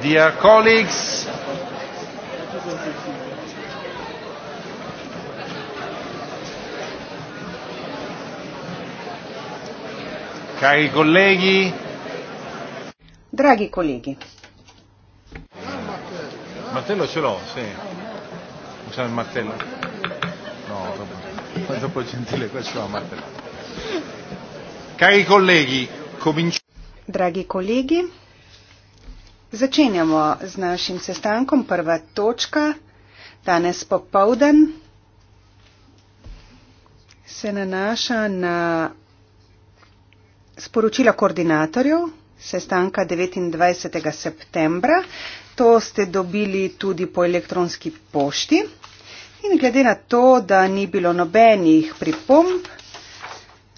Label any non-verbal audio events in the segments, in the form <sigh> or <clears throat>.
Dear colleagues, cari colleghi, draghi colleghi. Martello ce l'ho, sì. Usiamo il martello. No, dopo, dopo gentile questo è martello. Cari colleghi, cominciamo. Draghi colleghi. Začenjamo z našim sestankom. Prva točka danes popovden se nanaša na sporočila koordinatorjev sestanka 29. septembra. To ste dobili tudi po elektronski pošti. In glede na to, da ni bilo nobenih pripomb,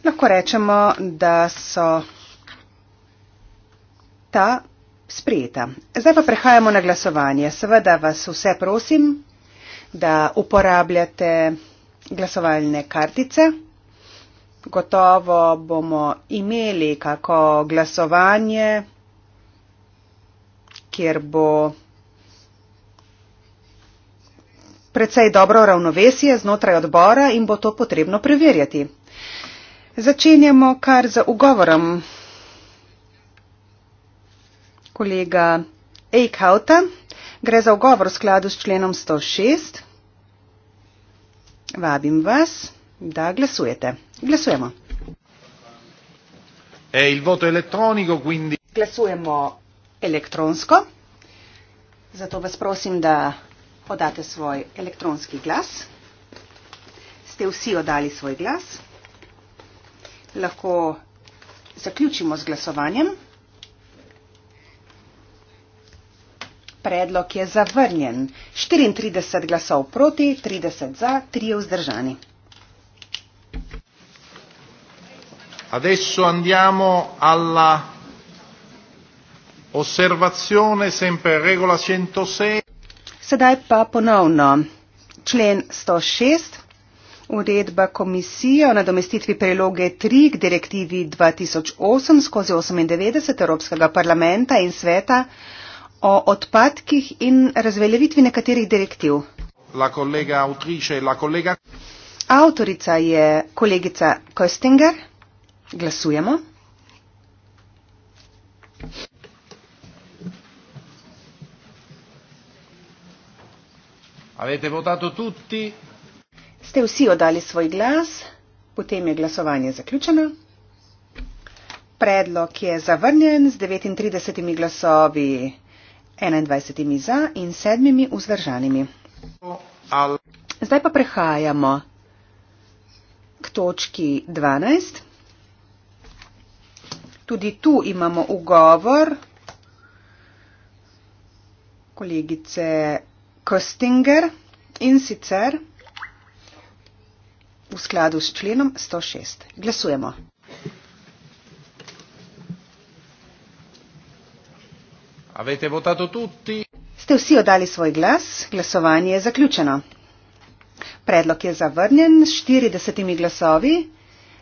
lahko rečemo, da so ta sprejeta. Zdaj pa prehajamo na glasovanje. Seveda vas vse prosim, da uporabljate glasovalne kartice. Gotovo bomo imeli kako glasovanje, kjer bo predvsej dobro ravnovesje znotraj odbora in bo to potrebno preverjati. Začenjamo kar z ugovorom kolega Eichhauta. Gre za ogovor v skladu s členom 106. Vabim vas, da glasujete. Glasujemo. E il voto elettronico, quindi... Glasujemo elektronsko. Zato vas prosim, da podate svoj elektronski glas. Ste vsi oddali svoj glas. Lahko zaključimo z glasovanjem. predlog je zavrnjen. 34 glasov proti, 30 za, 3 vzdržani. Adesso andiamo alla osservazione sempre regola 106. Sedaj pa ponovno člen 106, uredba komisije o nadomestitvi preloge 3 k direktivi 2008 skozi 98 Evropskega parlamenta in sveta o odpadkih in razveljavitvi nekaterih direktiv. Avtorica je kolegica Köstinger. Glasujemo. Avete votato tutti? Ste vsi oddali svoj glas, potem je glasovanje zaključeno. Predlog je zavrnjen z 39 glasovi 21 za in 7 vzdržanimi. Zdaj pa prehajamo k točki 12. Tudi tu imamo ugovor kolegice Kostinger in sicer v skladu s členom 106. Glasujemo. Avete votato tutti? Ste vsi oddali svoj glas? Glasovanje je zaključeno. Predlog je zavrnjen s 40 glasovi,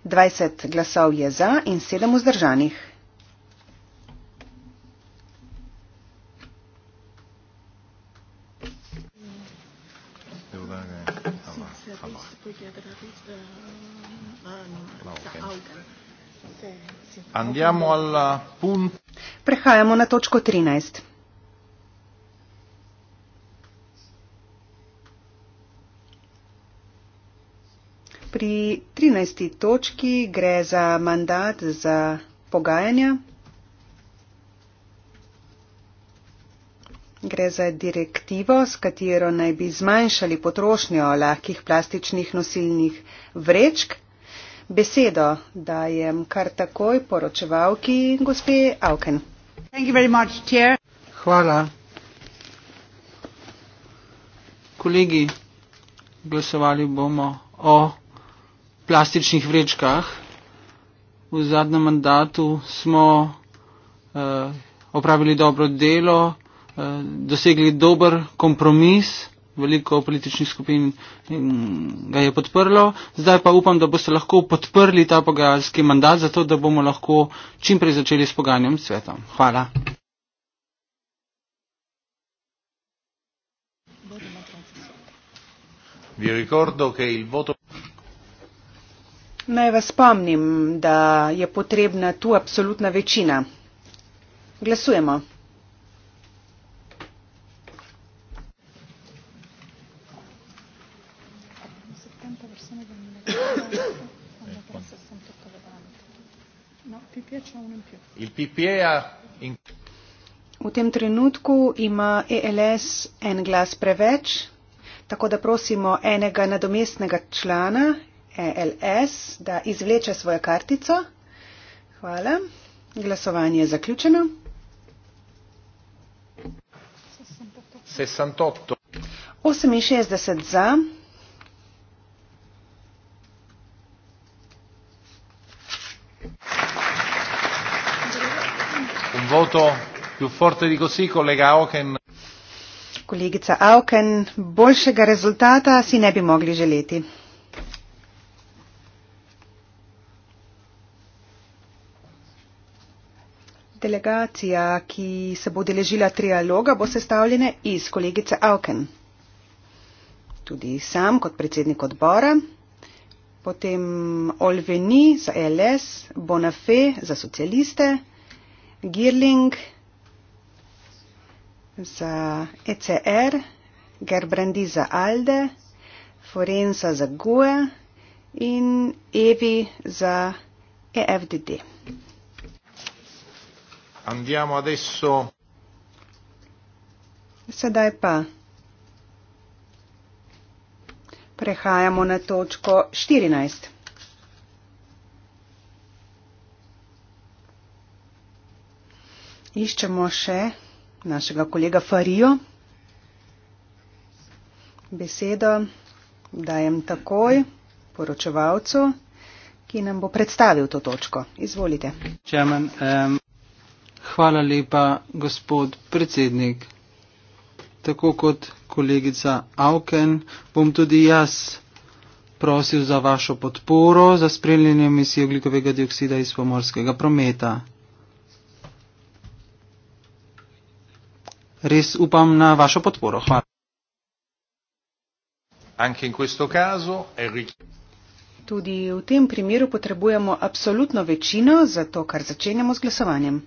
20 glasov je za in 7 vzdržanih. Hvala. Eh, Andiamo al punto. Prehajamo na točko 13. Pri 13. točki gre za mandat za pogajanja. Gre za direktivo, s katero naj bi zmanjšali potrošnjo lahkih plastičnih nosilnih vrečk besedo, dajem kar takoj poročevalki gospe Auken. Much, Hvala. Kolegi, glasovali bomo o plastičnih vrečkah. V zadnjem mandatu smo uh, opravili dobro delo, uh, dosegli dober kompromis veliko političnih skupin ga je podprlo. Zdaj pa upam, da boste lahko podprli ta pogajalski mandat, zato da bomo lahko čim prej začeli s pogajanjem svetom. Hvala. Naj vas spomnim, da je potrebna tu absolutna večina. Glasujemo. Il PPA e in... V tem trenutku ima ELS en glas preveč, tako da prosimo enega nadomestnega člana ELS, da izvleče svojo kartico. Hvala. Glasovanje je zaključeno. 68 za, voto più forte di così, collega Auken. Collegica Auken, boljšega risultata si ne bi mogli želeti. Delegacija, ki se bo deležila trialoga, bo sestavljena iz kolegice Auken. Tudi sam kot predsednik odbora, potem Olveni za LS, Bonafé za socialiste, Girling za ECR, Gerbrandi za Alde, Forensa za GUE in Evi za EFDD. Andiamo adesso. Sedaj pa prehajamo na točko 14. Iščemo še našega kolega Farijo. Besedo dajem takoj poročevalcu, ki nam bo predstavil to točko. Izvolite. Čemen, um, hvala lepa, gospod predsednik. Tako kot kolegica Auken, bom tudi jaz prosil za vašo podporo za spremljanje emisije oglikovega dioksida iz pomorskega prometa. res upam na vašo podporo. Hvala. Tudi v tem primeru potrebujemo absolutno večino za to, kar začenjamo z glasovanjem.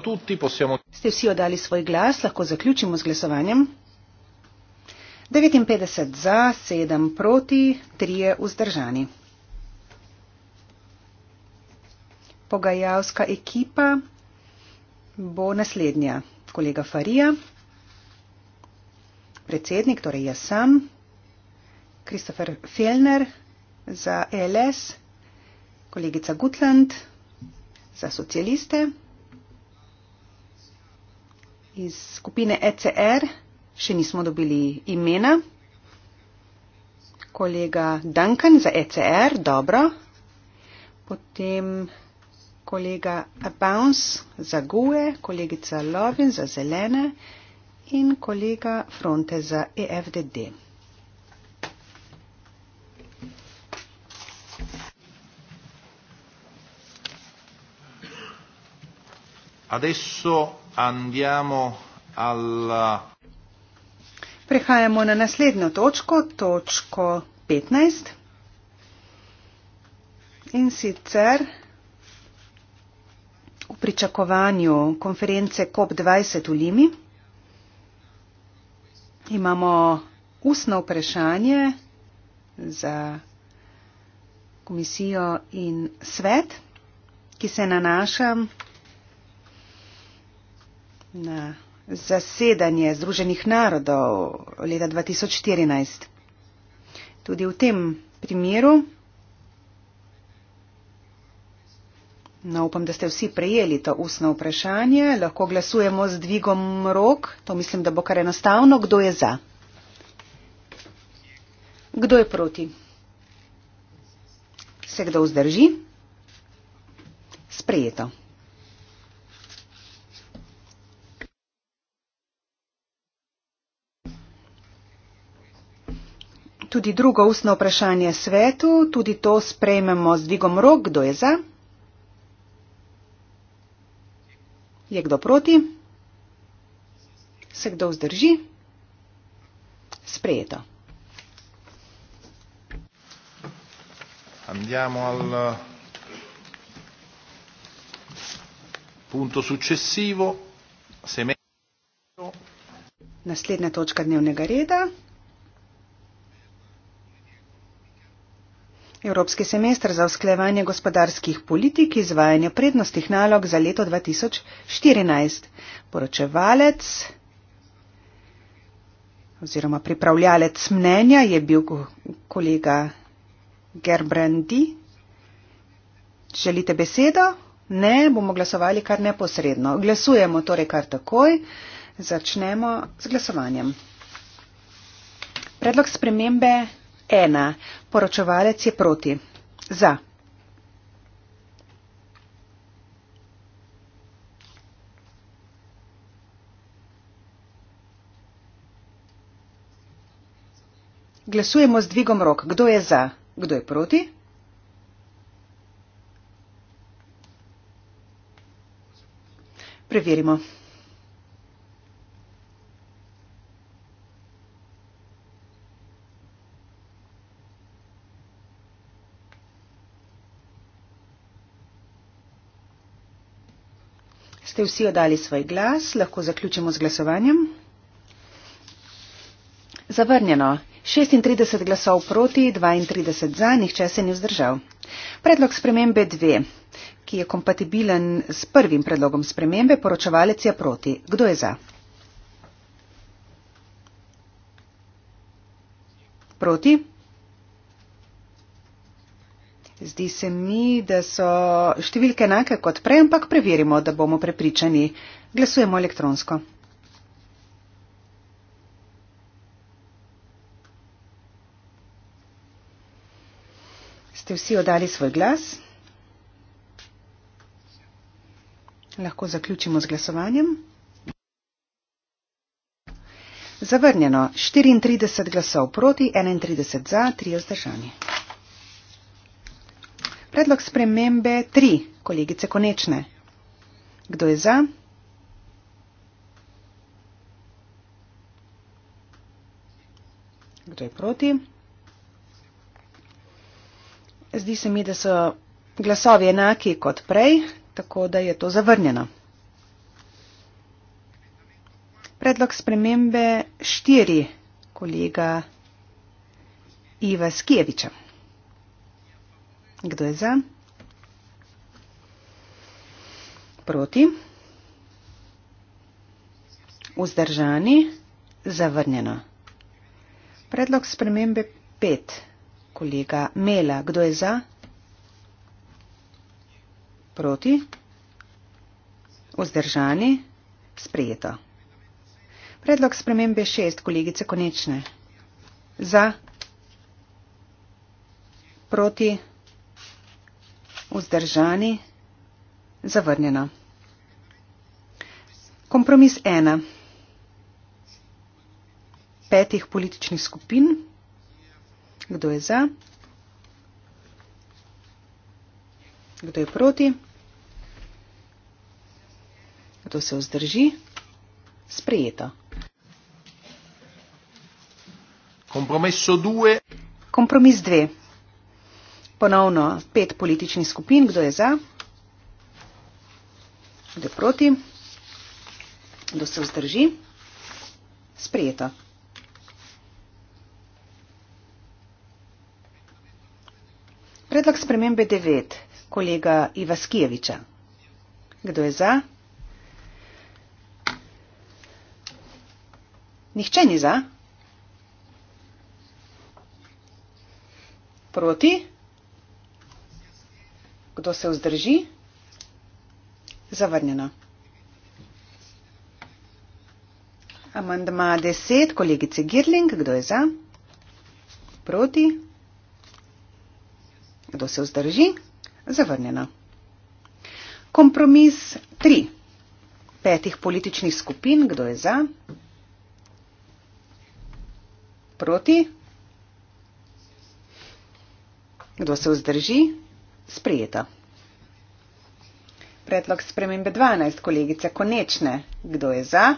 Tutti, possiamo... Ste vsi oddali svoj glas, lahko zaključimo z glasovanjem. 59 za, 7 proti, 3 vzdržani. Pogajalska ekipa bo naslednja. Kolega Farija, predsednik, torej jaz sam, Kristofer Felner za LS, kolegica Gutland za socialiste iz skupine ECR še nismo dobili imena. Kolega Duncan za ECR, dobro. Potem kolega Abouns za GUE, kolegica Lovin za Zelene in kolega Fronte za EFDD. Adesso andiamo al Prehajamo na naslednjo točko, točko 15. In sicer v pričakovanju konference COP20 v Limi imamo ustno vprašanje za komisijo in svet, ki se nanaša na zasedanje Združenih narodov leta 2014. Tudi v tem primeru, no, upam, da ste vsi prejeli to ustno vprašanje, lahko glasujemo z dvigom rok, to mislim, da bo kar enostavno, kdo je za. Kdo je proti? Se kdo vzdrži? Sprejeto. tudi drugo ustno vprašanje svetu, tudi to sprejmemo z dvigom rok. Kdo je za? Je kdo proti? Se kdo vzdrži? Sprejeto. Andiamo al eh, punto successivo. Naslednja točka dnevnega reda. Evropski semestr za usklevanje gospodarskih politik izvajanja prednostih nalog za leto 2014. Poročevalec oziroma pripravljalec mnenja je bil kolega Gerbrandi. Želite besedo? Ne, bomo glasovali kar neposredno. Glasujemo torej kar takoj. Začnemo z glasovanjem. Predlog spremembe ena. Poročevalec je proti. Za. Glasujemo z dvigom rok. Kdo je za? Kdo je proti? Preverimo. ste vsi oddali svoj glas, lahko zaključimo z glasovanjem. Zavrnjeno. 36 glasov proti, 32 za, nihče se ni vzdržal. Predlog spremembe 2, ki je kompatibilen s prvim predlogom spremembe, poročevalec je proti. Kdo je za? Proti. Zdi se mi, da so številke enake kot prej, ampak preverimo, da bomo prepričani. Glasujemo elektronsko. Ste vsi oddali svoj glas? Lahko zaključimo z glasovanjem. Zavrnjeno 34 glasov proti, 31 za, 3 vzdržanje. Predlog spremembe 3, kolegice Konečne. Kdo je za? Kdo je proti? Zdi se mi, da so glasovi enaki kot prej, tako da je to zavrnjeno. Predlog spremembe 4, kolega Iva Skjeviča. Kdo je za? Proti? Vzdržani? Zavrnjeno. Predlog spremembe 5. Kolega Mela, kdo je za? Proti? Vzdržani? Sprejeto. Predlog spremembe 6. Kolegice Konečne. Za? Proti? vzdržani, zavrnjeno. Kompromis ena petih političnih skupin. Kdo je za? Kdo je proti? Kdo se vzdrži? Sprejeto. Kompromis dve ponovno pet političnih skupin. Kdo je za? Kdo je proti? Kdo se vzdrži? Sprijeto. Predlog spremembe 9 kolega Iva Skijeviča. Kdo je za? Nihče ni za. Proti? Kdo se vzdrži? Zavrnjeno. Amandma 10, kolegice Girling, kdo je za? Proti? Kdo se vzdrži? Zavrnjeno. Kompromis 3, petih političnih skupin, kdo je za? Proti? Kdo se vzdrži? sprejeta. Predlog spremembe 12, kolegica Konečne. Kdo je za?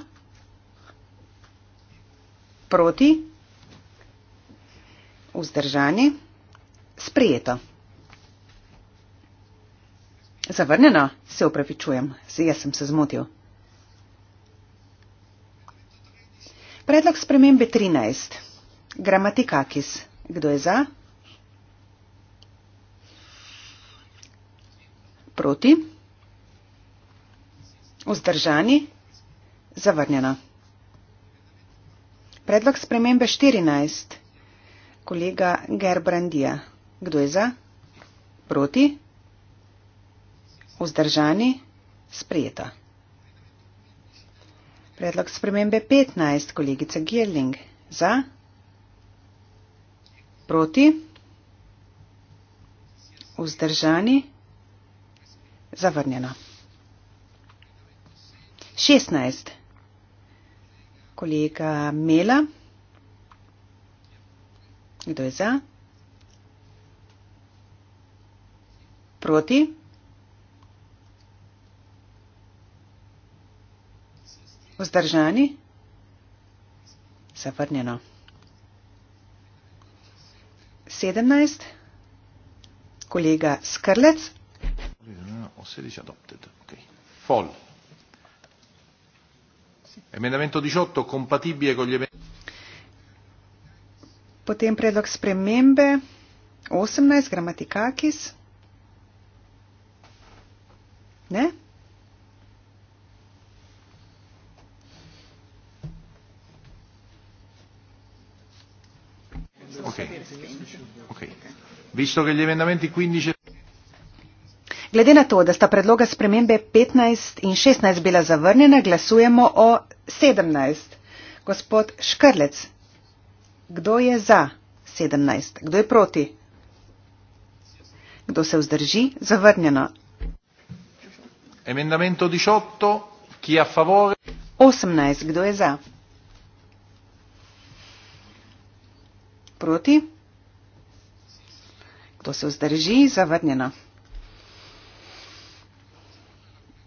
Proti? Vzdržani? Sprejeto. Zavrnjeno? Se upravičujem, jaz sem se zmotil. Predlog spremembe 13. Gramatikakis. Kdo je za? Proti. Vzdržani. Zavrnjeno. Predlog spremembe 14. Kolega Gerbrandija. Kdo je za? Proti. Vzdržani. Sprejeta. Predlog spremembe 15. Kolegica Gierling. Za. Proti. Vzdržani. Sprejeta zavrnjena. 16. Kolega Mela. Kdo je za? Proti? Vzdržani? Zavrnjeno. 17. Kolega Skrlec. Osserisi oh, adopted. Okay. Fall. Emendamento 18 compatibile con gli Potem predlog spremembe 18 grammaticakis. Ne? Ok. Ok. Visto che gli emendamenti 15 e Glede na to, da sta predloga spremembe 15 in 16 bila zavrnjena, glasujemo o 17. Gospod Škrlec, kdo je za 17? Kdo je proti? Kdo se vzdrži? Zavrnjeno. 18. Kdo je za? Proti? Kdo se vzdrži? Zavrnjeno.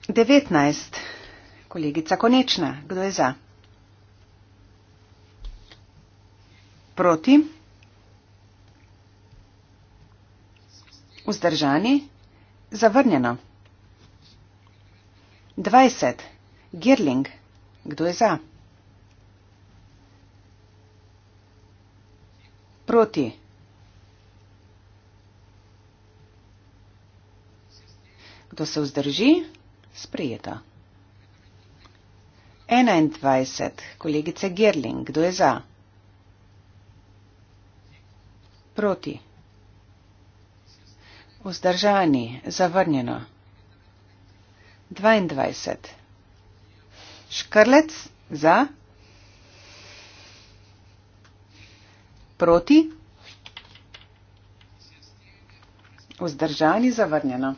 19. Kolegica Konečna, kdo je za? Proti? Vzdržani? Zavrnjeno. 20. Girling, kdo je za? Proti. Kdo se vzdrži? sprejeta. 21. Kolegice Gerling, kdo je za? Proti. Vzdržani, zavrnjeno. 22. Škrlec za? Proti? Vzdržani, zavrnjeno.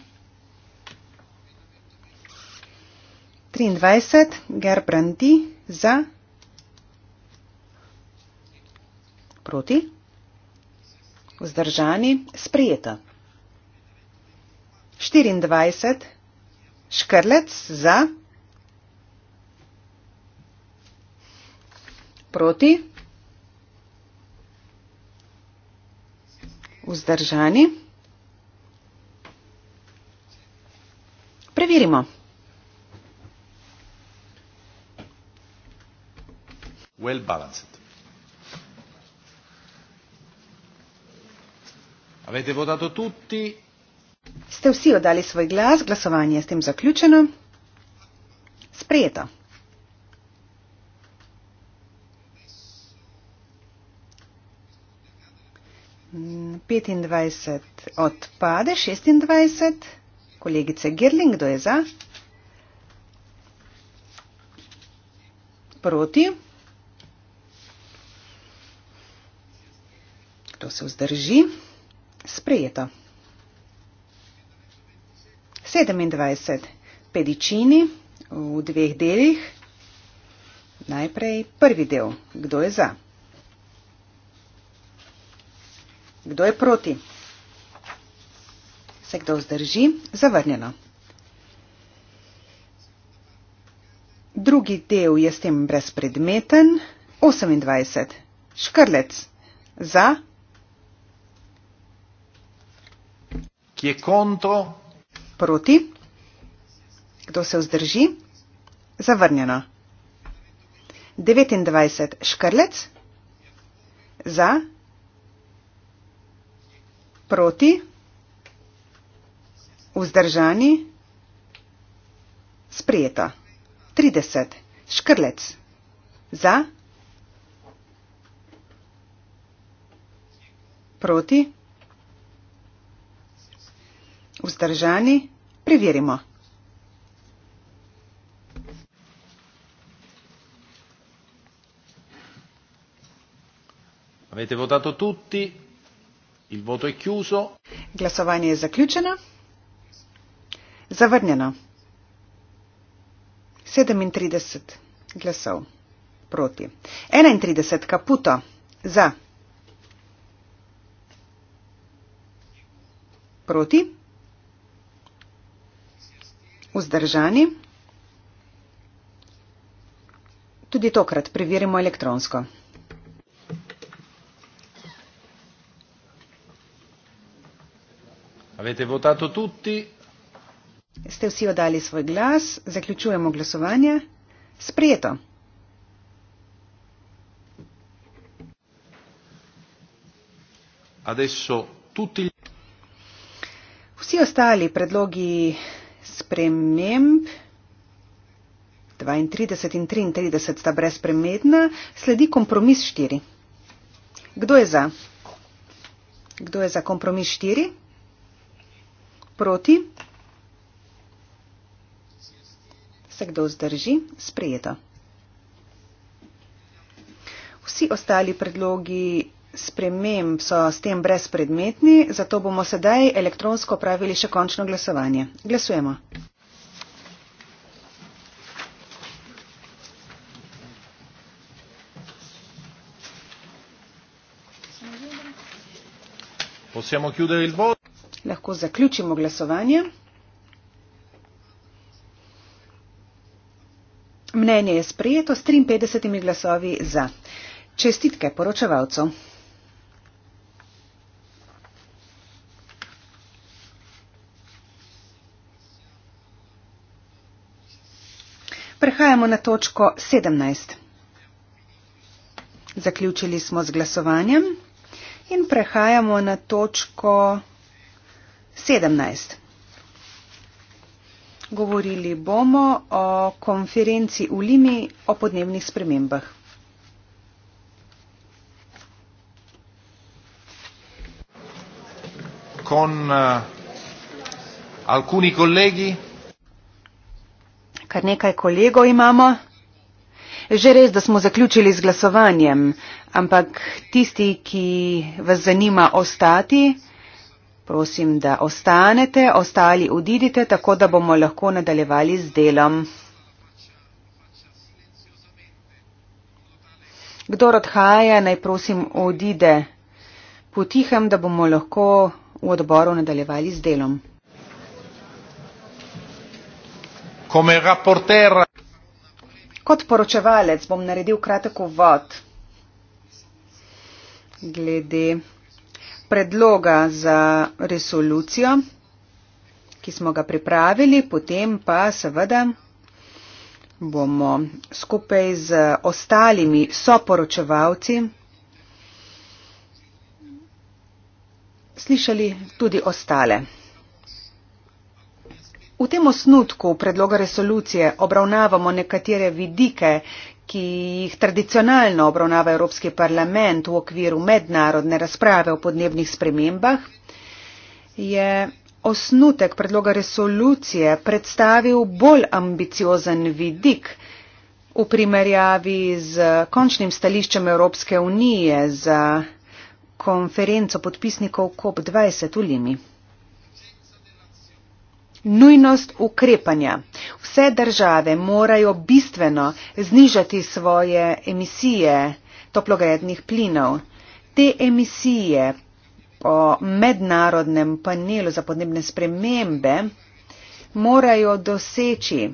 23, Gerbrandi za proti, vzdržani, sprijeta. 24, Škrlec za proti, vzdržani, preverimo. well balanced. Avete votato tutti? Ste vsi oddali svoj glas, glasovanje je s tem zaključeno. Sprejeto. Petindvajset odpade, šestindvajset. Kolegice Gerling, kdo je za? Proti. Kdo se vzdrži? Sprejeto. 27. Pedičini v dveh delih. Najprej prvi del. Kdo je za? Kdo je proti? Se kdo vzdrži? Zavrnjeno. Drugi del je s tem brezpredmeten. 28. Škrlec. Za. Chi è contro? Proti. Kdo se vzdrži? Zavrnjeno. 29 škrlec za, proti, vzdržani, sprijeto. 30 škrlec za, proti vzdržani, preverimo. Avete votato tutti, il voto è chiuso. Glasovanje je zaključeno. Zavrnjeno. 37 glasov proti. 31 kaputo za. Proti vzdržani. Tudi tokrat preverimo elektronsko. Avete votato tutti? Ste vsi oddali svoj glas, zaključujemo glasovanje. Sprijeto. Adesso tutti... Vsi ostali predlogi sprememb 32 in 33 sta brezpremedna, sledi kompromis 4. Kdo je za? Kdo je za kompromis 4? Proti? Se kdo zdrži? Sprejeto. Vsi ostali predlogi sprememb so s tem brezpredmetni, zato bomo sedaj elektronsko pravili še končno glasovanje. Glasujemo. possiamo chiudere il voto. Lahko zaključimo glasovanje. Mnenje je sprejeto s 53 glasovi za. Čestitke poročevalcu. Prehajamo na točko 17. Zaključili smo z glasovanjem in prehajamo na točko 17. Govorili bomo o konferenci v Limi o podnebnih spremembah. Con uh, alcuni colleghi. Kar nekaj kolegov imamo. Že res, da smo zaključili z glasovanjem, ampak tisti, ki vas zanima ostati, prosim, da ostanete, ostali odidite, tako da bomo lahko nadaljevali z delom. Kdor odhaja, naj prosim odide potihem, da bomo lahko v odboru nadaljevali z delom. Come rapporter. Kot poročevalec bom naredil kratek uvod glede predloga za resolucijo, ki smo ga pripravili, potem pa seveda bomo skupaj z ostalimi soporočevalci slišali tudi ostale. V tem osnutku predloga resolucije obravnavamo nekatere vidike, ki jih tradicionalno obravnava Evropski parlament v okviru mednarodne razprave o podnebnih spremembah, je osnutek predloga resolucije predstavil bolj ambiciozen vidik v primerjavi z končnim stališčem Evropske unije za konferenco podpisnikov COP20 v Limi. Nujnost ukrepanja. Vse države morajo bistveno znižati svoje emisije toplogrednih plinov. Te emisije po mednarodnem panelu za podnebne spremembe morajo doseči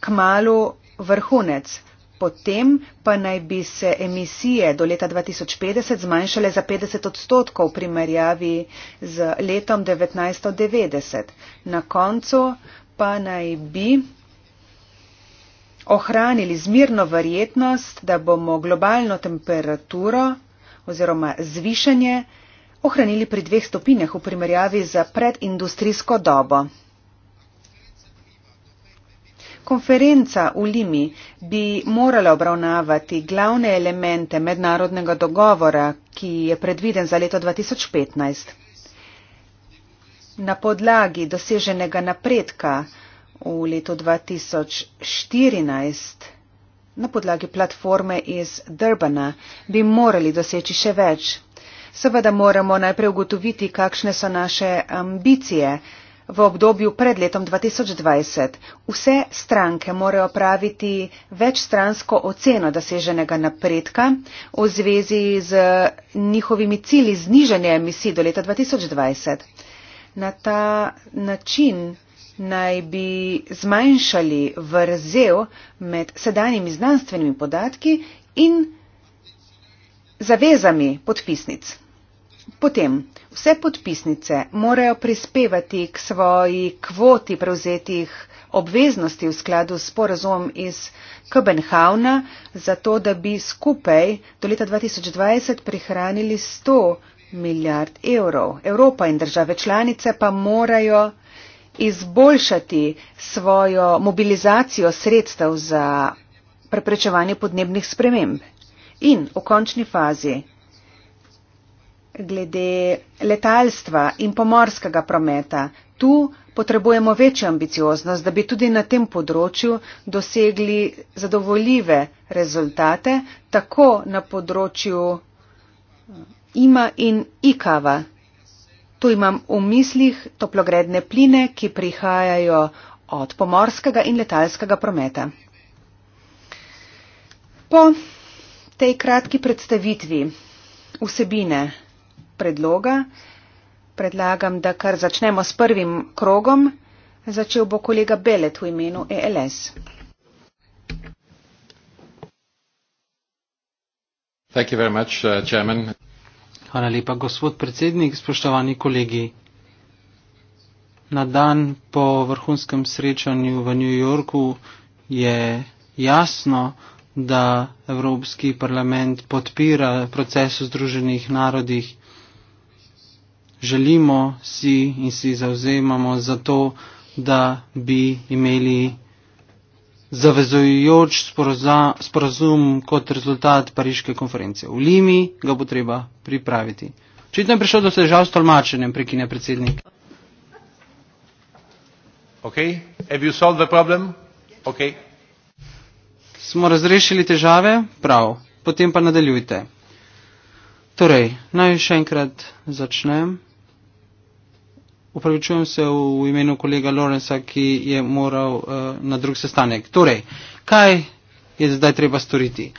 k malu vrhunec. Potem pa naj bi se emisije do leta 2050 zmanjšale za 50 odstotkov v primerjavi z letom 1990. Na koncu pa naj bi ohranili zmirno verjetnost, da bomo globalno temperaturo oziroma zvišanje ohranili pri dveh stopinjah v primerjavi z predindustrijsko dobo. Konferenca v Limi bi morala obravnavati glavne elemente mednarodnega dogovora, ki je predviden za leto 2015. Na podlagi doseženega napredka v letu 2014 na podlagi platforme iz Durbana bi morali doseči še več. Seveda moramo najprej ugotoviti, kakšne so naše ambicije v obdobju pred letom 2020. Vse stranke morajo praviti večstransko oceno doseženega napredka v zvezi z njihovimi cilji znižanja emisij do leta 2020. Na ta način naj bi zmanjšali vrzel med sedanjimi znanstvenimi podatki in zavezami podpisnic. Potem vse podpisnice morajo prispevati k svoji kvoti prevzetih obveznosti v skladu s porazom iz Kobenhavna, zato da bi skupaj do leta 2020 prihranili 100 milijard evrov. Evropa in države članice pa morajo izboljšati svojo mobilizacijo sredstev za preprečevanje podnebnih sprememb. In v končni fazi glede letalstva in pomorskega prometa. Tu potrebujemo večjo ambicioznost, da bi tudi na tem področju dosegli zadovoljive rezultate, tako na področju eh, ima in ikava. Tu imam v mislih toplogredne pline, ki prihajajo od pomorskega in letalskega prometa. Po tej kratki predstavitvi vsebine predloga. Predlagam, da kar začnemo s prvim krogom. Začel bo kolega Belet v imenu ELS. Much, uh, Hvala lepa, gospod predsednik, spoštovani kolegi. Na dan po vrhunskem srečanju v New Yorku je jasno, da Evropski parlament podpira proces v Združenih narodih želimo si in si zauzemamo za to, da bi imeli zavezujoč sporozum kot rezultat pariške konference. V Limi ga bo treba pripraviti. Očitno je prišel do sežal s tolmačenjem, prekine predsednik. Okay. Okay. Smo razrešili težave? Prav. Potem pa nadaljujte. Torej, naj še enkrat začnem. Upravičujem se v imenu kolega Lorensa, ki je moral uh, na drug sestanek. Torej, kaj je zdaj treba storiti?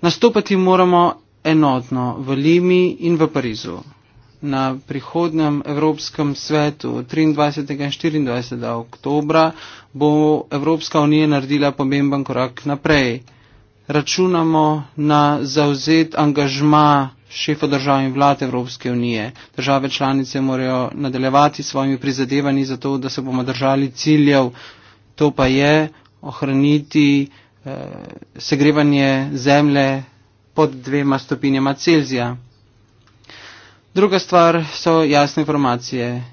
Nastopati moramo enotno v Limi in v Parizu. Na prihodnem Evropskem svetu 23. in 24. oktobra bo Evropska unija naredila pomemben korak naprej. Računamo na zauzet angažma šefa držav in vlad Evropske unije. Države članice morajo nadaljevati svojimi prizadevanji za to, da se bomo držali ciljev. To pa je ohraniti eh, segrevanje zemlje pod dvema stopinjama Celzija. Druga stvar so jasne informacije.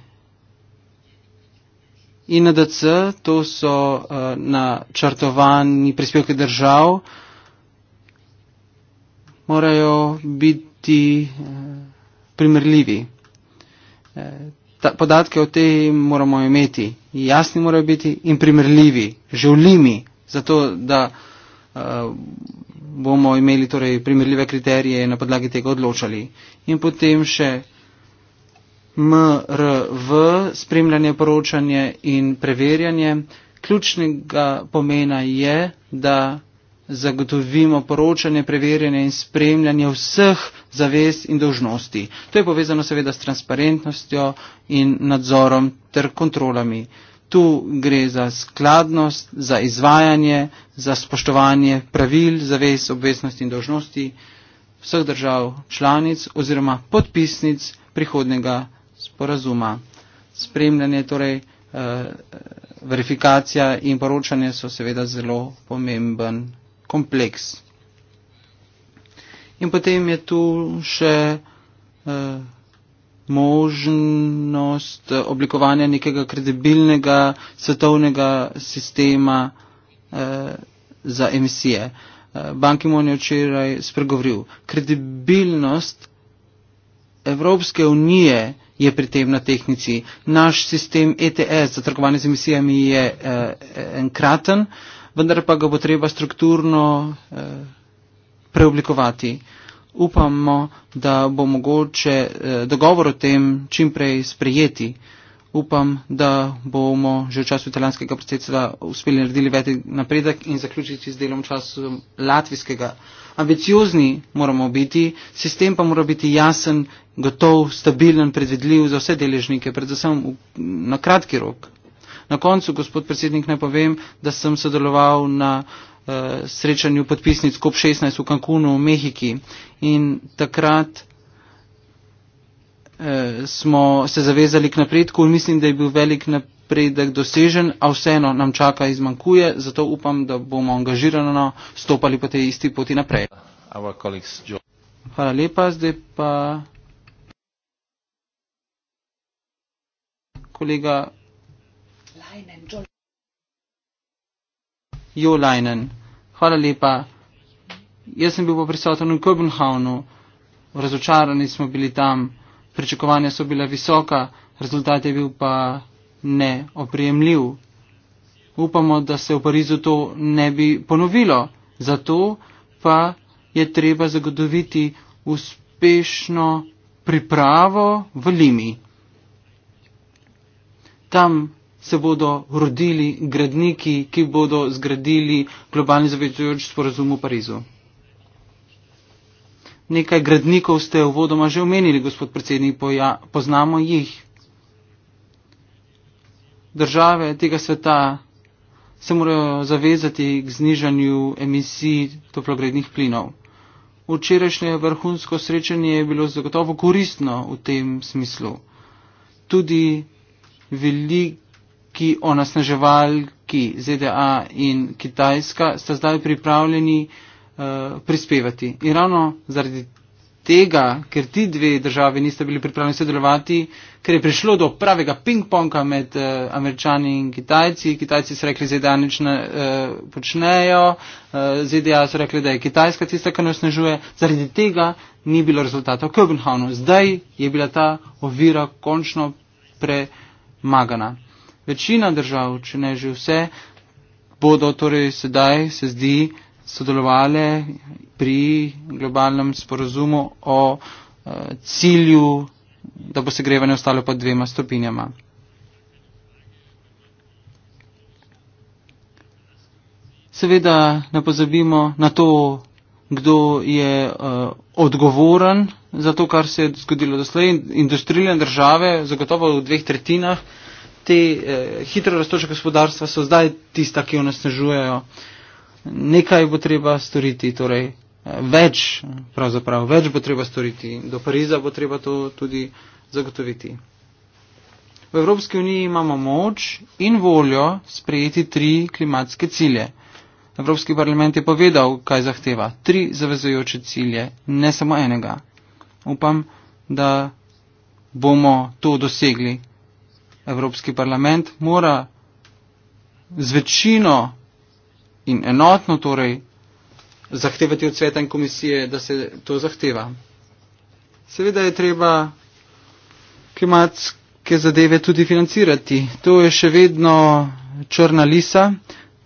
In na DC, to so uh, načrtovani prispevki držav, morajo biti biti eh, primerljivi. Eh, podatke o tej moramo imeti jasni morajo biti in primerljivi, življimi, zato da eh, bomo imeli torej primerljive kriterije in na podlagi tega odločali. In potem še MRV, spremljanje, poročanje in preverjanje. Ključnega pomena je, da zagotovimo poročanje, preverjanje in spremljanje vseh zavez in dožnosti. To je povezano seveda s transparentnostjo in nadzorom ter kontrolami. Tu gre za skladnost, za izvajanje, za spoštovanje pravil, zavez, obveznosti in dožnosti vseh držav članic oziroma podpisnic prihodnega sporazuma. Spremljanje, torej eh, verifikacija in poročanje so seveda zelo pomemben kompleks. In potem je tu še eh, možnost eh, oblikovanja nekega kredibilnega svetovnega sistema eh, za emisije. Eh, Bankimon je včeraj spregovoril. Kredibilnost Evropske unije je pri tem na tehnici. Naš sistem ETS za trgovanje z emisijami je eh, enkraten. Eh, vendar pa ga bo treba strukturno eh, preoblikovati. Upamo, da bo mogoče eh, dogovor o tem čimprej sprejeti. Upam, da bomo že v času italijanskega predsedstva uspeli narediti veti napredek in zaključiti z delom času latvijskega. Ambiciozni moramo biti, sistem pa mora biti jasen, gotov, stabilen, predvidljiv za vse deležnike, predvsem na kratki rok. Na koncu, gospod predsednik, ne povem, da sem sodeloval na uh, srečanju podpisnic COP16 v Cancunu v Mehiki in takrat uh, smo se zavezali k napredku in mislim, da je bil velik napredek predek dosežen, a vseeno nam čaka izmanjkuje, zato upam, da bomo angažirano stopali po tej isti poti naprej. Hvala lepa, zdaj pa kolega einen Jo Leinen, hvala lepa. Jaz sem bil pa prisoten v Kobenhavnu, razočarani smo bili tam, pričakovanja so bila visoka, rezultat je bil pa neoprijemljiv. Upamo, da se v Parizu to ne bi ponovilo, zato pa je treba zagotoviti uspešno pripravo v Limi. Tam se bodo rodili gradniki, ki bodo zgradili globalni zavezujoč sporazum v Parizu. Nekaj gradnikov ste v vodoma že omenili, gospod predsednik, poznamo jih. Države tega sveta se morajo zavezati k znižanju emisij toplogrednih plinov. Včerajšnje vrhunsko srečanje je bilo zagotovo koristno v tem smislu. Tudi velik ki onesnaževalki ZDA in Kitajska sta zdaj pripravljeni uh, prispevati. In ravno zaradi tega, ker ti dve državi nista bili pripravljeni sodelovati, ker je prišlo do pravega ping-ponga med uh, američani in kitajci. Kitajci so rekli, ZDA nič ne uh, počnejo, uh, ZDA so rekli, da je Kitajska tista, ki onesnažuje. Zaradi tega ni bilo rezultata v Kopenhavnu. Zdaj je bila ta ovira končno premagana večina držav, če ne že vse, bodo torej sedaj, se zdi, sodelovali pri globalnem sporozumu o e, cilju, da bo segrevanje ostalo pod dvema stopinjama. Seveda ne pozabimo na to, kdo je e, odgovoren za to, kar se je zgodilo doslej. Industrijne države, zagotovo v dveh tretjinah, te eh, hitro raztoča gospodarstva so zdaj tista, ki jo nasnežujejo. Nekaj bo treba storiti, torej eh, več, pravzaprav več bo treba storiti. Do Pariza bo treba to tudi zagotoviti. V Evropski uniji imamo moč in voljo sprejeti tri klimatske cilje. Evropski parlament je povedal, kaj zahteva. Tri zavezujoče cilje, ne samo enega. Upam, da bomo to dosegli Evropski parlament mora z večino in enotno torej zahtevati od sveta in komisije, da se to zahteva. Seveda je treba klimatske zadeve tudi financirati. To je še vedno črna lisa.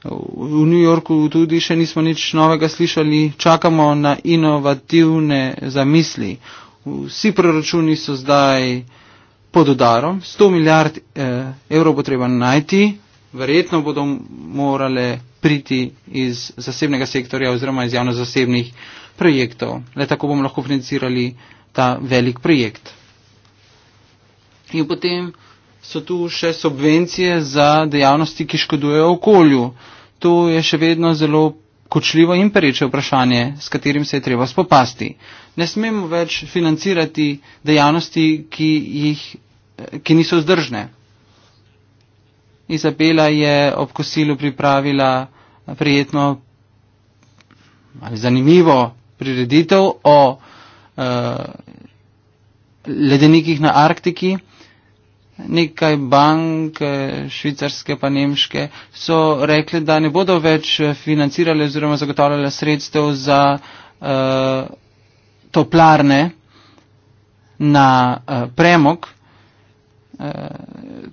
V New Yorku tudi še nismo nič novega slišali. Čakamo na inovativne zamisli. Vsi proračuni so zdaj pod udarom. 100 milijard eh, evrov bo treba najti, verjetno bodo morale priti iz zasebnega sektorja oziroma iz javno-zasebnih projektov. Le tako bomo lahko financirali ta velik projekt. In potem so tu še subvencije za dejavnosti, ki škodujejo okolju. To je še vedno zelo kočljivo in pereče vprašanje, s katerim se je treba spopasti. Ne smemo več financirati dejavnosti, ki, jih, eh, ki niso vzdržne. Izabela je ob kosilu pripravila eh, prijetno ali zanimivo prireditev o uh, ledenikih na Arktiki nekaj bank, eh, švicarske pa nemške, so rekli, da ne bodo več financirali oziroma zagotavljali sredstev za uh, toplarne na uh, premog. Uh,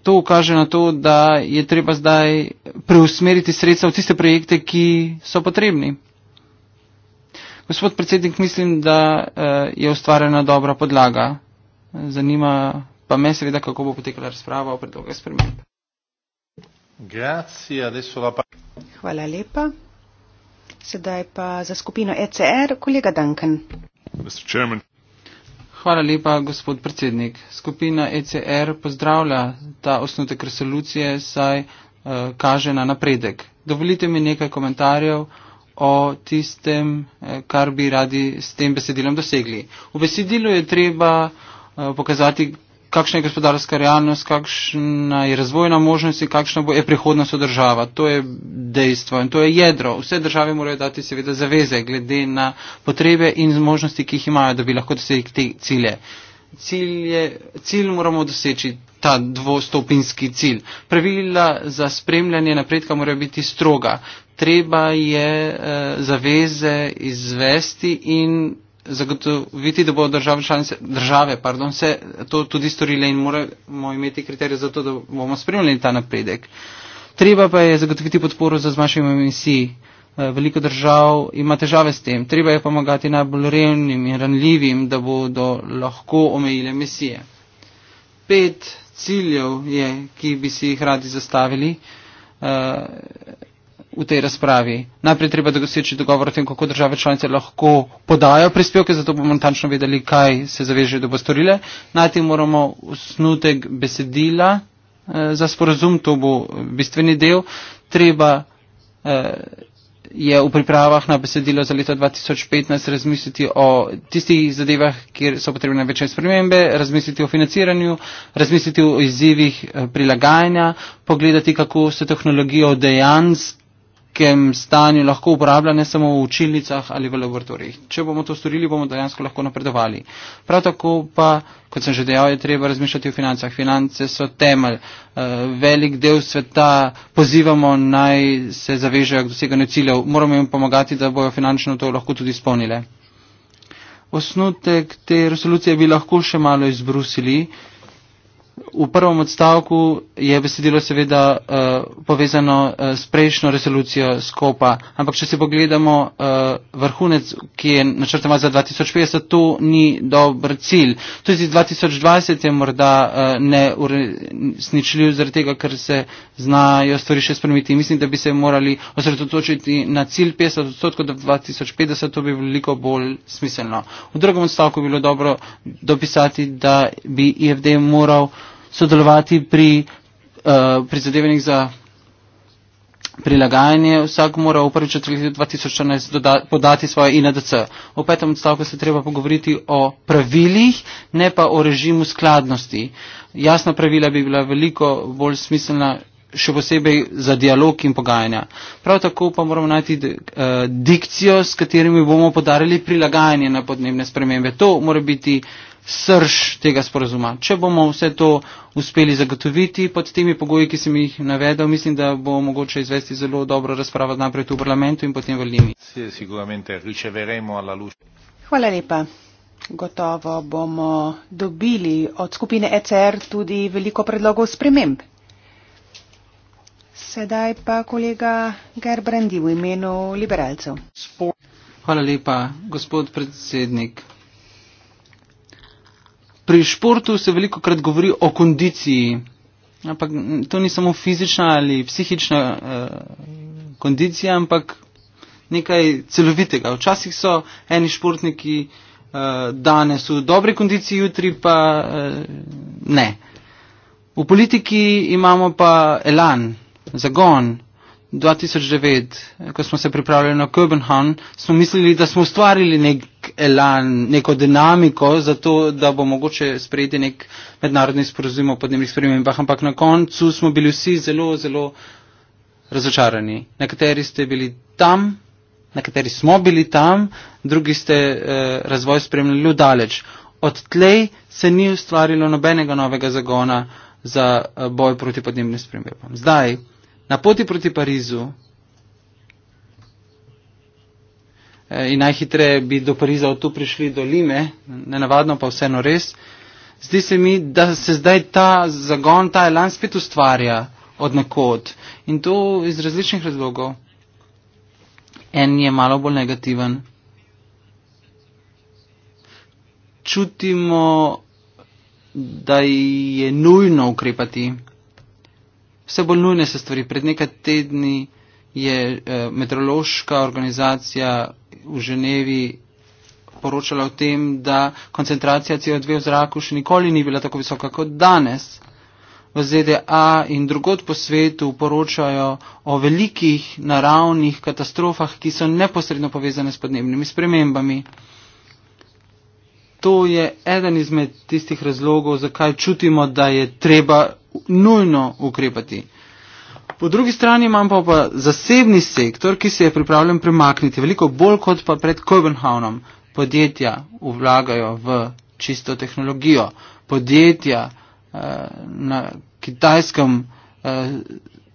to ukaže na to, da je treba zdaj preusmeriti sredstva v tiste projekte, ki so potrebni. Gospod predsednik, mislim, da uh, je ustvarjena dobra podlaga. Zanima pa me seveda, kako bo potekala razprava o predlogu sprememb. Hvala lepa. Sedaj pa za skupino ECR, kolega Duncan. Hvala lepa, gospod predsednik. Skupina ECR pozdravlja ta osnutek resolucije, saj eh, kaže na napredek. Dovolite mi nekaj komentarjev o tistem, eh, kar bi radi s tem besedilom dosegli. V besedilu je treba eh, pokazati, kakšna je gospodarska realnost, kakšna je razvojna možnost in kakšna bo, je prihodnost država. To je dejstvo in to je jedro. Vse države morajo dati seveda zaveze glede na potrebe in zmožnosti, ki jih imajo, da bi lahko dosegli te cilje. Cilj, je, cilj moramo doseči, ta dvostopinski cilj. Pravila za spremljanje napredka morajo biti stroga. Treba je eh, zaveze izvesti in zagotoviti, da bodo države, članice, države pardon, se to tudi storile in moramo imeti kriterije za to, da bomo spremljali ta napredek. Treba pa je zagotoviti podporo za zmanjšanje emisij. Eh, veliko držav ima težave s tem. Treba je pomagati najbolj revnim in ranljivim, da bodo lahko omejile emisije. Pet ciljev je, ki bi si jih radi zastavili. Eh, v tej razpravi. Najprej treba doseči dogovor o tem, kako države članice lahko podajo prispevke, zato bomo natančno vedeli, kaj se zavežejo, da bo storile. Najti moramo osnutek besedila eh, za sporazum, to bo bistveni del. Treba eh, je v pripravah na besedilo za leto 2015 razmisliti o tistih zadevah, kjer so potrebne večje spremembe, razmisliti o financiranju, razmisliti o izzivih eh, prilagajanja, pogledati, kako se tehnologijo dejansko nekem stanju lahko uporablja, ne samo v učilnicah ali v laboratorijih. Če bomo to storili, bomo dejansko lahko napredovali. Prav tako pa, kot sem že dejal, je treba razmišljati o financah. Finance so temelj. Eh, velik del sveta pozivamo naj se zavežejo k doseganju ciljev. Moramo jim pomagati, da bojo finančno to lahko tudi spomnile. Osnutek te resolucije bi lahko še malo izbrusili, V prvem odstavku je besedilo seveda uh, povezano uh, s prejšnjo resolucijo skopa, ampak če si pogledamo uh, vrhunec, ki je načrtovan za 2050, to ni dober cilj. Tudi 2020 je morda uh, neuresničljiv zaradi tega, ker se znajo stvari še spremiti. Mislim, da bi se morali osredotočiti na cilj 50 odstotkov do 2050, to bi bilo veliko bolj smiselno. V drugem odstavku bi bilo dobro dopisati, da bi IFD moral sodelovati pri uh, prizadevanjih za prilagajanje. Vsak mora v prvi četrti 2014 doda, podati svoje INDC. V petem odstavku se treba pogovoriti o pravilih, ne pa o režimu skladnosti. Jasna pravila bi bila veliko bolj smiselna še posebej za dialog in pogajanja. Prav tako pa moramo najti eh, dikcijo, s katerimi bomo podarili prilagajanje na podnebne spremembe. To mora biti srž tega sporazuma. Če bomo vse to uspeli zagotoviti pod temi pogoji, ki sem jih navedel, mislim, da bo mogoče izvesti zelo dobro razpravo najprej tu v parlamentu in potem v Limi. Hvala lepa. Gotovo bomo dobili od skupine ECR tudi veliko predlogov sprememb. Sedaj pa kolega Gerbrandi v imenu liberalcev. Hvala lepa, gospod predsednik pri športu se veliko krat govori o kondiciji, ampak to ni samo fizična ali psihična eh, kondicija, ampak nekaj celovitega. Včasih so eni športniki eh, danes v dobri kondiciji, jutri pa eh, ne. V politiki imamo pa elan, zagon. 2009, eh, ko smo se pripravljali na Copenhagen, smo mislili, da smo ustvarili nekaj elan, neko dinamiko za to, da bo mogoče sprejeti nek mednarodni sporozum o podnebnih spremembah, ampak na koncu smo bili vsi zelo, zelo razočarani. Nekateri ste bili tam, nekateri smo bili tam, drugi ste eh, razvoj spremljali v daleč. Od tlej se ni ustvarilo nobenega novega zagona za eh, boj proti podnebnim spremembam. Zdaj, na poti proti Parizu, Eh, in najhitreje bi do Pariza od tu prišli do Lime, nenavadno pa vseeno res. Zdi se mi, da se zdaj ta zagon, ta elan spet ustvarja od nekod in to iz različnih razlogov. En je malo bolj negativen. Čutimo, da je nujno ukrepati. Vse bolj nujne se stvari. Pred nekaj tedni je eh, meteorološka organizacija v Ženevi poročala o tem, da koncentracija CO2 v zraku še nikoli ni bila tako visoka kot danes. V ZDA in drugot po svetu poročajo o velikih naravnih katastrofah, ki so neposredno povezane s podnebnimi spremembami. To je eden izmed tistih razlogov, zakaj čutimo, da je treba nujno ukrepati. Po drugi strani imamo pa, pa zasebni sektor, ki se je pripravljen premakniti veliko bolj kot pa pred Kobenhavnom. Podjetja vlagajo v čisto tehnologijo, podjetja eh, na kitajskem eh,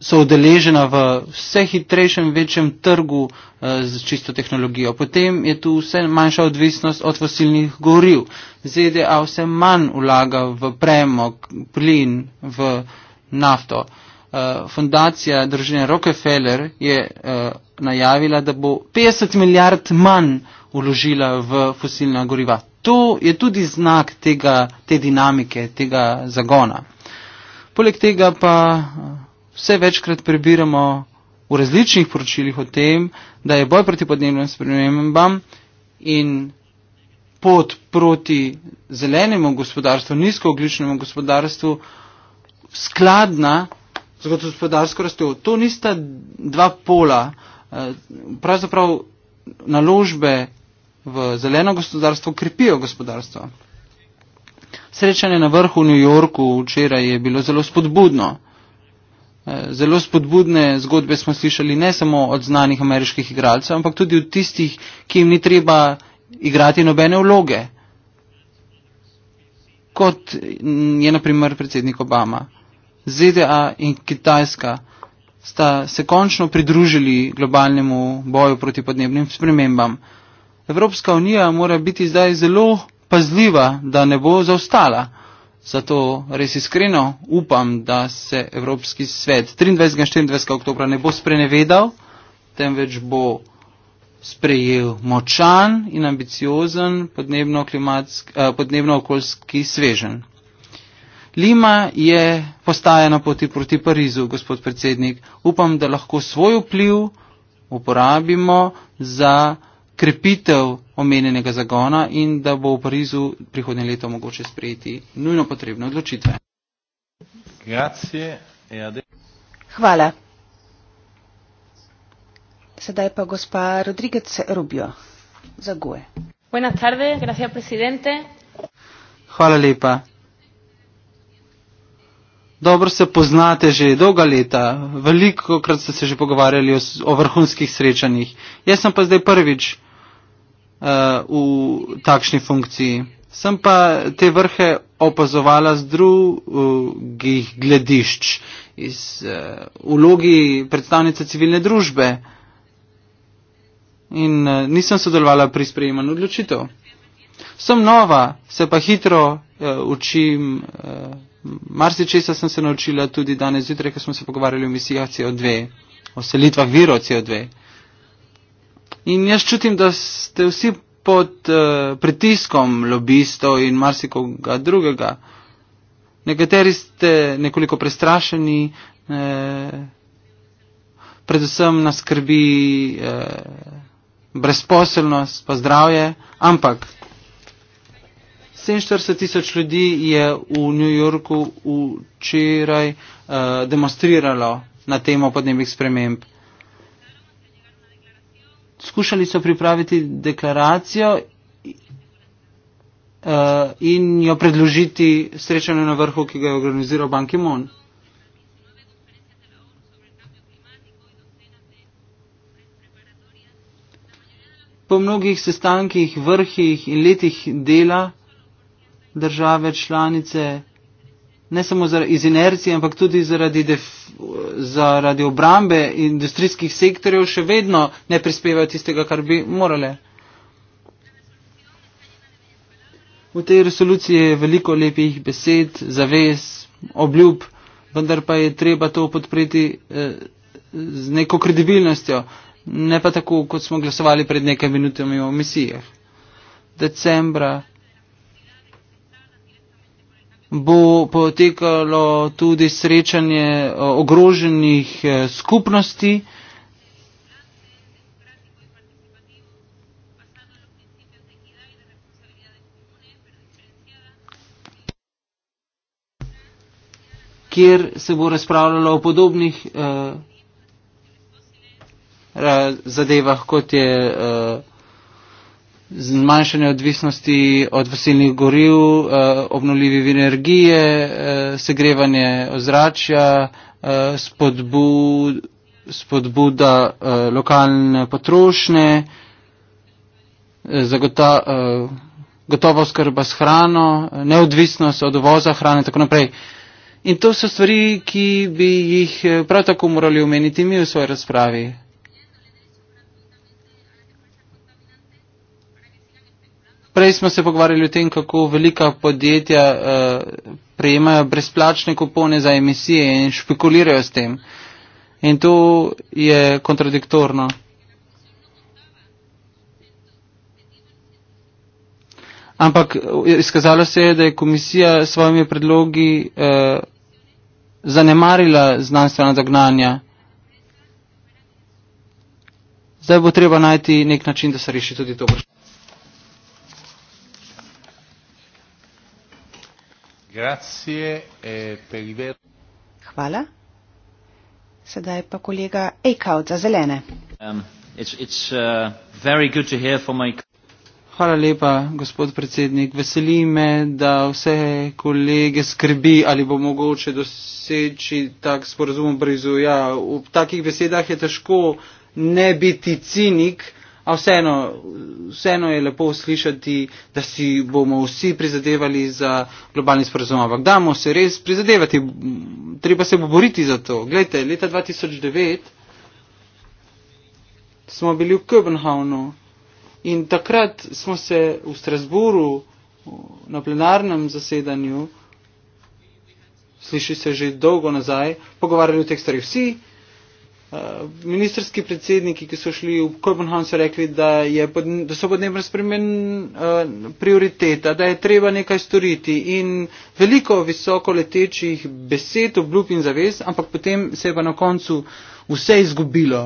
so odeležena v vse hitrejšem, večjem trgu eh, z čisto tehnologijo. Potem je tu vse manjša odvisnost od fosilnih goriv. ZDA vse manj vlaga v premog, plin, v nafto. Eh, Eh, fundacija družine Rockefeller je uh, najavila, da bo 50 milijard manj uložila v fosilna goriva. To je tudi znak tega, te dinamike, tega zagona. Poleg tega pa eh, vse večkrat prebiramo v različnih poročilih o tem, da je boj proti podnebnim spremembam in pot proti zelenemu gospodarstvu, nizkooglišnemu gospodarstvu skladna z gospodarsko rastjo. To nista dva pola. Eh, pravzaprav naložbe v zeleno gospodarstvo krepijo gospodarstvo. Srečanje na vrhu v New Yorku včeraj je bilo zelo spodbudno. Eh, zelo spodbudne zgodbe smo slišali ne samo od znanih ameriških igralcev, ampak tudi od tistih, ki jim ni treba igrati nobene vloge. Kot je naprimer predsednik Obama. ZDA in Kitajska sta se končno pridružili globalnemu boju proti podnebnim spremembam. Evropska unija mora biti zdaj zelo pazljiva, da ne bo zaostala. Zato res iskreno upam, da se Evropski svet 23. in 24. oktobra ne bo sprenevedal, temveč bo sprejel močan in ambiciozen eh, podnebno-okoljski podnebno svežen. Lima je postaja na poti proti Parizu, gospod predsednik. Upam, da lahko svoj vpliv uporabimo za krepitev omenjenega zagona in da bo v Parizu prihodnje leto mogoče sprejeti nujno potrebne odločitve. E Hvala. Sedaj pa gospa Rodriguez Rubio za GUE. E. Hvala lepa, dobro se poznate že dolga leta, veliko krat ste se že pogovarjali o, o vrhunskih srečanjih. Jaz sem pa zdaj prvič uh, v takšni funkciji. Sem pa te vrhe opazovala z drugih gledišč, iz uh, vlogi predstavnice civilne družbe in uh, nisem sodelovala pri sprejemanju odločitev. Sem nova, se pa hitro uh, učim. Uh, eh, Marsi česa sem se naučila tudi danes zjutraj, ko smo se pogovarjali o misijah CO2, o selitvah virov CO2. In jaz čutim, da ste vsi pod uh, pritiskom lobistov in marsikoga drugega. Nekateri ste nekoliko prestrašeni, eh, predvsem nas skrbi eh, brezposelnost, pa zdravje, ampak 47 tisoč ljudi je v New Yorku včeraj uh, demonstriralo na temo podnebnih sprememb. Skušali so pripraviti deklaracijo uh, in jo predložiti srečanju na vrhu, ki ga je organiziral Banki Mon. Po mnogih sestankih, vrhih in letih dela države članice, ne samo iz inercije, ampak tudi zaradi, def, zaradi obrambe industrijskih sektorjev še vedno ne prispevajo tistega, kar bi morale. V tej resoluciji je veliko lepih besed, zavez, obljub, vendar pa je treba to podpreti eh, z neko kredibilnostjo, ne pa tako, kot smo glasovali pred nekaj minutami o misijah. Decembra bo potekalo tudi srečanje eh, ogroženih eh, skupnosti. kjer se bo razpravljalo o podobnih eh, zadevah, kot je eh, zmanjšanje odvisnosti od fosilnih goriv, eh, obnoljivi vir energije, eh, segrevanje ozračja, eh, spodbuda lokalne potrošnje, zagota, gotovo skrba s hrano, neodvisnost od uvoza hrane in tako naprej. In to so stvari, ki bi jih prav tako morali omeniti mi v svoji razpravi. Prej smo se pogovarjali o tem, kako velika podjetja uh, prejemajo brezplačne kupone za emisije in špekulirajo s tem. In to je kontradiktorno. Ampak eh, izkazalo se je, da je komisija s svojimi predlogi eh, zanemarila znanstvena zagnanja. Zdaj bo treba najti nek način, da se reši tudi to vprašanje. Eh, Hvala. Sedaj pa kolega Eikaut za zelene. Um, uh, Hvala lepa, gospod predsednik. Veseli me, da vse kolege skrbi, ali bo mogoče doseči tak sporozum v Brizu. Ja, v takih besedah je težko ne biti cinik. A vseeno, vseeno je lepo slišati, da si bomo vsi prizadevali za globalni sporozum, ampak damo se res prizadevati, treba se bo boriti za to. Glejte, leta 2009 smo bili v Kopenhavnu in takrat smo se v Strasburu na plenarnem zasedanju, sliši se že dolgo nazaj, pogovarjali o teh stvarih vsi. Eh, ministerski predsedniki, ki so šli v Kopenhagen, so rekli, da, je, da so podnebne spremen uh, eh, prioriteta, da je treba nekaj storiti in veliko visoko letečih besed, obljub in zavez, ampak potem se je pa na koncu vse izgubilo.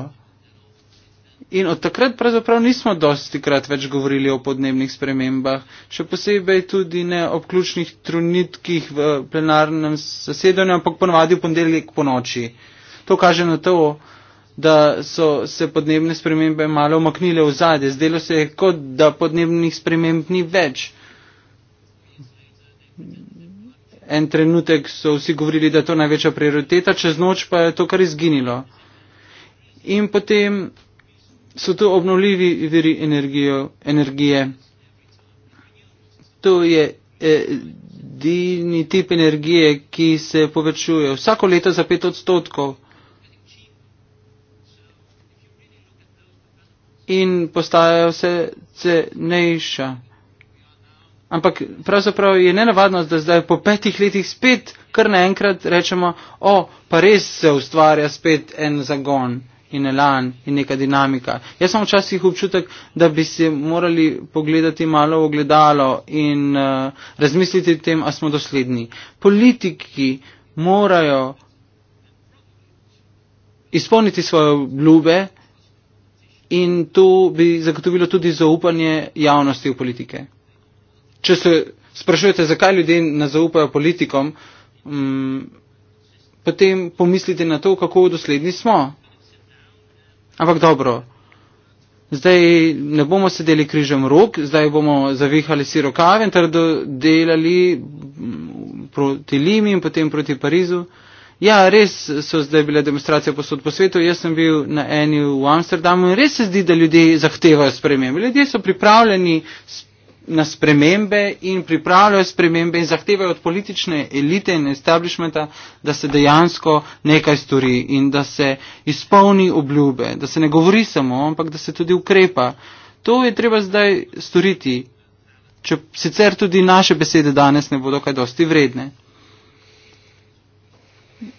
In od takrat pravzaprav nismo dosti krat več govorili o podnebnih spremembah, še posebej tudi ne ob ključnih trunitkih v plenarnem zasedanju, ampak ponovadi v ponedeljek po noči. To kaže na to, da so se podnebne spremembe malo omaknile v zade. Zdelo se je, kot da podnebnih sprememb ni več. En trenutek so vsi govorili, da je to največja prioriteta, čez noč pa je to kar izginilo. In potem so tu obnovljivi viri energijo, energije. To je eh, edini tip energije, ki se povečuje vsako leto za pet odstotkov. in postajajo vse cenejša. Ampak pravzaprav je nenavadno, da zdaj po petih letih spet kar naenkrat rečemo, o, pa res se ustvarja spet en zagon in elan in neka dinamika. Jaz sem včasih občutek, da bi se morali pogledati malo v gledalo in uh, razmisliti o tem, a smo dosledni. Politiki morajo izpolniti svoje obljube, in to bi zagotovilo tudi zaupanje javnosti v politike. Če se sprašujete, zakaj ljudje ne zaupajo politikom, mm, potem pomislite na to, kako dosledni smo. Ampak dobro, zdaj ne bomo sedeli križem rok, zdaj bomo zavihali si rokave in ter delali mm, proti Limi in potem proti Parizu. Ja, res so zdaj bile demonstracije posod po svetu. Jaz sem bil na eni v Amsterdamu in res se zdi, da ljudje zahtevajo spremembe. Ljudje so pripravljeni na spremembe in pripravljajo spremembe in zahtevajo od politične elite in establishmenta, da se dejansko nekaj stori in da se izpolni obljube, da se ne govori samo, ampak da se tudi ukrepa. To je treba zdaj storiti, če sicer tudi naše besede danes ne bodo kaj dosti vredne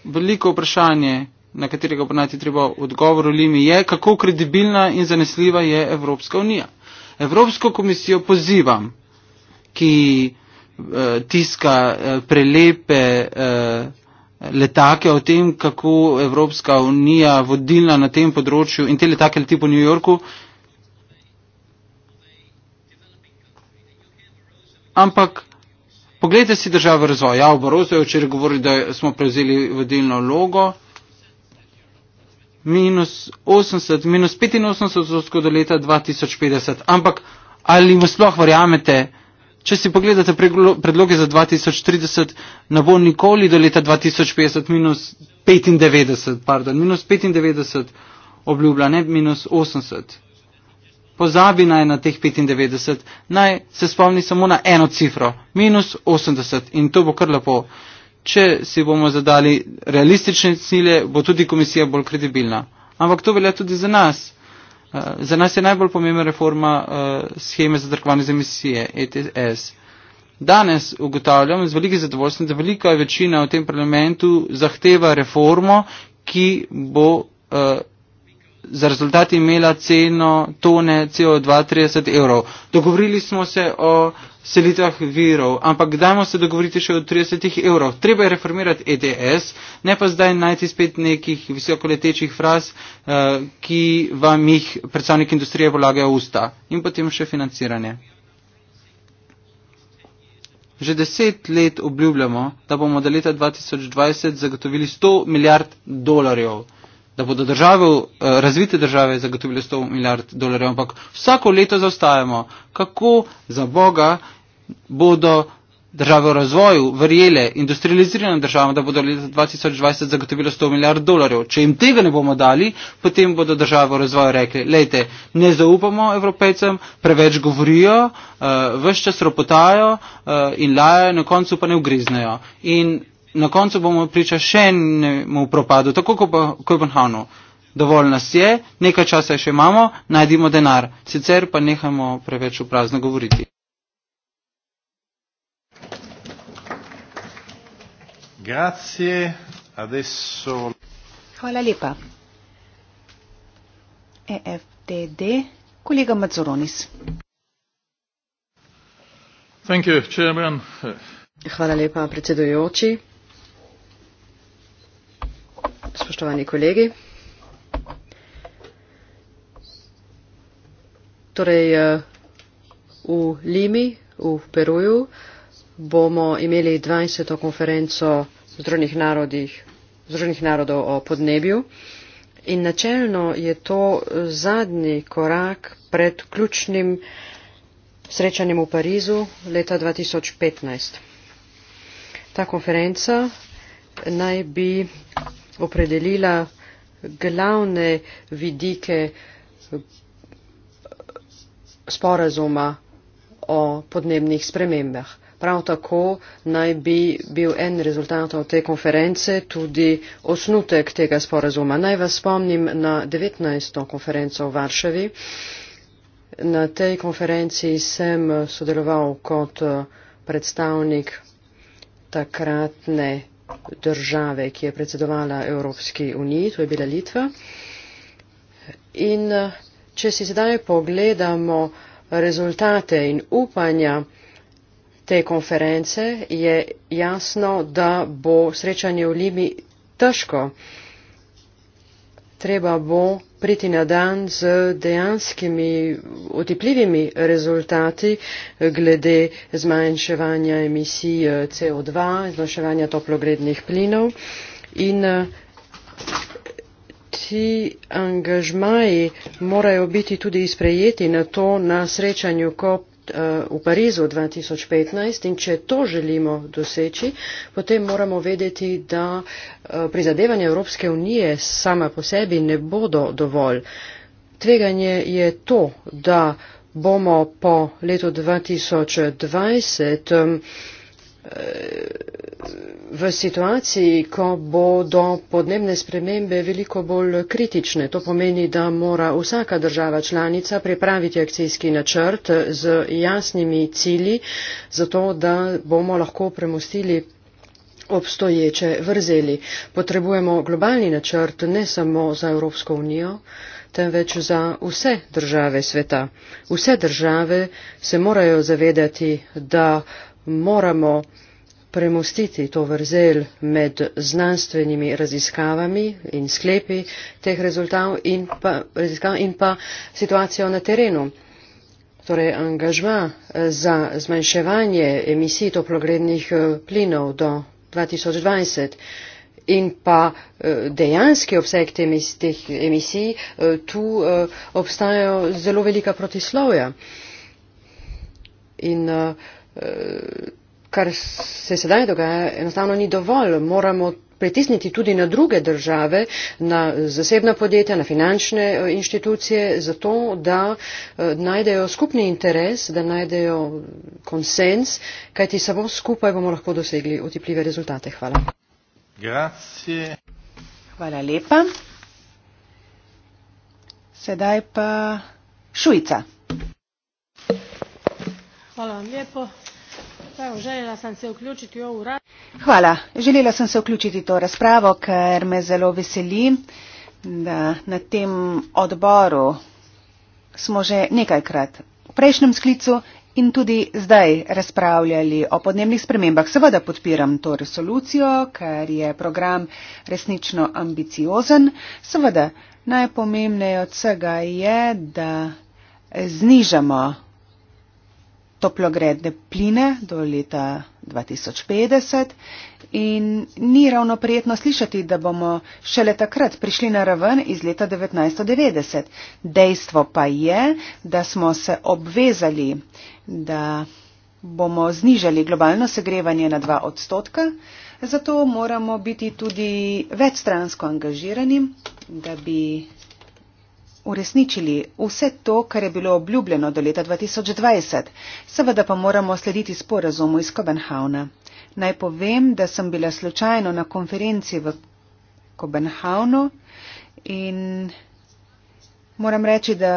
veliko vprašanje, na katerega bo najti treba odgovor v Limi, je, kako kredibilna in zanesljiva je Evropska unija. Evropsko komisijo pozivam, ki eh, tiska eh, prelepe eh, letake o tem, kako Evropska unija vodila na tem področju in te letake leti po New Yorku. Ampak Poglejte si državo razvoja. Ja, Barozo je včeraj govoril, da smo prevzeli vodilno logo. Minus 80, minus 85 do leta 2050. Ampak ali mi sploh verjamete, če si pogledate predloge za 2030, ne bo nikoli do leta 2050 minus 95, pardon, minus 95 obljubljene, minus 80 pozabi naj na teh 95, naj se spomni samo na eno cifro, minus 80 in to bo kar lepo. Če si bomo zadali realistične cilje, bo tudi komisija bolj kredibilna. Ampak to velja tudi za nas. Eh, za nas je najbolj pomembna reforma eh, scheme za drkvanje za emisije, ETS. Danes ugotavljam z velikim zadovoljstvom, da velika večina v tem parlamentu zahteva reformo, ki bo eh, za rezultat imela ceno tone CO2 30 evrov. Dogovorili smo se o selitvah virov, ampak dajmo se dogovoriti še o 30 evrov. Treba je reformirati ETS, ne pa zdaj najti spet nekih visokoletečih fraz, eh, ki vam jih predstavniki industrije polagajo v usta. In potem še financiranje. Že deset let obljubljamo, da bomo do leta 2020 zagotovili 100 milijard dolarjev da bodo države, eh, razvite države zagotovile 100 milijard dolarjev, ampak vsako leto zaostajamo. Kako za Boga bodo države v razvoju verjele industrializiranim državam, da bodo leta 2020 zagotovile 100 milijard dolarjev? Če jim tega ne bomo dali, potem bodo države v razvoju rekli, lejte, ne zaupamo evropejcem, preveč govorijo, eh, vse čas ropotajo eh, in lajajo, na koncu pa ne ugriznejo. In na koncu bomo priča še enemu propadu, tako kot Kopenhavnu. Dovolj nas je, nekaj časa še imamo, najdimo denar, sicer pa nehamo preveč v prazno govoriti. Grazie, adesso... Hvala lepa. EFTD, kolega Mazzoronis. Thank you, Hvala lepa, predsedujoči. spoštovani kolegi. Torej, eh, v Limi, v Peruju, bomo imeli 20. konferenco Združenih narodov o podnebju. In načelno je to zadnji korak pred ključnim srečanjem v Parizu leta 2015. Ta konferenca naj bi opredelila glavne vidike sporazuma o podnebnih spremembah. Prav tako naj bi bil en rezultat te konference tudi osnutek tega sporazuma. Naj vas spomnim na 19. konferenco v Varšavi. Na tej konferenciji sem sodeloval kot predstavnik takratne države, ki je predsedovala Evropski uniji, to je bila Litva. In eh, če si sedaj pogledamo rezultate in upanja te konference, je jasno, da bo srečanje v Libiji težko. Treba bo priti na dan z dejanskimi otipljivimi rezultati eh, glede zmanjševanja emisij eh, CO2, zmanjševanja toplogrednih plinov in eh, ti angažmaji morajo biti tudi sprejeti na to na srečanju COP28 Eh, v Parizu 2015 in če to želimo doseči, potem moramo vedeti, da eh, prizadevanje Evropske unije sama po sebi ne bodo dovolj. Tveganje je to, da bomo po letu 2020 v situaciji, ko bodo podnebne spremembe veliko bolj kritične. To pomeni, da mora vsaka država članica pripraviti akcijski načrt z jasnimi cilji, zato da bomo lahko premustili obstoječe vrzeli. Potrebujemo globalni načrt ne samo za Evropsko unijo, temveč za vse države sveta. Vse države se morajo zavedati, da uh, moramo premostiti to vrzel med znanstvenimi raziskavami in sklepi teh rezultatov in pa, raziskav in pa situacijo na terenu. Torej, angažma eh, za zmanjševanje emisij toplogrednih eh, plinov do 2020 in pa eh, dejanski obseg teh emisij, tu obstajajo zelo velika protislovja. In uh, Eh, kar se sedaj dogaja, enostavno ni dovolj. Moramo pritisniti tudi na druge države, na zasebna podjetja, na finančne eh, inštitucije, zato da eh, najdejo skupni interes, da najdejo konsens, kajti samo skupaj bomo lahko dosegli otipljive rezultate. Hvala. Grazie. Hvala lepa. Sedaj pa Šujica. Hvala. Želela sem se vključiti v to razpravo, ker me zelo veseli, da na tem odboru smo že nekajkrat v prejšnjem sklicu in tudi zdaj razpravljali o podnebnih spremembah. Seveda podpiram to resolucijo, ker je program resnično ambiciozen. Seveda najpomembneje od vsega je, da znižamo toplogredne pline do leta 2050 in ni ravno prijetno slišati, da bomo šele takrat prišli na raven iz leta 1990. Dejstvo pa je, da smo se obvezali, da bomo znižali globalno segrevanje na 2 odstotka, zato moramo biti tudi večstransko angažirani, da bi uresničili vse to, kar je bilo obljubljeno do leta 2020. Seveda pa moramo slediti sporazumu iz Kopenhavna. Naj povem, da sem bila slučajno na konferenci v Kopenhavnu in moram reči, da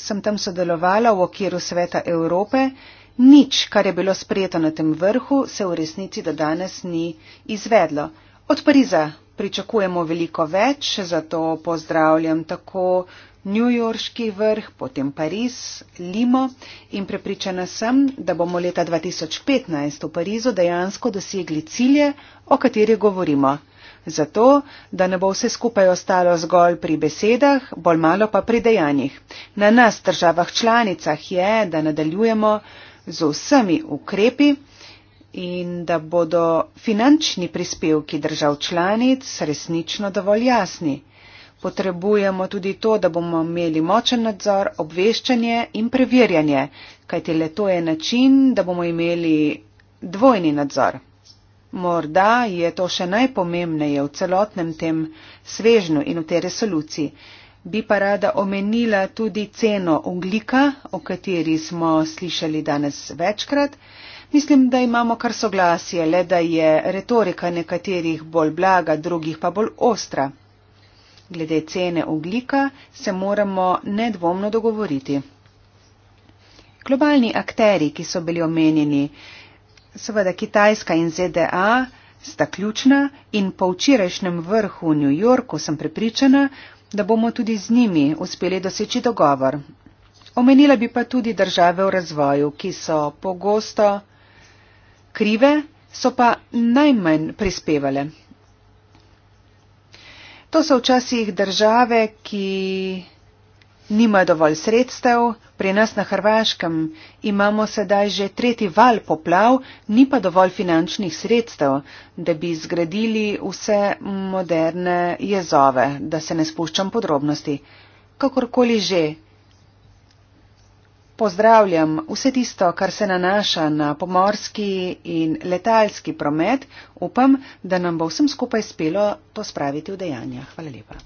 sem tam sodelovala v okviru Sveta Evrope. Nič, kar je bilo sprejeto na tem vrhu, se v resnici do danes ni izvedlo. Od Pariza pričakujemo veliko več, zato pozdravljam tako Njujorški vrh, potem Pariz, Limo in prepričana sem, da bomo leta 2015 v Parizu dejansko dosegli cilje, o katerih govorimo. Zato, da ne bo vse skupaj ostalo zgolj pri besedah, bolj malo pa pri dejanjih. Na nas, državah članicah, je, da nadaljujemo z vsemi ukrepi, in da bodo finančni prispevki držav članic resnično dovolj jasni. Potrebujemo tudi to, da bomo imeli močen nadzor, obveščanje in preverjanje, kajti le to je način, da bomo imeli dvojni nadzor. Morda je to še najpomembneje v celotnem tem svežnju in v tej resoluciji. Bi pa rada omenila tudi ceno oglika, o kateri smo slišali danes večkrat. Mislim, da imamo kar soglasje, le da je retorika nekaterih bolj blaga, drugih pa bolj ostra. Glede cene oglika se moramo nedvomno dogovoriti. Globalni akteri, ki so bili omenjeni, seveda Kitajska in ZDA, sta ključna in po včerajšnjem vrhu v New Yorku sem prepričana, da bomo tudi z njimi uspeli doseči dogovor. Omenila bi pa tudi države v razvoju, ki so pogosto krive so pa najmanj prispevale. To so včasih države, ki nimajo dovolj sredstev, pri nas na Hrvaškem imamo sedaj že tretji val poplav, ni pa dovolj finančnih sredstev, da bi zgradili vse moderne jezove, da se ne spuščam podrobnosti. Kakorkoli že, pozdravljam vse tisto, kar se nanaša na pomorski in letalski promet. Upam, da nam bo vsem skupaj spelo to spraviti v dejanja. Hvala lepa.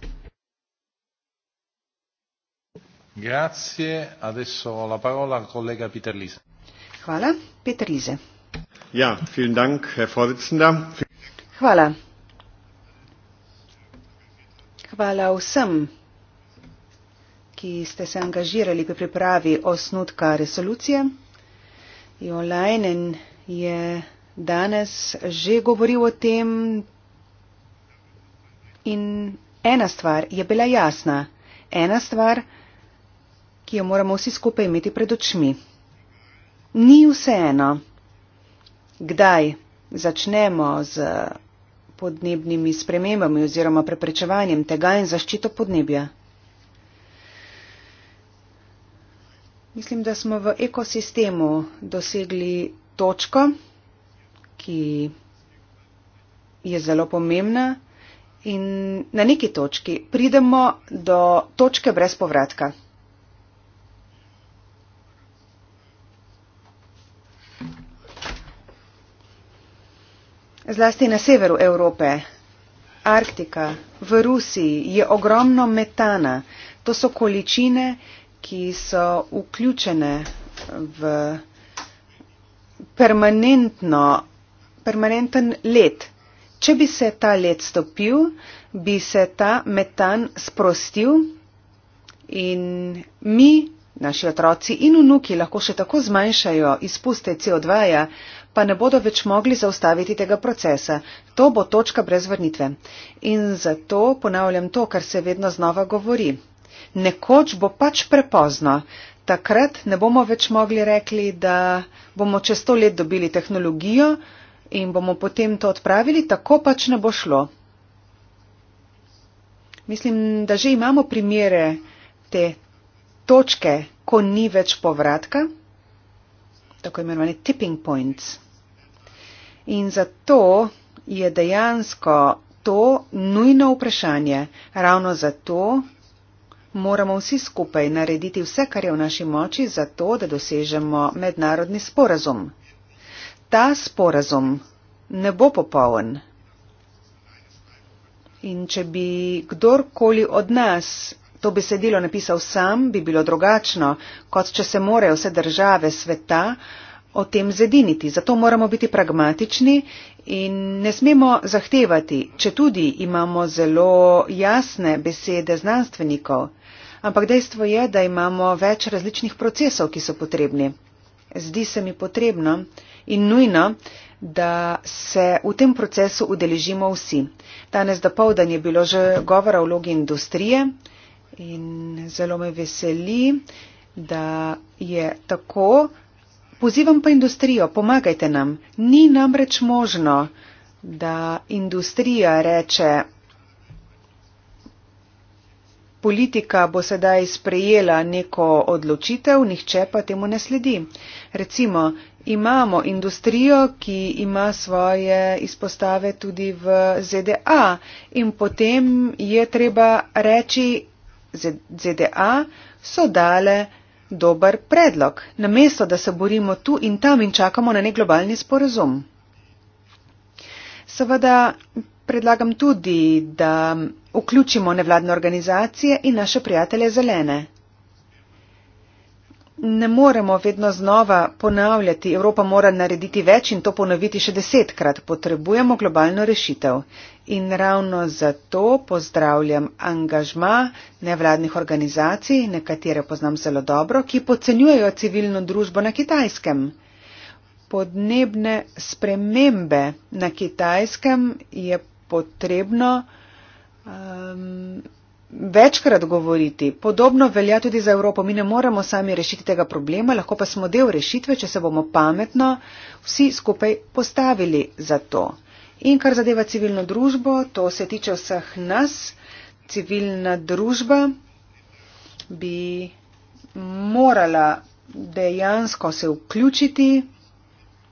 Hvala. Peter Lize. Ja, dank, Hvala. Hvala vsem ki ste se angažirali pri pripravi osnutka resolucije. Jo Leinen je danes že govoril o tem in ena stvar je bila jasna, ena stvar, ki jo moramo vsi skupaj imeti pred očmi. Ni vseeno, kdaj začnemo z podnebnimi spremembami oziroma preprečevanjem tega in zaščito podnebja. Mislim, da smo v ekosistemu dosegli točko, ki je zelo pomembna in na neki točki pridemo do točke brez povratka. Zlasti na severu Evrope, Arktika, v Rusiji je ogromno metana. To so količine, ki so vključene v permanenten let. Če bi se ta let stopil, bi se ta metan sprostil in mi, naši otroci in vnuki lahko še tako zmanjšajo izpuste CO2, -ja, pa ne bodo več mogli zaustaviti tega procesa. To bo točka brez vrnitve. In zato ponavljam to, kar se vedno znova govori. Nekoč bo pač prepozno. Takrat ne bomo več mogli rekli, da bomo čez sto let dobili tehnologijo in bomo potem to odpravili, tako pač ne bo šlo. Mislim, da že imamo primere te točke, ko ni več povratka, tako imenovane tipping points. In zato je dejansko to nujno vprašanje, ravno zato moramo vsi skupaj narediti vse, kar je v naši moči, za to, da dosežemo mednarodni sporazum. Ta sporazum ne bo popoln. In če bi kdorkoli od nas to besedilo napisal sam, bi bilo drugačno, kot če se morajo vse države sveta o tem zediniti. Zato moramo biti pragmatični in ne smemo zahtevati, če tudi imamo zelo jasne besede znanstvenikov, Ampak dejstvo je, da imamo več različnih procesov, ki so potrebni. Zdi se mi potrebno in nujno, da se v tem procesu udeležimo vsi. Danes do povdan je bilo že govora o vlogi industrije in zelo me veseli, da je tako. Pozivam pa industrijo, pomagajte nam. Ni namreč možno, da industrija reče, politika bo sedaj sprejela neko odločitev, nihče pa temu ne sledi. Recimo, imamo industrijo, ki ima svoje izpostave tudi v ZDA in potem je treba reči, ZDA so dale dober predlog, namesto da se borimo tu in tam in čakamo na nek globalni sporazum. Seveda, predlagam tudi, da vključimo nevladne organizacije in naše prijatelje zelene. Ne moremo vedno znova ponavljati, Evropa mora narediti več in to ponoviti še desetkrat. Potrebujemo globalno rešitev. In ravno zato pozdravljam angažma nevladnih organizacij, nekatere poznam zelo dobro, ki podcenjujejo civilno družbo na kitajskem. Podnebne spremembe na kitajskem je potrebno um, večkrat govoriti. Podobno velja tudi za Evropo. Mi ne moremo sami rešiti tega problema, lahko pa smo del rešitve, če se bomo pametno vsi skupaj postavili za to. In kar zadeva civilno družbo, to se tiče vseh nas, civilna družba bi morala dejansko se vključiti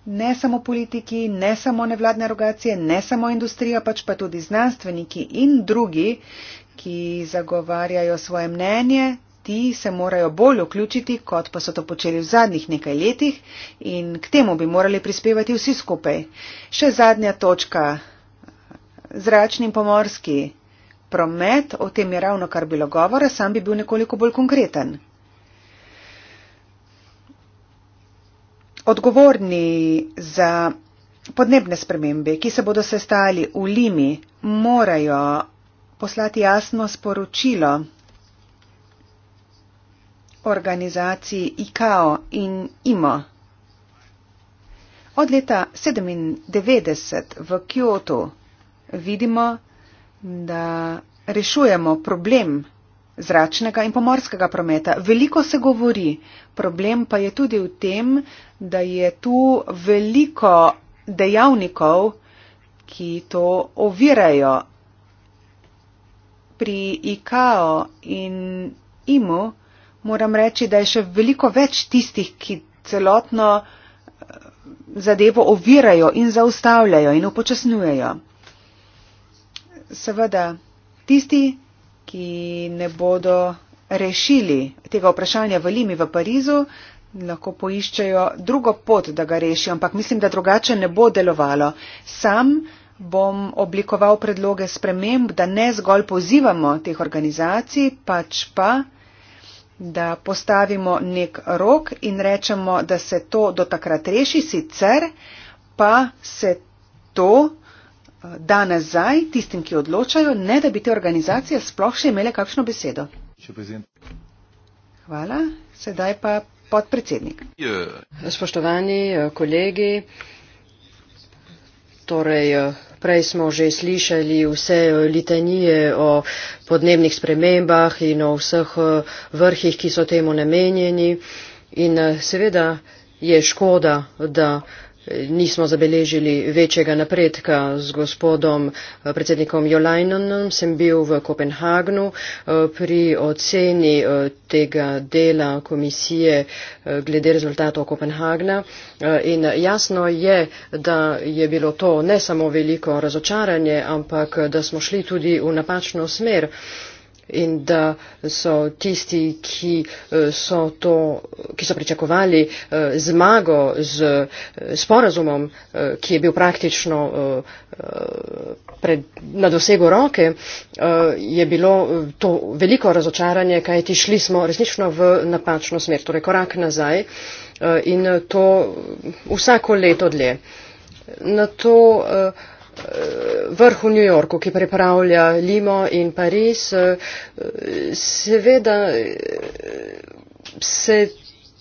ne samo politiki, ne samo nevladne rogacije, ne samo industrija, pač pa tudi znanstveniki in drugi, ki zagovarjajo svoje mnenje, ti se morajo bolj vključiti, kot pa so to počeli v zadnjih nekaj letih in k temu bi morali prispevati vsi skupaj. Še zadnja točka, zračni in pomorski promet, o tem je ravno kar bilo govora, sam bi bil nekoliko bolj konkreten. odgovorni za podnebne spremembe, ki se bodo sestali v Limi, morajo poslati jasno sporočilo organizaciji ICAO in IMO. Od leta 1997 v Kyoto vidimo, da rešujemo problem zračnega in pomorskega prometa. Veliko se govori, problem pa je tudi v tem, da je tu veliko dejavnikov, ki to ovirajo. Pri IKO in IMO moram reči, da je še veliko več tistih, ki celotno eh, zadevo ovirajo in zaustavljajo in upočasnjujejo. Seveda, tisti, ki ne bodo rešili tega vprašanja v Limi v Parizu, lahko poiščejo drugo pot, da ga rešijo, ampak mislim, da drugače ne bo delovalo. Sam bom oblikoval predloge sprememb, da ne zgolj pozivamo teh organizacij, pač pa, da postavimo nek rok in rečemo, da se to do takrat reši, sicer pa se to da nazaj tistim, ki odločajo, ne da bi te organizacije sploh še imele kakšno besedo. Hvala. Sedaj pa podpredsednik. Spoštovani eh, kolegi, torej. Eh, prej smo že slišali vse eh, litanije o podnebnih spremembah in o vseh vrhih, ki so temu namenjeni. In seveda je škoda, da nismo zabeležili večjega napredka z gospodom eh, predsednikom Jolajnonom. Sem bil v Kopenhagnu eh, pri oceni eh, tega dela komisije glede rezultatov Kopenhagna in jasno je, da je bilo to ne samo veliko razočaranje, ampak da smo šli tudi v napačno smer in da so tisti, ki eh, so, to, ki so pričakovali eh, zmago z eh, sporazumom, ki je bil praktično pred, na dosegu roke, je bilo to veliko razočaranje, kajti šli smo resnično v napačno smer, torej korak nazaj in to vsako leto dlje. Na to uh, Eh, vrhu New Yorku, ki pripravlja Limo in Pariz, eh, seveda eh, se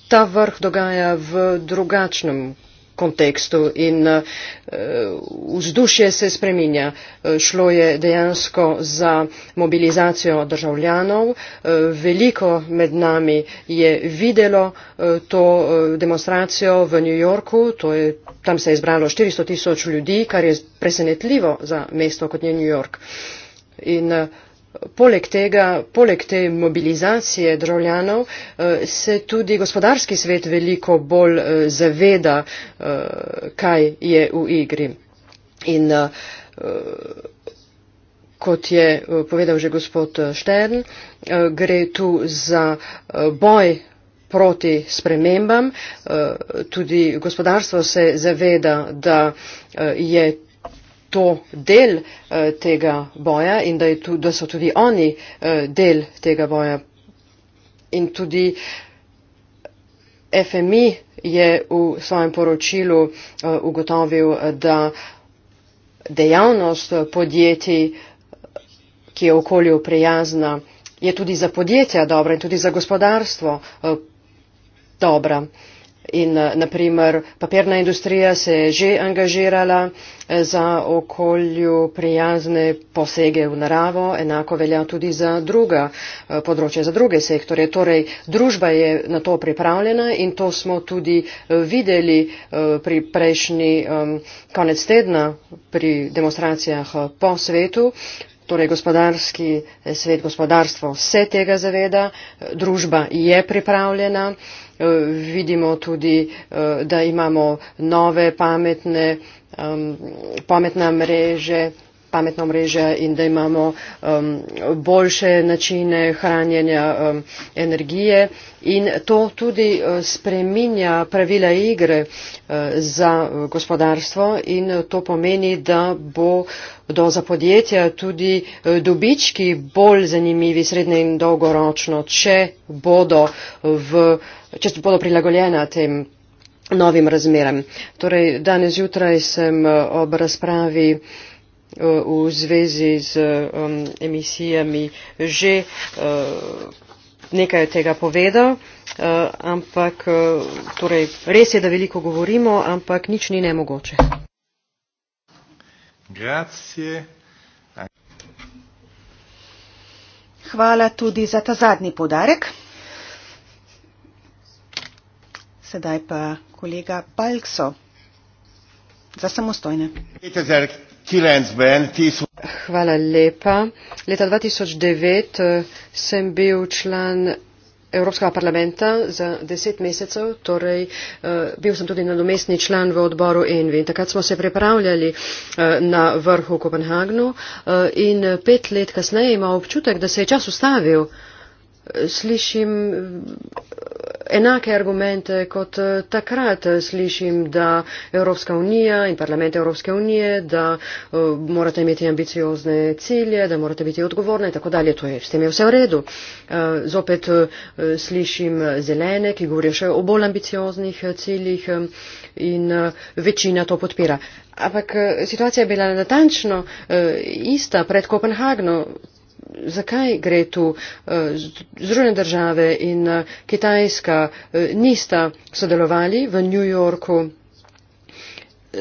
ta vrh dogaja v drugačnem kontekstu in uh, vzdušje se spreminja. Uh, šlo je dejansko za mobilizacijo državljanov. Uh, veliko med nami je videlo uh, to uh, demonstracijo v New Yorku. Je, tam se je izbralo 400 tisoč ljudi, kar je presenetljivo za mesto kot je New York. In, uh, Poleg tega, poleg te mobilizacije državljanov, eh, se tudi gospodarski svet veliko bolj eh, zaveda, eh, kaj je v igri. In kot je povedal že gospod Štern, gre tu za boj proti spremembam. Tudi gospodarstvo se zaveda, da je to del eh, tega boja in da, tu, da so tudi oni eh, del tega boja. In tudi FMI je v svojem poročilu eh, ugotovil, da dejavnost podjetij, ki je okolju prijazna, je tudi za podjetja dobra in tudi za gospodarstvo eh, dobra. Eh, in eh, na primer papirna industrija se je že angažirala eh, za okolju prijazne posege v naravo, enako velja tudi za druga eh, področja, za druge sektore. Torej, družba je na to pripravljena in to smo tudi videli pri prejšnji konec tedna pri demonstracijah po svetu torej gospodarski eh, svet, gospodarstvo se tega zaveda, eh, družba je pripravljena, eh, vidimo tudi, da imamo nove pametne, pametne mreže pametna mreža in da imamo um, boljše načine hranjenja um, energije. In to tudi uh, spreminja pravila igre uh, za gospodarstvo in to pomeni, da bo do za podjetja tudi uh, dobički bolj zanimivi srednje in dolgoročno, če bodo, v, če bodo prilagoljena tem novim razmeram. Torej, danes jutraj sem ob razpravi uh, v zvezi z um, emisijami že uh, nekaj tega povedal, uh, ampak uh, torej, res je, da veliko govorimo, ampak nič ni nemogoče. Grazie. Hvala tudi za ta zadnji podarek. Sedaj pa kolega Palkso za samostojne. Hvala lepa. Leta 2009 eh, sem bil član Evropskega parlamenta za deset mesecev, torej eh, bil sem tudi nadomestni član v odboru Envi. Takrat smo se pripravljali eh, na vrhu v Kopenhagnu in pet let kasneje imam občutek, da se je čas ustavil. Slišim enake argumente kot eh, takrat eh, slišim, da Evropska unija in parlament Evropske unije, da eh, morate imeti ambiciozne cilje, da morate biti odgovorni in tako dalje. To je, s tem je vse v redu. Zopet slišim zelene, ki govorijo še o bolj ambicioznih ciljih in večina to podpira. Ampak situacija je bila natančno ista pred Kopenhagno, zakaj gre tu eh, Združene države in eh, Kitajska eh, nista sodelovali v New Yorku.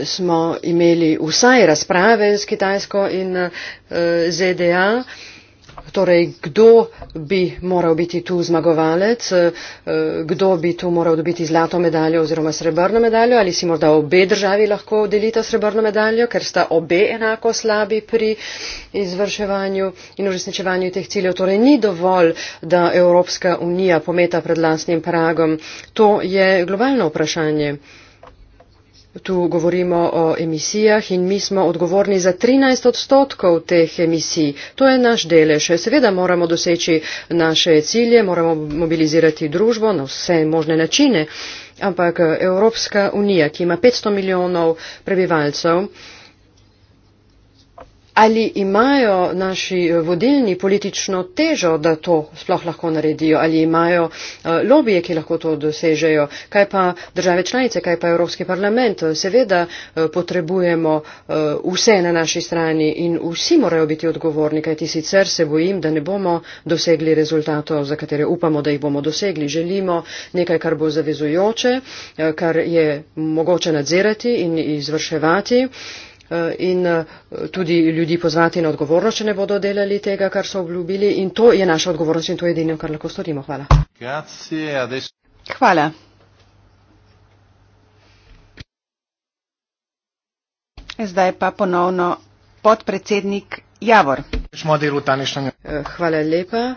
Smo imeli vsaj razprave s Kitajsko in ZDA. Torej, kdo bi moral biti tu zmagovalec, eh, kdo bi tu moral dobiti zlato medaljo oziroma srebrno medaljo ali si morda obe državi lahko delita srebrno medaljo, ker sta obe enako slabi pri izvrševanju in uresničevanju teh ciljev. Torej, ni dovolj, da Evropska unija pometa pred lastnim pragom. To je globalno vprašanje. Tu govorimo o emisijah in mi smo odgovorni za 13 odstotkov teh emisij. To je naš delež. Seveda moramo doseči naše cilje, moramo mobilizirati družbo na vse možne načine, ampak Evropska unija, ki ima 500 milijonov prebivalcev, Ali imajo naši eh, vodilni politično težo, da to sploh lahko naredijo, ali imajo eh, lobije, ki lahko to dosežejo, kaj pa države članice, kaj pa Evropski parlament. Seveda eh, potrebujemo vse na naši strani in vsi morajo biti odgovorni, kajti sicer se bojim, da ne bomo dosegli rezultatov, za katere upamo, da jih bomo dosegli. Želimo nekaj, kar bo zavezujoče, kar je mogoče nadzirati in izvrševati. Eh, in eh, tudi ljudi pozvati na odgovornost, če ne bodo delali tega, kar so obljubili. In to je naša odgovornost in to je edino, kar lahko storimo. Hvala. Hvala. Zdaj pa ponovno podpredsednik Javor. Eh, hvala lepa.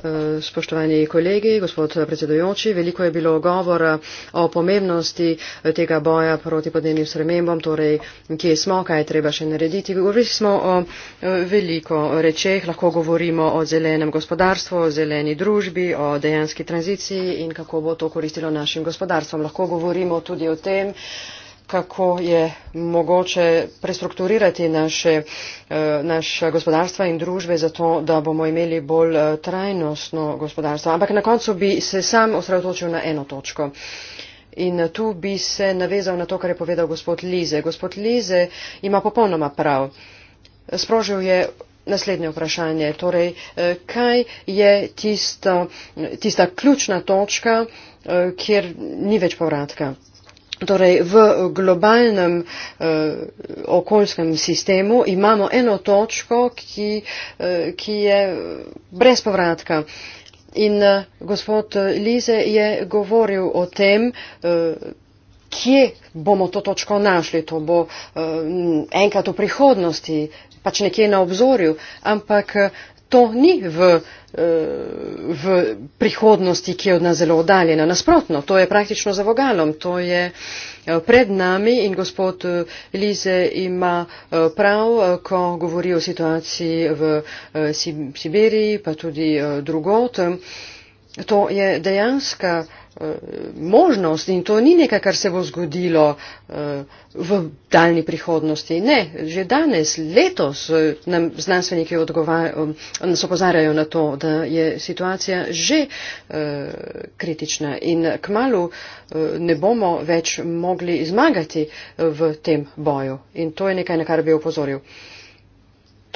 Eh, spoštovani kolegi, gospod predsedujoči. Veliko je bilo govora o pomembnosti eh, tega boja proti podnebnim spremembom, torej kje smo, kaj je treba še narediti. Govorili smo o eh, veliko rečeh, lahko govorimo o zelenem gospodarstvu, o zeleni družbi, o dejanski tranziciji in kako bo to koristilo našim gospodarstvom. Lahko govorimo tudi o tem, kako je mogoče prestrukturirati naše, eh, naše gospodarstva in družbe zato, da bomo imeli bolj eh, trajnostno gospodarstvo. Ampak na koncu bi se sam osredotočil na eno točko. In eh, tu bi se navezal na to, kar je povedal gospod Lize. Gospod Lize ima popolnoma prav. Sprožil je naslednje vprašanje. Torej, kaj je tista, tista ključna točka, kjer ni več povratka? Torej, v globalnem eh, okoljskem sistemu imamo eno točko, ki, eh, ki je brez povratka. In eh, gospod Lize je govoril o tem, eh, kje bomo to točko našli. To bo eh, enkrat v prihodnosti, pač nekje na obzorju, ampak eh, to ni v, eh, v prihodnosti, ki je od nas zelo oddaljena. Nasprotno, to je praktično za vogalom, to je eh, pred nami in gospod eh, Lize ima prav, ko govori o situaciji v Sibiriji, pa tudi drugot. To je dejanska Eh, možnost in to ni nekaj, kar se bo zgodilo eh, v daljni prihodnosti. Ne, že danes, letos eh, nam znanstveniki nas opozarjajo na to, da je situacija že kritična in k malu ne bomo več mogli zmagati v tem boju. In to je nekaj, na kar bi opozoril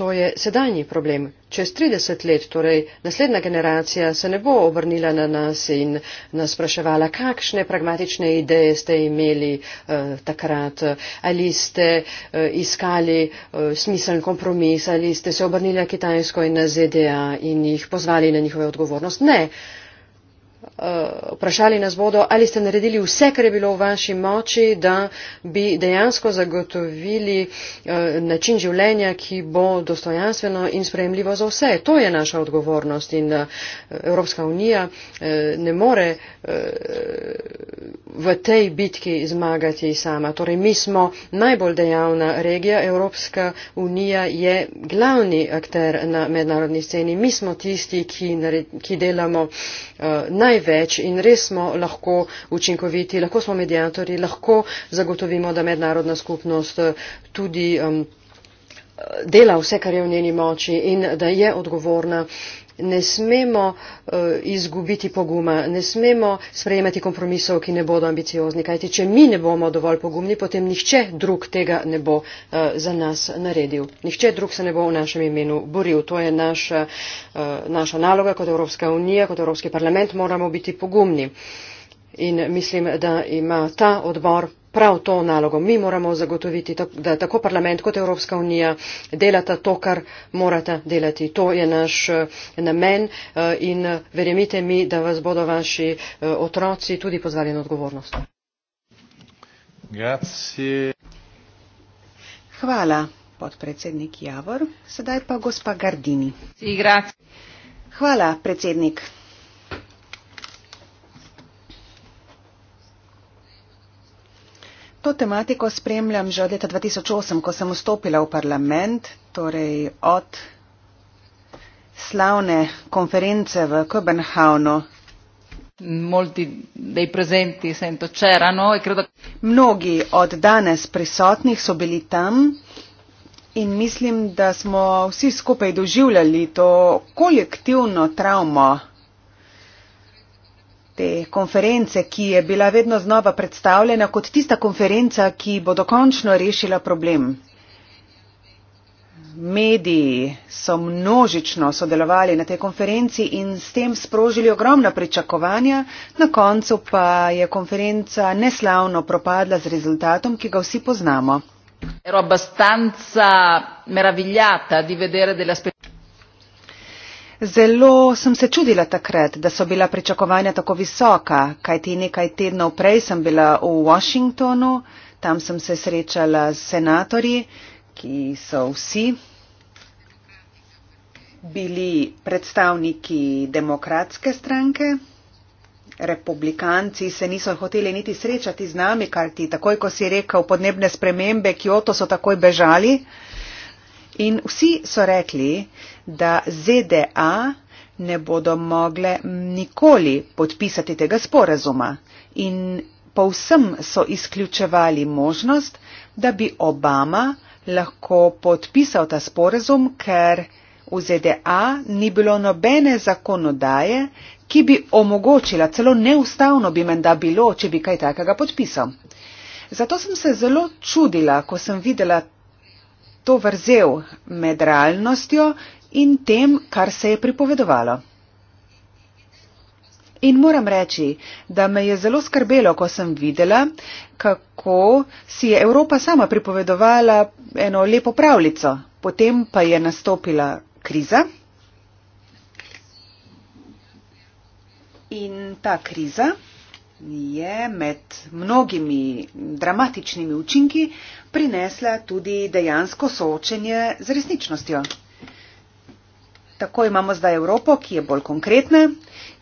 to je sedanji problem. Čez 30 let, torej naslednja generacija, se ne bo obrnila na nas in nas spraševala, kakšne pragmatične ideje ste imeli eh, takrat, ali ste eh, iskali eh, smiseln kompromis, ali ste se obrnili na Kitajsko in na ZDA in jih pozvali na njihove odgovornost. Ne. Eh, Eh, vprašali nas bodo, ali ste naredili vse, kar je bilo v vaši moči, da bi dejansko zagotovili eh, način življenja, ki bo dostojanstveno in sprejemljivo za vse. To je naša odgovornost in eh, Evropska unija ne more v tej bitki zmagati sama. Torej, mi smo najbolj dejavna regija, Evropska unija je glavni akter na mednarodni sceni. Mi smo tisti, ki, ki delamo uh, največ več in res smo lahko učinkoviti, lahko smo medijatori, lahko zagotovimo, da mednarodna skupnost eh, tudi um, dela vse, kar je v njeni moči in da je odgovorna. Uh, ne smemo uh, izgubiti poguma ne smemo sprejemati kompromisov ki ne bodo ambiciozni kajti če mi ne bomo dovolj pogumni potem nihče drug tega ne bo uh, za nas naredil nihče drug se ne bo v našem imenu boril to je naša, uh, naša naloga kot evropska unija kot evropski parlament moramo biti pogumni in mislim da ima ta odbor prav to nalogo. Mi moramo zagotoviti, da tako parlament kot Evropska unija delata to, kar morata delati. To je naš eh, namen eh, in eh, verjemite mi, da vas bodo vaši otroci tudi pozvali na odgovornost. Hvala, podpredsednik Javor. Sedaj pa gospa Gardini. Hvala, predsednik. To tematiko spremljam že od leta 2008, ko sem vstopila v parlament, torej od slavne konference v Kopenhavnu. E Mnogi od danes prisotnih so bili tam in mislim, da smo vsi skupaj doživljali to kolektivno travmo te konference, ki je bila vedno znova predstavljena kot tista konferenca, ki bo dokončno rešila problem. Mediji so množično sodelovali na tej konferenci in s tem sprožili ogromna pričakovanja, na koncu pa je konferenca neslavno propadla z rezultatom, ki ga vsi poznamo. Zelo sem se čudila takrat, da so bila pričakovanja tako visoka, kajti nekaj tednov prej sem bila v Washingtonu, tam sem se srečala s senatorji, ki so vsi bili predstavniki demokratske stranke. Republikanci se niso hoteli niti srečati z nami, kajti takoj, ko si rekel podnebne spremembe, Kyoto so takoj bežali. In vsi so rekli, da ZDA ne bodo mogle nikoli podpisati tega sporazuma in povsem so izključevali možnost, da bi Obama lahko podpisal ta sporazum, ker v ZDA ni bilo nobene zakonodaje, ki bi omogočila, celo neustavno bi menda bilo, če bi kaj takega podpisal. Zato sem se zelo čudila, ko sem videla to vrzel med realnostjo in tem, kar se je pripovedovalo. In moram reči, da me je zelo skrbelo, ko sem videla, kako si je Evropa sama pripovedovala eno lepo pravljico, potem pa je nastopila kriza. In ta kriza je med mnogimi dramatičnimi učinki prinesla tudi dejansko soočenje z resničnostjo. Tako imamo zdaj Evropo, ki je bolj konkretna,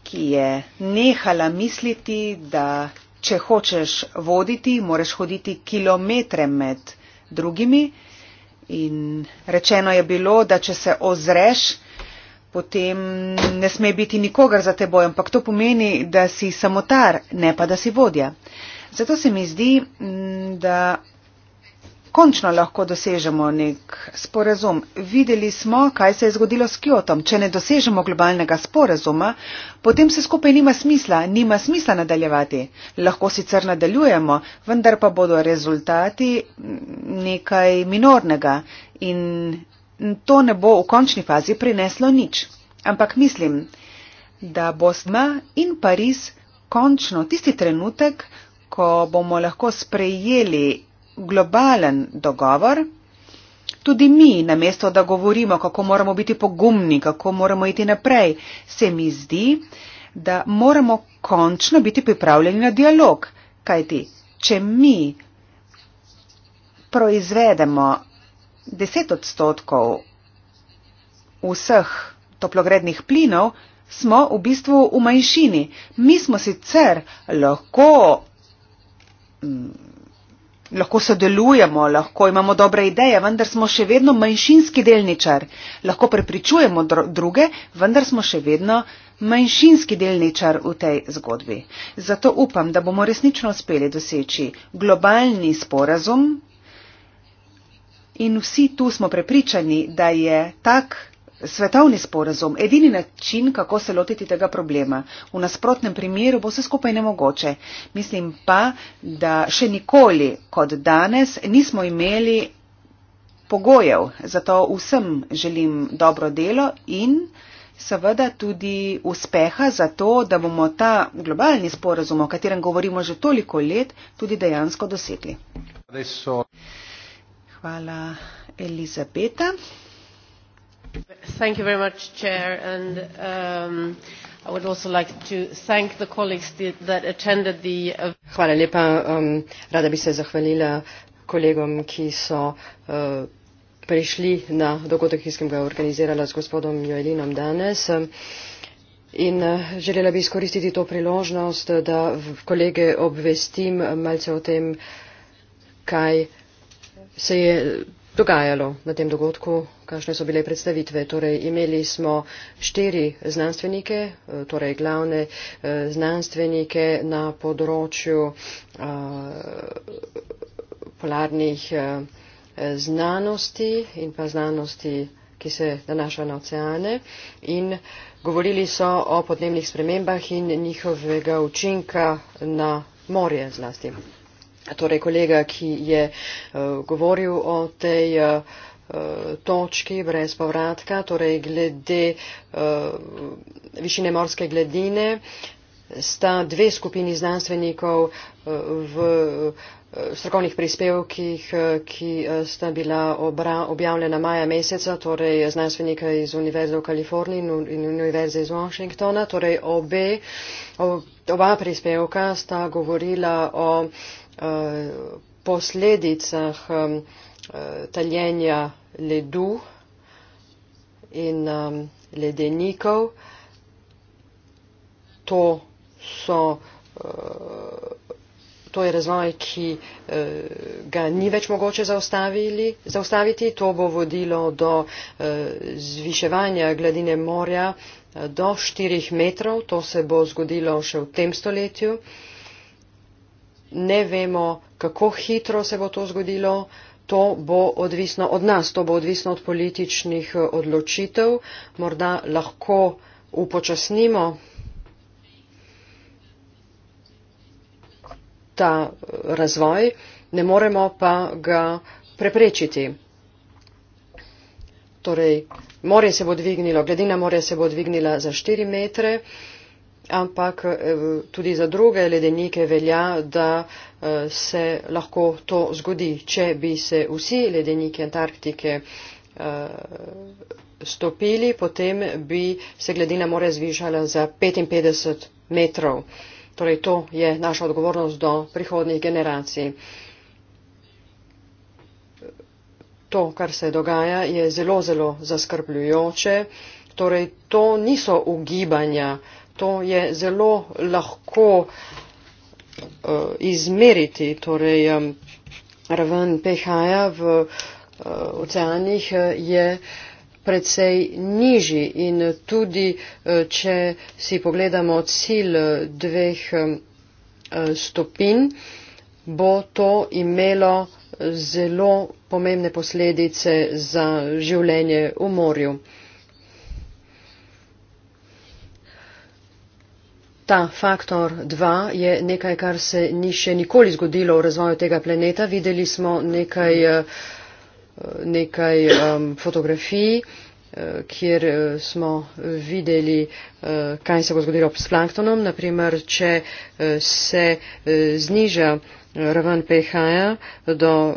ki je nehala misliti, da če hočeš voditi, moraš hoditi kilometre med drugimi. In rečeno je bilo, da če se ozreš, potem ne sme biti nikogar za teboj, ampak to pomeni, da si samotar, ne pa da si vodja. Zato se mi zdi, mm, da končno lahko dosežemo nek sporazum. Videli smo, kaj se je zgodilo s Kyotom. Če ne dosežemo globalnega sporazuma, potem se skupaj nima smisla, nima smisla nadaljevati. Lahko sicer nadaljujemo, vendar pa bodo rezultati mm, nekaj minornega in to ne bo v končni fazi prineslo nič. Ampak mislim, da bo Sma in Pariz končno tisti trenutek, ko bomo lahko sprejeli globalen dogovor, tudi mi, namesto da govorimo, kako moramo biti pogumni, kako moramo iti naprej, se mi zdi, da moramo končno biti pripravljeni na dialog. Kajti, če mi proizvedemo 10 odstotkov vseh toplogrednih plinov, smo v bistvu v manjšini. Mi smo sicer lahko, mm, lahko sodelujemo, lahko imamo dobre ideje, vendar smo še vedno manjšinski delničar. Lahko prepričujemo druge, vendar smo še vedno manjšinski delničar v tej zgodbi. Zato upam, da bomo resnično uspeli doseči globalni sporazum in vsi tu smo prepričani, da je tak svetovni sporazum edini način, kako se lotiti tega problema. V nasprotnem primeru bo vse skupaj nemogoče. Mislim pa, da še nikoli kot danes nismo imeli pogojev, zato vsem želim dobro delo in seveda tudi uspeha za to, da bomo ta globalni sporazum, o katerem govorimo že toliko let, tudi dejansko dosegli. Adesso hvala elizabeta thank you very much chair and um, I would also like to thank the colleagues that attended the uh, hvala lepa um, rada bi se zahvalila kolegom ki so uh, prišli na dogodek, ki sem ga organizirala s gospodom Joelinom danes. Um, in uh, želela bi izkoristiti to priložnost, da kolege obvestim malce o tem, kaj se je dogajalo na tem dogodku, kakšne so bile predstavitve. Torej, imeli smo štiri znanstvenike, eh, torej glavne eh, znanstvenike na področju eh, polarnih znanosti in pa znanosti, ki se nanaša na oceane. In govorili so o podnebnih spremembah in njihovega učinka na morje zlasti torej kolega, ki je uh, govoril o tej uh, točki brez povratka, torej glede uh, višine morske gledine, sta dve skupini znanstvenikov uh, v strokovnih prispevkih, ki sta bila obra, objavljena maja meseca, torej znanstvenika iz Univerze v Kaliforniji in Univerze iz Washingtona, torej obe, ob, oba prispevka sta govorila o uh, Eh, posledicah eh, taljenja ledu in ledenikov. To, so, eh, to je razvoj, ki ga ni več mogoče zaustaviti. To bo vodilo do zviševanja gladine morja do 4 metrov. To se bo zgodilo še v tem stoletju ne vemo, kako hitro se bo to zgodilo. To bo odvisno od nas, to bo odvisno od političnih eh, odločitev. Morda lahko upočasnimo ta eh, razvoj, ne moremo pa ga preprečiti. Torej, morje se bo dvignilo, gladina morja se bo dvignila za 4 metre ampak eh, tudi za druge ledenike velja, da eh, se lahko to zgodi, če bi se vsi ledeniki Antarktike eh, stopili, potem bi se gladina more zvišala za 55 metrov. Torej, to je naša odgovornost do prihodnih generacij. To, kar se dogaja, je zelo, zelo zaskrbljujoče. Torej, to niso ugibanja uh, to je zelo lahko uh, izmeriti, torej um, raven pH-ja v uh, oceanih eh, je predvsej nižji in tudi, če si pogledamo cilj dveh stopin, bo to imelo zelo pomembne posledice za življenje v morju. Ta faktor 2 je nekaj, kar se ni še nikoli zgodilo v razvoju tega planeta. Videli smo nekaj, eh, nekaj um, fotografij, eh, kjer eh, smo videli, kaj se bo zgodilo s planktonom. Naprimer, če se zniža raven PH-ja do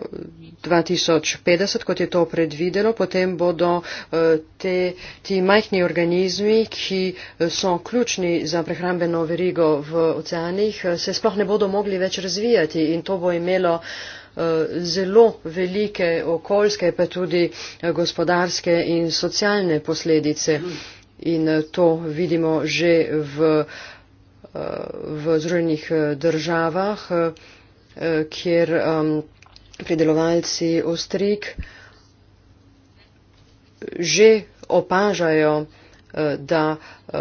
2050, kot je to predvidelo, potem bodo eh, te, ti majhni organizmi, ki eh, so ključni za prehrambeno verigo v oceanih, eh, se sploh ne bodo mogli več razvijati in to bo imelo zelo velike okoljske, pa tudi gospodarske in socialne posledice. In to vidimo že v, v Združenih državah. Eh, kjer um, pridelovalci ostrig že opažajo, uh, da uh,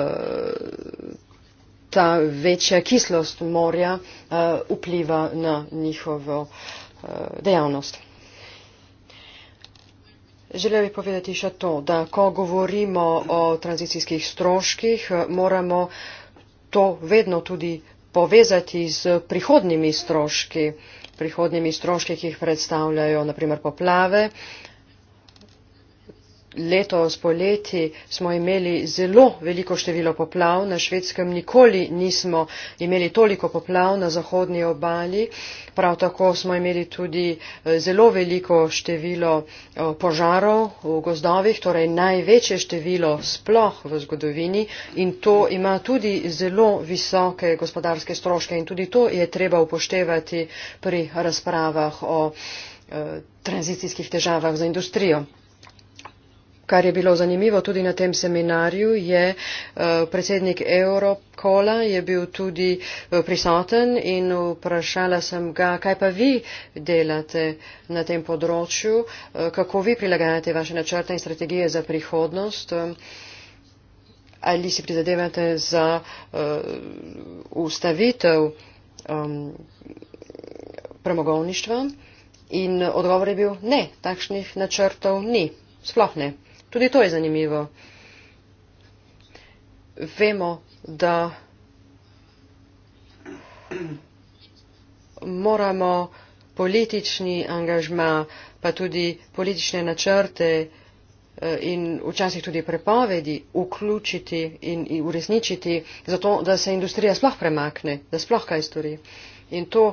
ta večja kislost morja uh, vpliva na njihovo uh, dejavnost. Želel bi povedati še to, da ko govorimo o tranzicijskih stroških, moramo to vedno tudi povezati z prihodnimi stroški prihodnimi stroški, ki jih predstavljajo naprimer poplave, letos poleti smo imeli zelo veliko število poplav, na švedskem nikoli nismo imeli toliko poplav na zahodni obali, prav tako smo imeli tudi eh, zelo veliko število eh, požarov v gozdovih, torej največje število sploh v zgodovini in to ima tudi zelo visoke gospodarske stroške in tudi to je treba upoštevati pri razpravah o eh, tranzicijskih težavah za industrijo kar je bilo zanimivo tudi na tem seminarju, je eh, predsednik Eurocola je bil tudi eh, prisoten in vprašala sem ga, kaj pa vi delate na tem področju, eh, kako vi prilagajate vaše načrte in strategije za prihodnost. Ali si prizadevate za uh, ustavitev um, premogovništva? In odgovor je bil ne, takšnih načrtov ni, sploh ne. Tudi to je zanimivo. Vemo, da moramo politični angažma, pa tudi politične načrte eh, in včasih tudi prepovedi vključiti in uresničiti, zato da se industrija sploh premakne, da sploh kaj stori. In to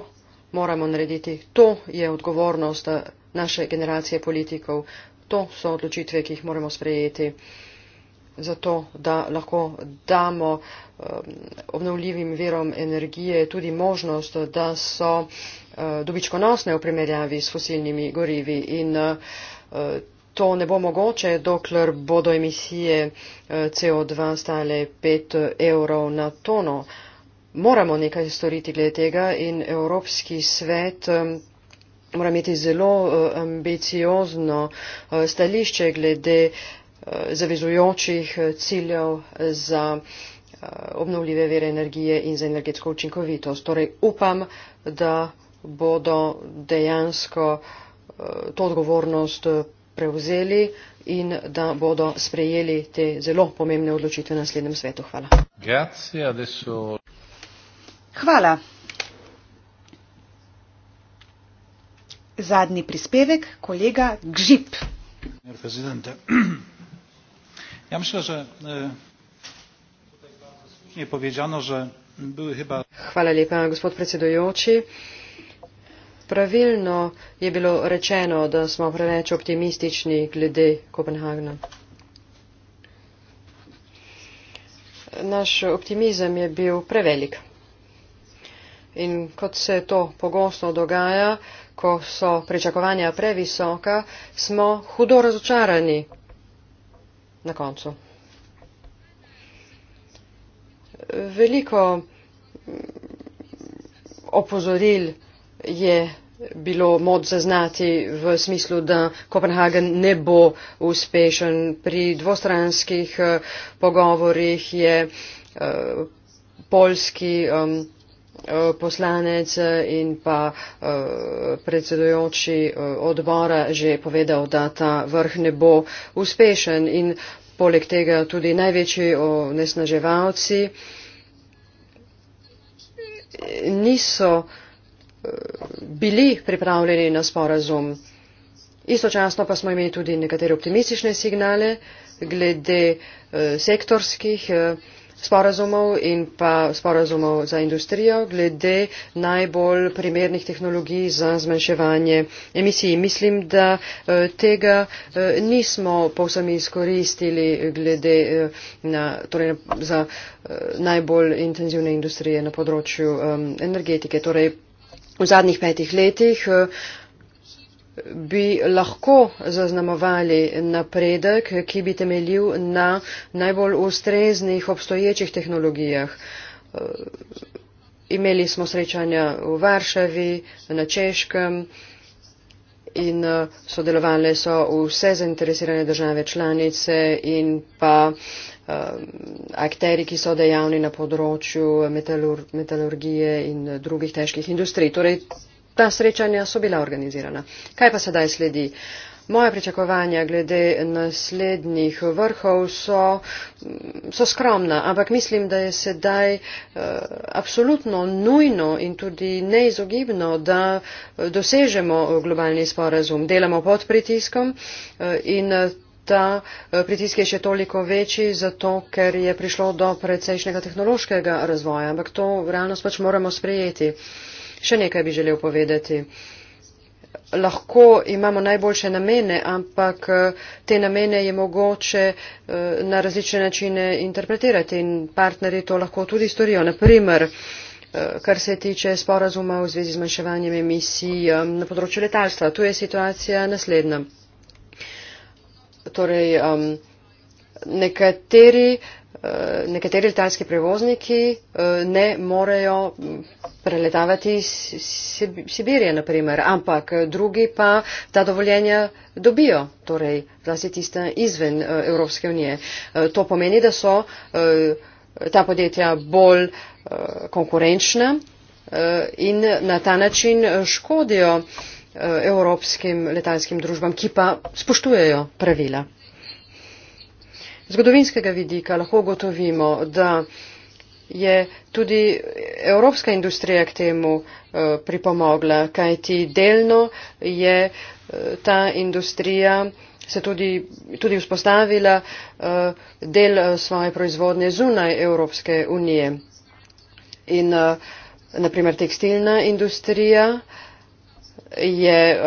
moramo narediti. To je odgovornost eh, naše generacije politikov to so odločitve, ki jih moramo sprejeti, zato da lahko damo um, obnovljivim verom energije tudi možnost, da so uh, dobičkonosne v primerjavi s fosilnimi gorivi in uh, to ne bo mogoče, dokler bodo emisije uh, CO2 stale 5 evrov na tono. Moramo nekaj storiti glede tega in Evropski svet um, mora imeti zelo eh, ambiciozno eh, stališče glede eh, zavezujočih ciljev za obnovljive vere energije in za energetsko učinkovitost. Torej upam, da bodo dejansko to odgovornost prevzeli in da bodo sprejeli te zelo pomembne odločitve na naslednjem svetu. Hvala. Grazie, adesso... Hvala. Zadnji prispevek, kolega Gžip. Ja mislim, že, e, povedano, chyba... Hvala lepa, gospod predsedujoči. Pravilno je bilo rečeno, da smo preveč optimistični glede Kopenhagna. Naš optimizem je bil prevelik. In kot se to pogosto dogaja, ko so pričakovanja previsoka, smo hudo razočarani na koncu. Veliko mm, opozoril je bilo moč zaznati v smislu, da Kopenhagen ne bo uspešen. Pri dvostranskih eh, pogovorjih je eh, polski. Um, Eh, poslanec eh, in pa eh, predsedujoči odbora že povedal, da ta vrh ne bo uspešen in poleg tega tudi največji onesnaževalci niso bili pripravljeni na sporazum. Istočasno pa smo imeli tudi nekatere optimistične signale glede sektorskih sporazumov in pa sporazumov za industrijo glede najbolj primernih tehnologij za zmanjševanje emisij. Mislim, da eh, tega eh, nismo povsem izkoristili glede eh, na, torej za najbolj intenzivne industrije na področju ehm, energetike. Torej, v zadnjih petih letih bi lahko zaznamovali napredek, ki bi temeljil na najbolj ustreznih obstoječih tehnologijah. Imeli smo srečanja v Varšavi, na Češkem in sodelovali so vse zainteresirane države članice in pa um, akteri, ki so dejavni na področju metalur metalurgije in drugih težkih industrij. Torej, ta srečanja so bila organizirana. Kaj pa sedaj sledi? Moje pričakovanja glede naslednjih vrhov so, so skromna, ampak mislim, da je sedaj eh, absolutno nujno in tudi neizogibno, da eh, dosežemo eh, globalni sporazum. Delamo pod pritiskom in ta pritisk je še toliko večji, zato ker je prišlo do precejšnjega tehnološkega razvoja, ampak to realnost pač moramo sprejeti. Še nekaj bi želel povedati. Lahko imamo najboljše namene, ampak eh, te namene je mogoče eh, na različne načine interpretirati in partneri to lahko tudi storijo. Naprimer, eh, kar se tiče sporazuma v zvezi z manjševanjem emisij na področju letalstva. Tu je situacija naslednja. Torej, um, nekateri uh, Eh, nekateri letalski prevozniki eh, ne morejo mm, preletavati Sibirije, naprimer, ampak eh, drugi pa ta dovoljenja dobijo, torej zlasti tiste izven Evropske unije. To pomeni, da so ta podjetja bolj konkurenčna in na ta način škodijo evropskim letalskim družbam, ki pa spoštujejo pravila zgodovinskega vidika lahko ugotovimo, da je tudi evropska industrija k temu eh, pripomogla, kajti delno je eh, ta industrija se tudi, tudi vzpostavila eh, del svoje proizvodnje zunaj Evropske unije. In naprimer tekstilna industrija je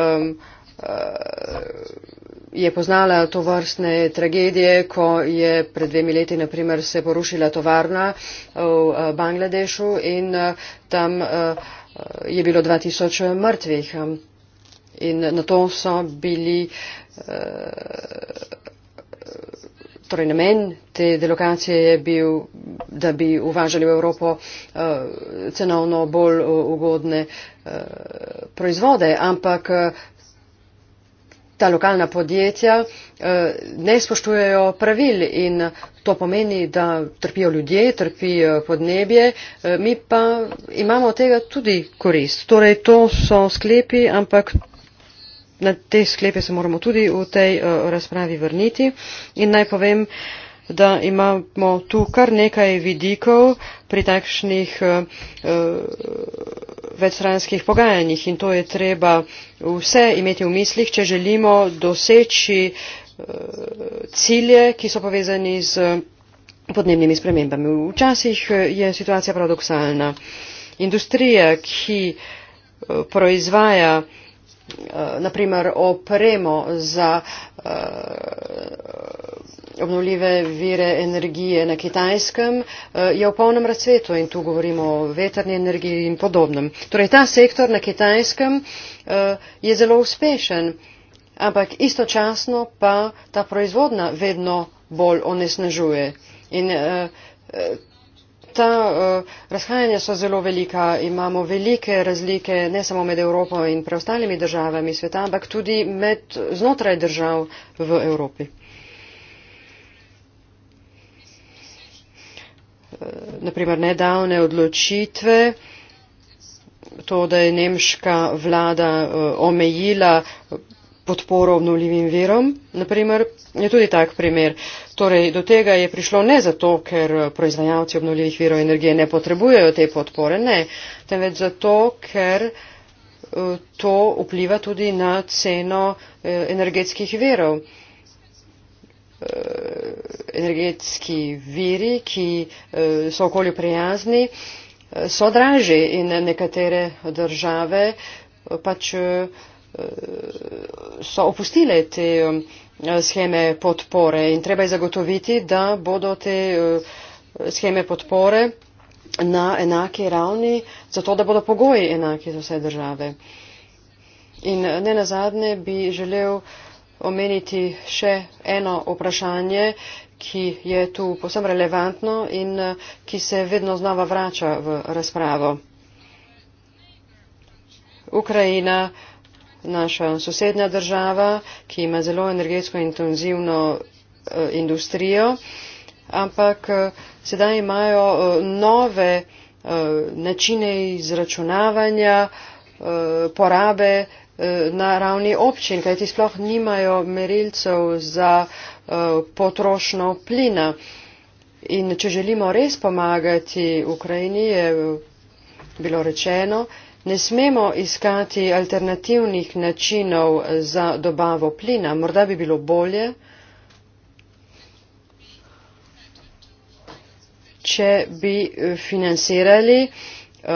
je poznala to vrstne tragedije, ko je pred dvemi leti naprimer se porušila tovarna v eh, Bangladešu in eh, tam eh, je bilo 2000 mrtvih. In na to so bili, torej namen te delokacije je bil, da bi uvažali v Evropo cenovno bolj ugodne proizvode, ampak ta lokalna podjetja eh, ne spoštujejo pravil in to pomeni, da trpijo ljudje, trpi eh, podnebje, eh, mi pa imamo od tega tudi korist. Torej, to so sklepi, ampak na te sklepe se moramo tudi v tej razpravi vrniti in naj povem, da imamo tu kar nekaj vidikov pri takšnih eh, eh, večstranskih pogajanjih in to je treba vse imeti v mislih, če želimo doseči eh, cilje, ki so povezani z podnebnimi spremembami. Včasih je situacija paradoksalna. Industrija, ki proizvaja naprimer opremo za obnovljive vire energije na kitajskem eh, je v polnem razcvetu in tu govorimo o veterni energiji in podobnem. Torej, ta sektor na kitajskem eh, je zelo uspešen, ampak istočasno pa ta proizvodna vedno bolj onesnažuje. In eh, ta razhajanja so zelo velika, imamo velike razlike ne samo med Evropo in preostalimi državami sveta, ampak tudi med znotraj držav v Evropi. naprimer nedavne odločitve, to, da je nemška vlada eh, omejila podporo obnovljivim virom, naprimer, je tudi tak primer. Torej, do tega je prišlo ne zato, ker proizvajalci obnovljivih virov energije ne potrebujejo te podpore, ne, temveč zato, ker eh, to vpliva tudi na ceno eh, energetskih verov. Eh, energetski viri, ki eh, so okolju prijazni, eh, so dražji in nekatere države pač so opustile te scheme podpore in treba je zagotoviti, da bodo te scheme podpore na enaki ravni, zato da bodo pogoji enaki za vse države. In ne nazadnje bi želel uh, omeniti še eno vprašanje ki je tu posebno relevantno in ki se vedno znova vrača v razpravo. Ukrajina, naša sosednja država, ki ima zelo energetsko intenzivno eh, industrijo, ampak eh, sedaj imajo eh, nove načine izračunavanja porabe Eh, na ravni občin, kajti sploh nimajo merilcev za eh, potrošno plina. In če želimo res pomagati Ukrajini, je eh, bilo rečeno, ne smemo iskati alternativnih načinov za dobavo plina. Morda bi bilo bolje, če bi financirali uh,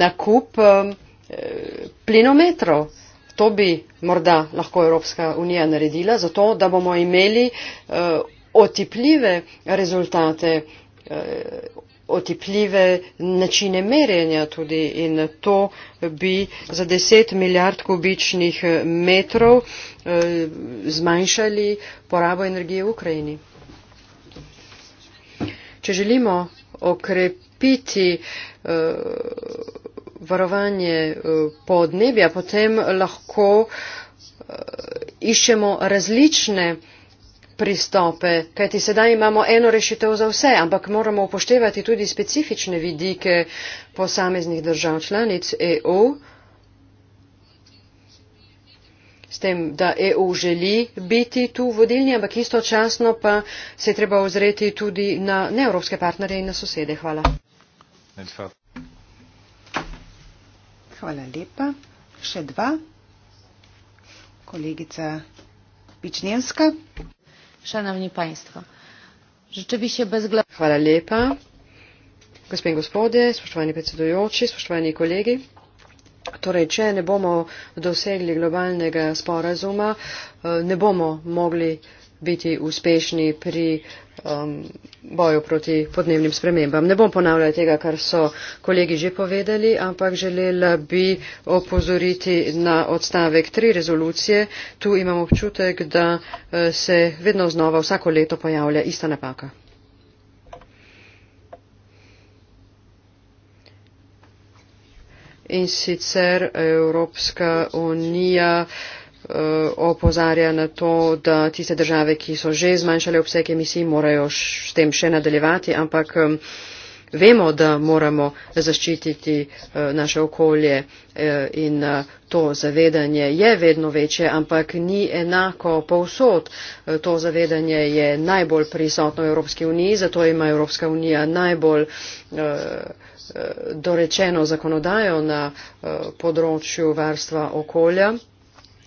nakup uh, Eh, plinometrov. To bi morda lahko Evropska unija naredila, zato da bomo imeli eh, otipljive rezultate, eh, otipljive načine merjenja tudi in to bi za 10 milijard kubičnih metrov zmanjšali porabo energije v Ukrajini. Če želimo okrepiti varovanje eh, podnebja, potem lahko eh, iščemo različne pristope, kajti sedaj imamo eno rešitev za vse, ampak moramo upoštevati tudi specifične vidike posameznih držav članic EU, s tem, da EU želi biti tu vodilni, ampak istočasno pa se treba ozreti tudi na neevropske partnere in na sosede. Hvala hvala lepa. Še dva. Kolegica Pičnjenska. Šanovni panjstvo, rzeczywiście bezgled... Hvala lepa. Gospod in gospode, spoštovani predsedujoči, spoštovani kolegi. Torej, če ne bomo dosegli globalnega sporazuma, eh, ne bomo mogli uh, biti uspešni pri um, boju proti podnebnim spremembam. Ne bom ponavljala tega, kar so kolegi že povedali, ampak želela bi opozoriti na odstavek tri rezolucije. Tu imam občutek, da eh, se vedno znova vsako leto pojavlja ista napaka. In sicer Evropska unija. Uh, Eh, opozarja na to, da tiste države, ki so že zmanjšale obseg emisij, morajo s tem še nadaljevati, ampak vemo, da moramo zaščititi eh, naše okolje eh, in to zavedanje je vedno večje, ampak ni enako povsod. To zavedanje je najbolj prisotno v Evropski uniji, zato ima Evropska unija najbolj dorečeno zakonodajo na področju varstva okolja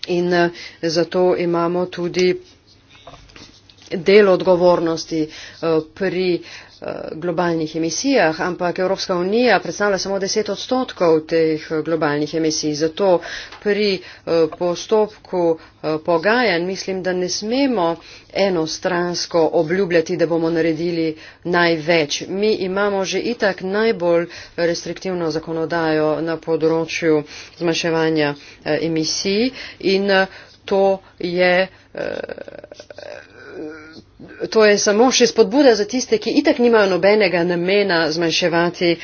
in eh, zato imamo tudi del odgovornosti eh, pri uh, Eh, globalnih emisijah, ampak Evropska unija predstavlja samo 10 odstotkov teh eh, globalnih emisij. Zato pri eh, postopku pogajan mislim, da ne smemo enostransko obljubljati, da bomo naredili največ. Mi imamo že itak najbolj restriktivno zakonodajo na področju zmanjševanja emisij in to je to je samo še spodbuda za tiste, ki itak nimajo nobenega namena zmanjševati uh,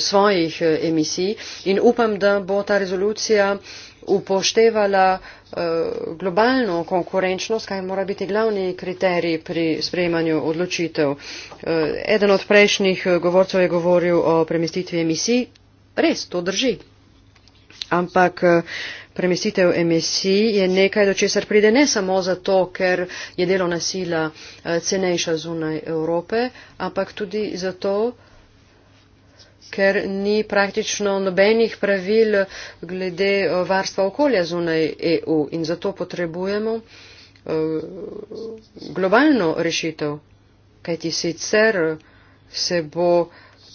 svojih uh, emisij in upam, da bo ta rezolucija upoštevala uh, globalno konkurenčnost, kaj mora biti glavni kriterij pri sprejemanju odločitev. Uh, eden od prejšnjih govorcev je govoril o premestitvi emisij. Res, to drži. Ampak uh, premestitev emisij je nekaj, do česar pride ne samo zato, ker je delovna sila eh, cenejša zunaj Evrope, ampak tudi zato, ker ni praktično nobenih pravil glede eh, varstva okolja zunaj EU in zato potrebujemo eh, globalno rešitev, kajti sicer se bo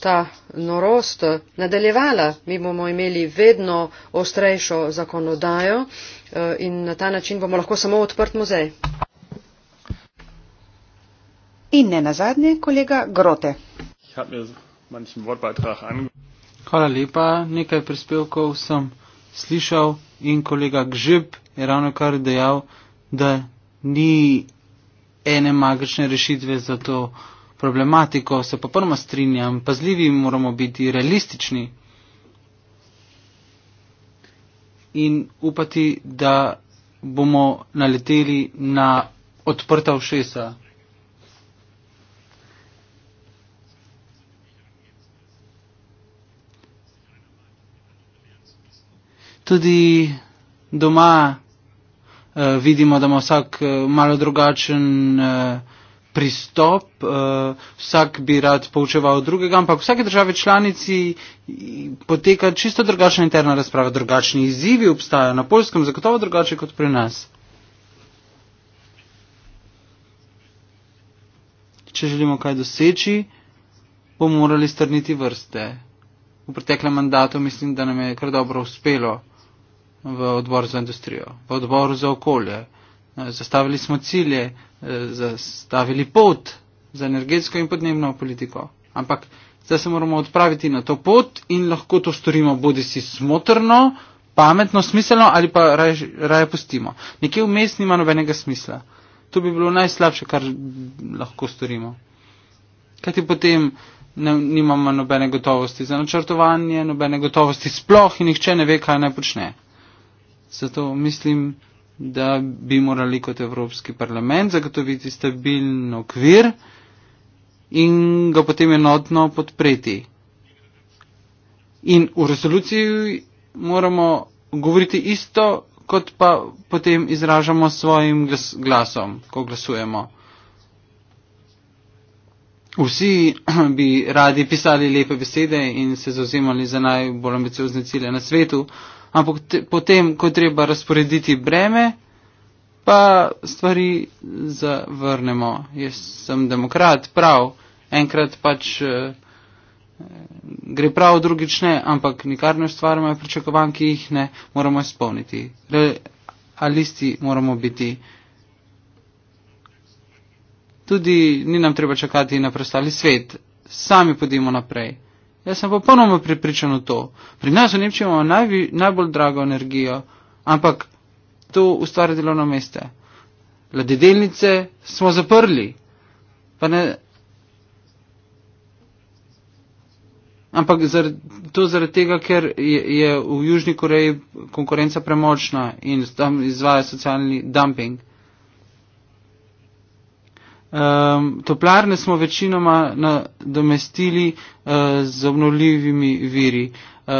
ta norost nadaljevala. Mi bomo imeli vedno ostrejšo zakonodajo eh, in na ta način bomo lahko samo odprt muzej. In ne nazadnje, kolega Grote. Hvala lepa, nekaj prispevkov sem slišal in kolega Gžib je ravno kar dejal, da ni ene magične rešitve za to problematiko, se popolnoma strinjam, pazljivi moramo biti, realistični in upati, da bomo naleteli na odprta všesa. Tudi doma eh, vidimo, da ima vsak eh, malo drugačen eh, pristop, eh, vsak bi rad poučeval drugega, ampak v vsake države članici poteka čisto drugačna interna razprava, drugačni izzivi obstajajo na polskem, zagotovo drugače kot pri nas. Če želimo kaj doseči, bomo morali strniti vrste. V preteklem mandatu mislim, da nam je kar dobro uspelo v odboru za industrijo, v odboru za okolje. Eh, zastavili smo cilje, eh, zastavili pot za energetsko in podnebno politiko. Ampak zdaj se moramo odpraviti na to pot in lahko to storimo bodi si smotrno, pametno, smiselno ali pa raje, raje pustimo. Nekje vmes nima nobenega smisla. To bi bilo najslabše, kar lahko storimo. Kaj ti potem ne, nimamo nobene gotovosti za načrtovanje, nobene gotovosti sploh in nihče ne ve, kaj naj počne. Zato mislim, da bi morali kot Evropski parlament zagotoviti stabilen okvir in ga potem enotno podpreti. In v resoluciji moramo govoriti isto, kot pa potem izražamo svojim glas glasom, ko glasujemo. Vsi <clears throat> bi radi pisali lepe besede in se zauzemali za najbolj ambiciozne cilje na svetu, ampak te, potem, ko treba razporediti breme, pa stvari zavrnemo. Jaz sem demokrat, prav, enkrat pač eh, eh, gre prav, drugič ne, ampak nikar ne ustvarjamo pričakovanj, ki jih ne moramo izpolniti. Realisti moramo biti. Tudi ni nam treba čakati na prestali svet, sami podimo naprej. Jaz sem popolnoma pripričan v to. Pri nas v Nemčiji imamo najvi, najbolj drago energijo, ampak to ustvarja delovno meste. Ladedelnice smo zaprli. Pa ne. Ampak zar, to zaradi tega, ker je, je v Južni Koreji konkurenca premočna in tam izvaja socialni dumping. Um, toplarne smo večinoma nadomestili uh, z obnovljivimi viri. Uh,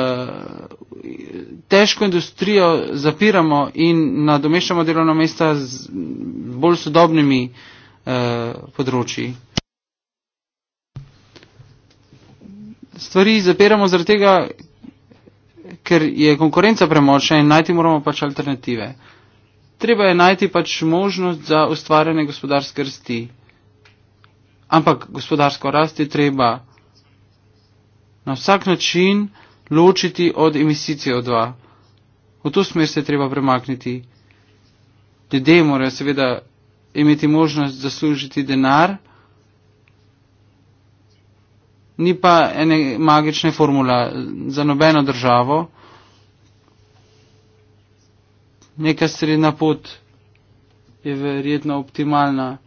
težko industrijo zapiramo in nadomeščamo delovna mesta z bolj sodobnimi uh, področji. Stvari zapiramo zaradi tega, ker je konkurenca premočna in najti moramo pač alternative. Treba je najti pač možnost za ustvarjanje gospodarske rsti. Ampak gospodarsko rast je treba na vsak način ločiti od emisicije O2. V to smer se je treba premakniti. Ljudje morajo seveda imeti možnost zaslužiti denar, ni pa ene magične formula za nobeno državo, neka srednja pot je verjetno optimalna.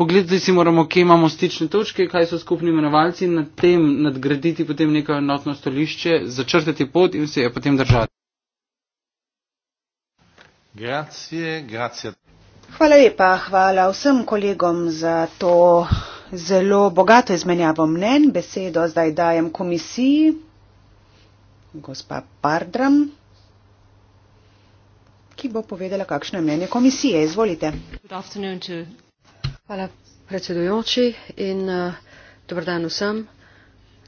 pogledati si moramo, kje imamo stične točke, kaj so skupni imenovalci in na tem nadgraditi potem neko enotno stolišče, začrtati pot in se je potem držati. Grazie, grazie. Hvala lepa, hvala vsem kolegom za to zelo bogato izmenjavo mnen. Besedo zdaj dajem komisiji, gospa Pardram, ki bo povedala, kakšno je mnenje komisije. Good afternoon to Hvala predsedujoči in uh, eh, dobro dan vsem.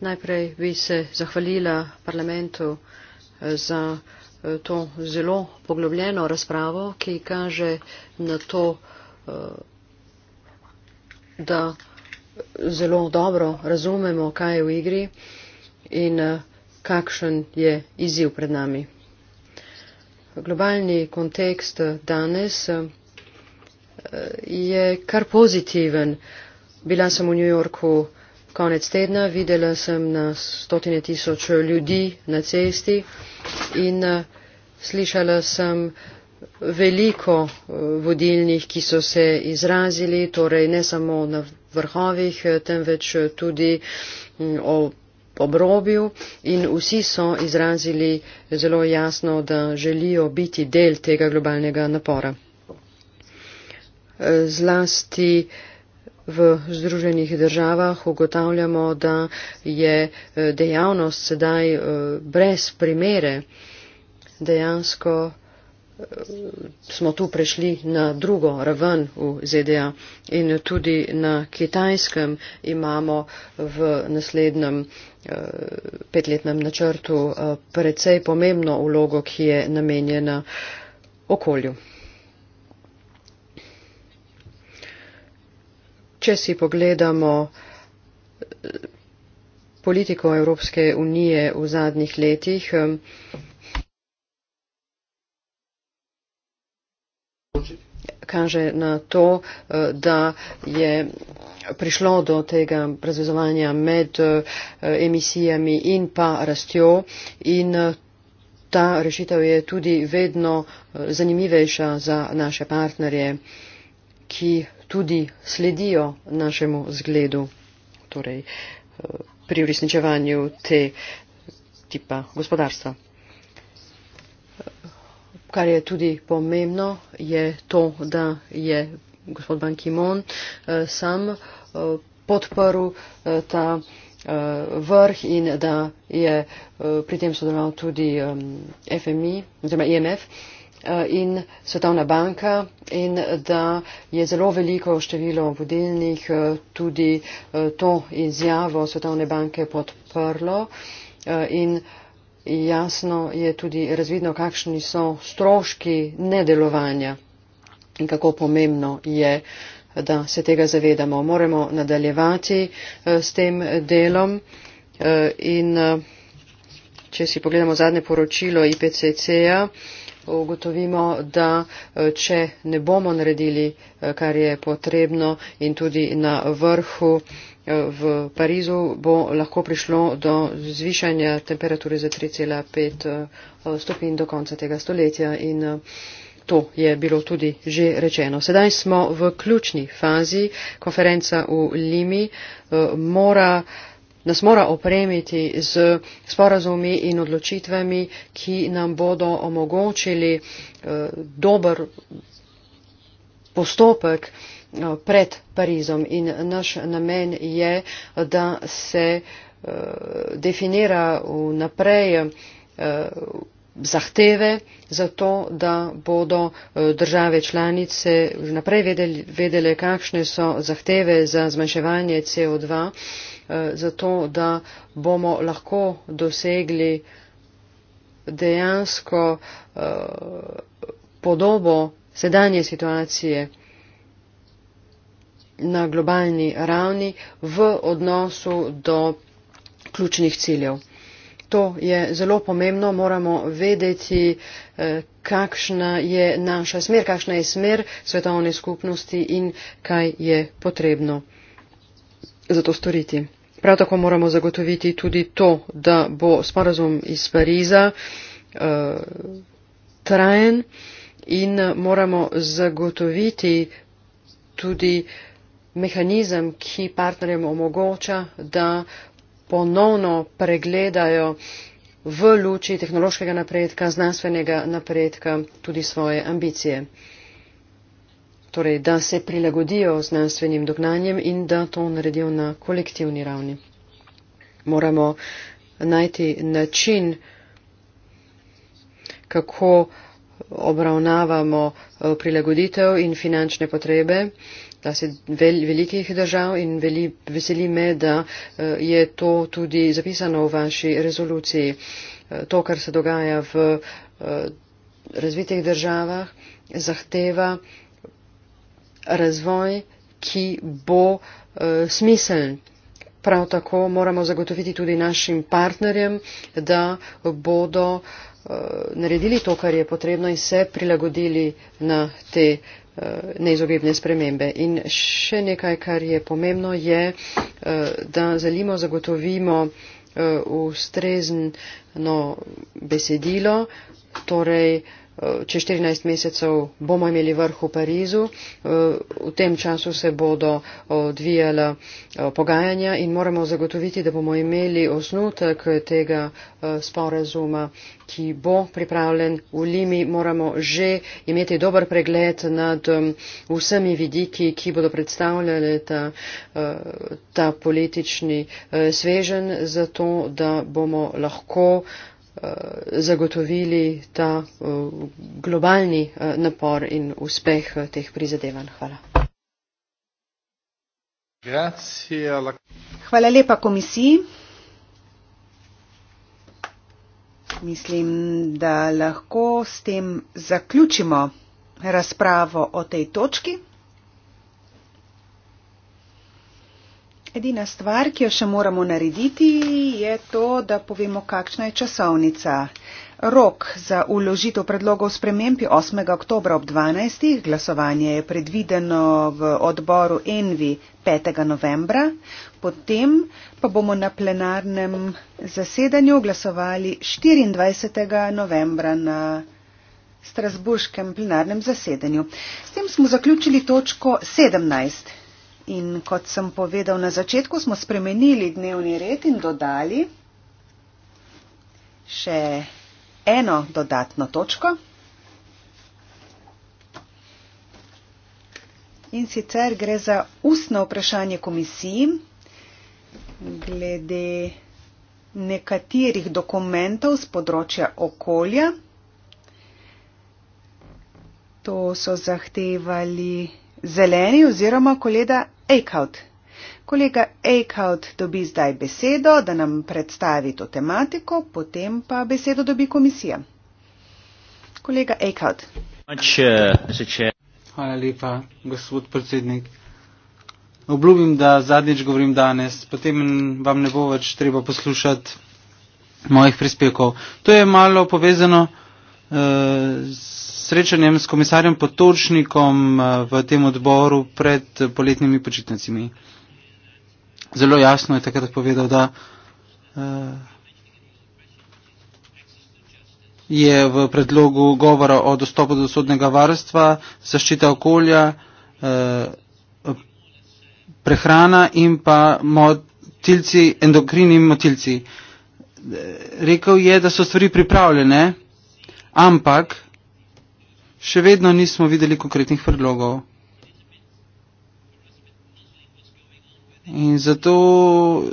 Najprej bi se zahvalila parlamentu eh, za uh, to zelo poglobljeno razpravo, ki kaže na to, uh, da zelo dobro razumemo, kaj je v igri in uh, kakšen je izziv pred nami. Globalni kontekst danes. Uh, je kar pozitiven. Bila sem v New Yorku konec tedna, videla sem na stotine tisoč ljudi na cesti in eh, slišala sem veliko eh, vodilnih, ki so se izrazili, torej ne samo na vrhovih, eh, temveč tudi o mm, obrobju in vsi so izrazili zelo jasno, da želijo biti del tega globalnega napora zlasti v Združenih državah ugotavljamo, da je eh, dejavnost sedaj eh, brez primere. Dejansko eh, smo tu prešli na drugo raven v ZDA in tudi na kitajskem imamo v naslednjem petletnem načrtu precej pomembno vlogo, ki je namenjena okolju. če si pogledamo eh, politiko Evropske unije v zadnjih letih. Eh, kaže na to, eh, da je prišlo do tega razvezovanja med emisijami in pa rastjo in ta rešitev je tudi vedno zanimivejša za naše partnerje, ki tudi sledijo našemu zgledu, torej eh, pri uresničevanju te tipa gospodarstva. Kar je tudi pomembno, je to, da je gospod Ban Kimon eh, sam eh, podporil ta vrh in da je pri tem sodeloval tudi FMI, oziroma IMF. E Eh, in Svetovna banka in da je zelo veliko število vodilnih eh, tudi eh, to izjavo Svetovne banke podprlo in jasno je tudi razvidno, kakšni so stroški nedelovanja in kako pomembno je, da se tega zavedamo. Moremo nadaljevati s tem delom in če si pogledamo zadnje poročilo IPCC-ja, ugotovimo, da eh, če ne bomo naredili, eh, kar je potrebno in tudi na vrhu eh, v Parizu, bo lahko prišlo do zvišanja temperature za 3,5 stopinj do konca tega stoletja. In To je bilo tudi že rečeno. Sedaj smo v ključni fazi. Konferenca v Limi uh, mora uh, nas mora opremiti z sporazumi in odločitvami, ki nam bodo omogočili eh, dober postopek eh, pred Parizom. In naš namen je, da se eh, definira vnaprej zahteve za to, da bodo države članice naprej vedele, vedele, kakšne so zahteve za zmanjševanje CO2 Eh, zato da bomo lahko dosegli dejansko eh, podobo sedanje situacije na globalni ravni v odnosu do ključnih ciljev. To je zelo pomembno, moramo vedeti, eh, kakšna je naša smer, kakšna je smer svetovne skupnosti in kaj je potrebno za to storiti. Prav tako moramo zagotoviti tudi to, da bo sporazum iz Pariza uh, trajen in moramo zagotoviti tudi mehanizem, ki partnerjem omogoča, da ponovno pregledajo v luči tehnološkega napredka, znanstvenega napredka tudi svoje ambicije torej da se prilagodijo znanstvenim dognanjem in da to naredijo na kolektivni ravni. Moramo najti način, kako obravnavamo eh, prilagoditev in finančne potrebe velikih držav in veli, veseli me, da eh, je to tudi zapisano v vaši rezoluciji. Eh, to, kar se dogaja v razvitih državah, zahteva razvoj, ki bo uh, smiseln. Prav tako moramo zagotoviti tudi našim partnerjem, da bodo uh, naredili to, kar je potrebno in se prilagodili na te uh, neizogibne spremembe. In še nekaj, kar je pomembno, je, uh, da želimo zagotovimo uh, ustrezno besedilo, torej uh, Eh, čez 14 mesecev bomo imeli vrh v Parizu. Eh, v tem času se bodo eh, odvijala pogajanja in moramo zagotoviti, da bomo imeli osnutek tega sporazuma, ki bo pripravljen v Limi. Moramo že imeti dober pregled nad vsemi vidiki, ki bodo predstavljali ta, ta politični svežen, zato da bomo lahko zagotovili ta eh, globalni eh, napor in uspeh eh, teh prizadevanj. Hvala. Hvala lepa komisiji. Mislim, da lahko s tem zaključimo razpravo o tej točki. Edina stvar, ki jo še moramo narediti, je to, da povemo, kakšna je časovnica. Rok za uložitev predlogov sprememb je 8. oktobra ob 12. glasovanje je predvideno v odboru Envi 5. novembra, potem pa bomo na plenarnem zasedanju glasovali 24. novembra na strasburškem plenarnem zasedanju. S tem smo zaključili točko 17. In kot sem povedal na začetku, smo spremenili dnevni red in dodali še eno dodatno točko. In sicer gre za ustno vprašanje komisiji glede nekaterih dokumentov z področja okolja. To so zahtevali zeleni oziroma koleda Eichhout. Kolega Eichhout dobi zdaj besedo, da nam predstavi to tematiko, potem pa besedo dobi komisija. Kolega Eichhout. Hvala lepa, gospod predsednik. Obljubim, da zadnjič govorim danes, potem vam ne bo več treba poslušati mojih prispevkov. To je malo povezano uh, eh, s srečanjem s komisarjem Potočnikom eh, v tem odboru pred poletnimi počitnicami. Zelo jasno je takrat povedal, da eh, je v predlogu govora o dostopu do sodnega varstva, zaščita okolja, eh, prehrana in pa motilci, endokrini motilci. Rekel je, da so stvari pripravljene, ampak še vedno nismo videli konkretnih predlogov. In zato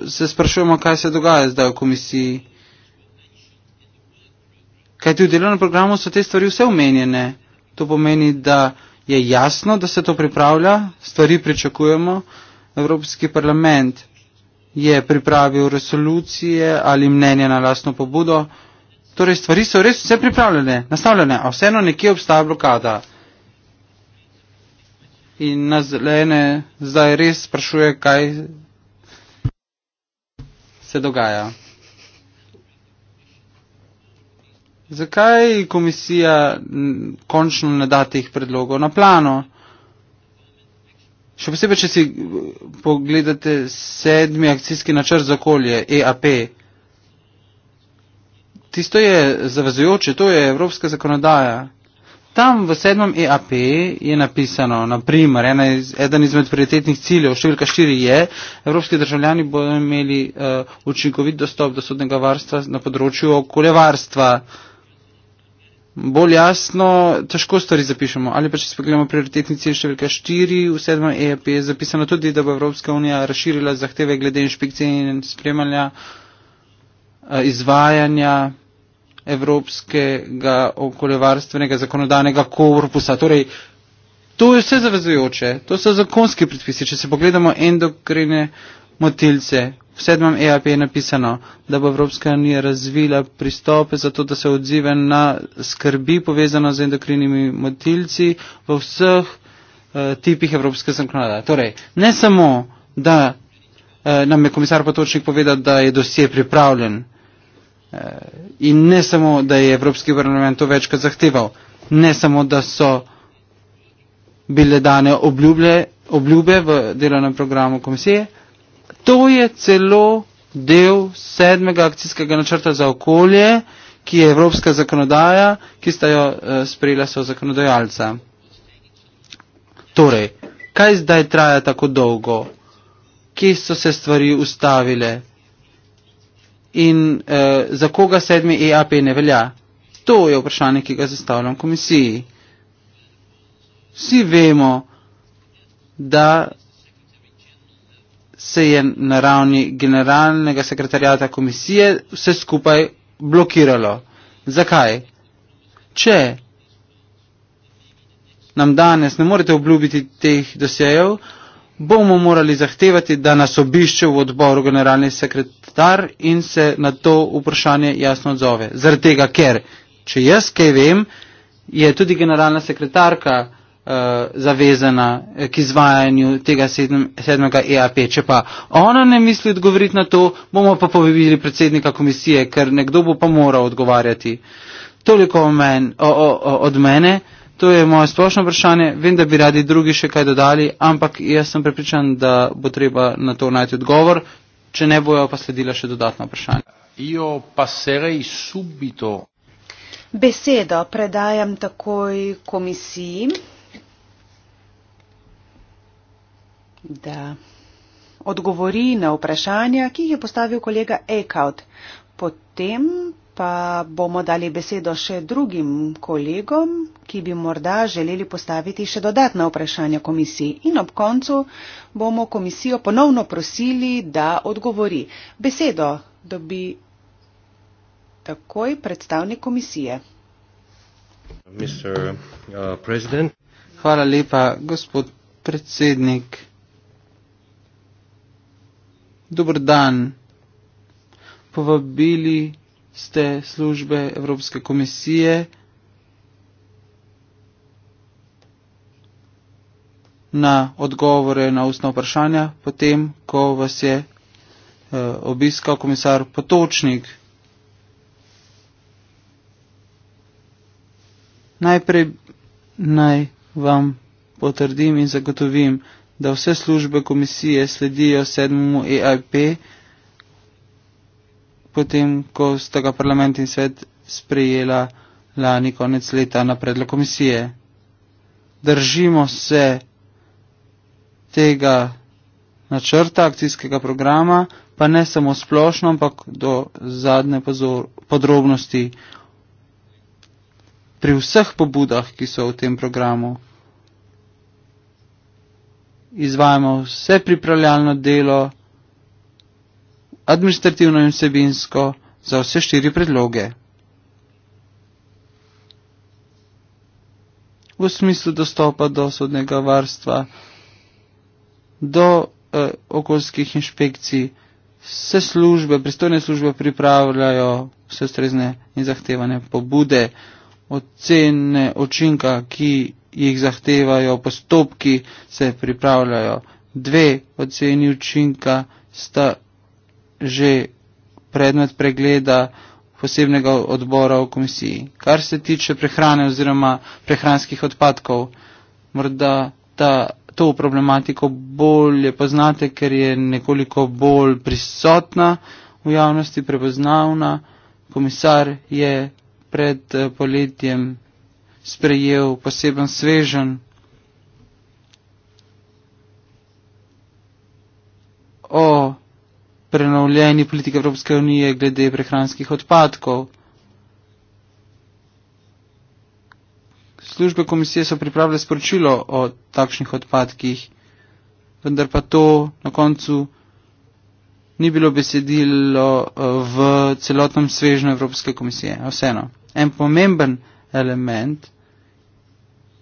se sprašujemo, kaj se dogaja zdaj v komisiji. Kaj ti v delovnem programu so te stvari vse omenjene. To pomeni, da je jasno, da se to pripravlja, stvari pričakujemo. Evropski parlament je pripravil resolucije ali mnenje na lastno pobudo. Torej, stvari so res vse pripravljene, nastavljene, a vseeno nekje obstaja blokada. In nas zelene zdaj res sprašuje, kaj se dogaja. Zakaj komisija končno ne da teh predlogov na plano? Še posebej, če si eh, pogledate sedmi akcijski načrt za okolje, EAP, Tisto je zavezujoče, to je evropska zakonodaja. Tam v sedmem EAP je napisano, naprimer, iz, eden izmed prioritetnih ciljev, številka štiri je, evropski državljani bodo imeli uh, učinkovit dostop do sodnega varstva na področju okoljevarstva. Bolj jasno, težko stvari zapišemo. Ali pa če spogledamo prioritetni cilj številka štiri v sedmem EAP, je zapisano tudi, da bo Evropska unija razširila zahteve glede inšpekcije in spremljanja uh, izvajanja Evropskega okoljevarstvenega zakonodajnega korpusa. Torej, to je vse zavezujoče, to so zakonski predpisi. Če se pogledamo endokrine motilce, v sedmem EAP je napisano, da bo Evropska unija razvila pristope za to, da se odzive na skrbi povezano z endokrinimi motilci v vseh eh, tipih evropske zakonodaje. Torej, ne samo, da eh, nam je komisar Potočnik povedal, da je dosje pripravljen, eh, Eh, in ne samo, da je Evropski parlament to večkrat zahteval, ne samo, da so bile dane obljube, obljube v delovnem programu komisije, to je celo del sedmega akcijskega načrta za okolje, ki je evropska zakonodaja, ki sta jo eh, sprejela so zakonodajalca. Torej, kaj zdaj traja tako dolgo? Kje so se stvari ustavile? in uh, za koga sedmi EAP ne velja. To je vprašanje, ki ga zastavljam komisiji. Vsi vemo, da se je na ravni generalnega sekretarjata komisije vse skupaj blokiralo. Zakaj? Če nam danes ne morete obljubiti teh dosejev, bomo morali zahtevati, da nas obišče v odboru generalni sekretar in se na to vprašanje jasno odzove. Zaradi tega, ker, če jaz kaj vem, je tudi generalna sekretarka uh, zavezana k izvajanju tega 7. EAP. Če pa ona ne misli odgovoriti na to, bomo pa povedali predsednika komisije, ker nekdo bo pa moral odgovarjati. Toliko men, o, o, o, od mene. To je moje splošno vprašanje. Vem, da bi radi drugi še kaj dodali, ampak jaz sem prepričan, da bo treba na to najti odgovor. Če ne bojo pa sledila še dodatna vprašanja. Besedo predajam takoj komisiji, da odgovori na vprašanja, ki jih je postavil kolega Ekaut. Potem pa bomo dali besedo še drugim kolegom, ki bi morda želeli postaviti še dodatna vprašanja komisiji. In ob koncu bomo komisijo ponovno prosili, da odgovori. Besedo dobi takoj predstavnik komisije. Mr. Uh, Hvala lepa, gospod predsednik. Dobr dan. Povabili ste službe Evropske komisije. Na odgovore na ustna vprašanja, potem, ko vas je eh, obiskal komisar Potočnik. Najprej naj vam potrdim in zagotovim, da vse službe komisije sledijo 7. EIP potem, ko sta ga parlament in svet sprejela lani konec leta na predlog komisije. Držimo se tega načrta akcijskega programa, pa ne samo splošno, ampak do zadnje pozor, podrobnosti pri vseh pobudah, ki so v tem programu. Izvajamo vse pripravljalno delo, administrativno in vsebinsko za vse štiri predloge. V smislu dostopa do sodnega varstva, do eh, okoljskih inšpekcij, vse službe, pristojne službe pripravljajo vse strezne in zahtevane pobude, ocene očinka, ki jih zahtevajo, postopki se pripravljajo. Dve oceni učinka sta že predmet pregleda posebnega odbora v komisiji. Kar se tiče prehrane oziroma prehranskih odpadkov, morda ta, to problematiko bolje poznate, ker je nekoliko bolj prisotna v javnosti, prepoznavna. Komisar je pred eh, poletjem sprejel poseben svežen o ustanovljeni politiki Evropske unije glede prehranskih odpadkov. Službe komisije so pripravile sporočilo o takšnih odpadkih, vendar pa to na koncu ni bilo besedilo eh, v celotnem svežnju Evropske komisije. Vseeno, en pomemben element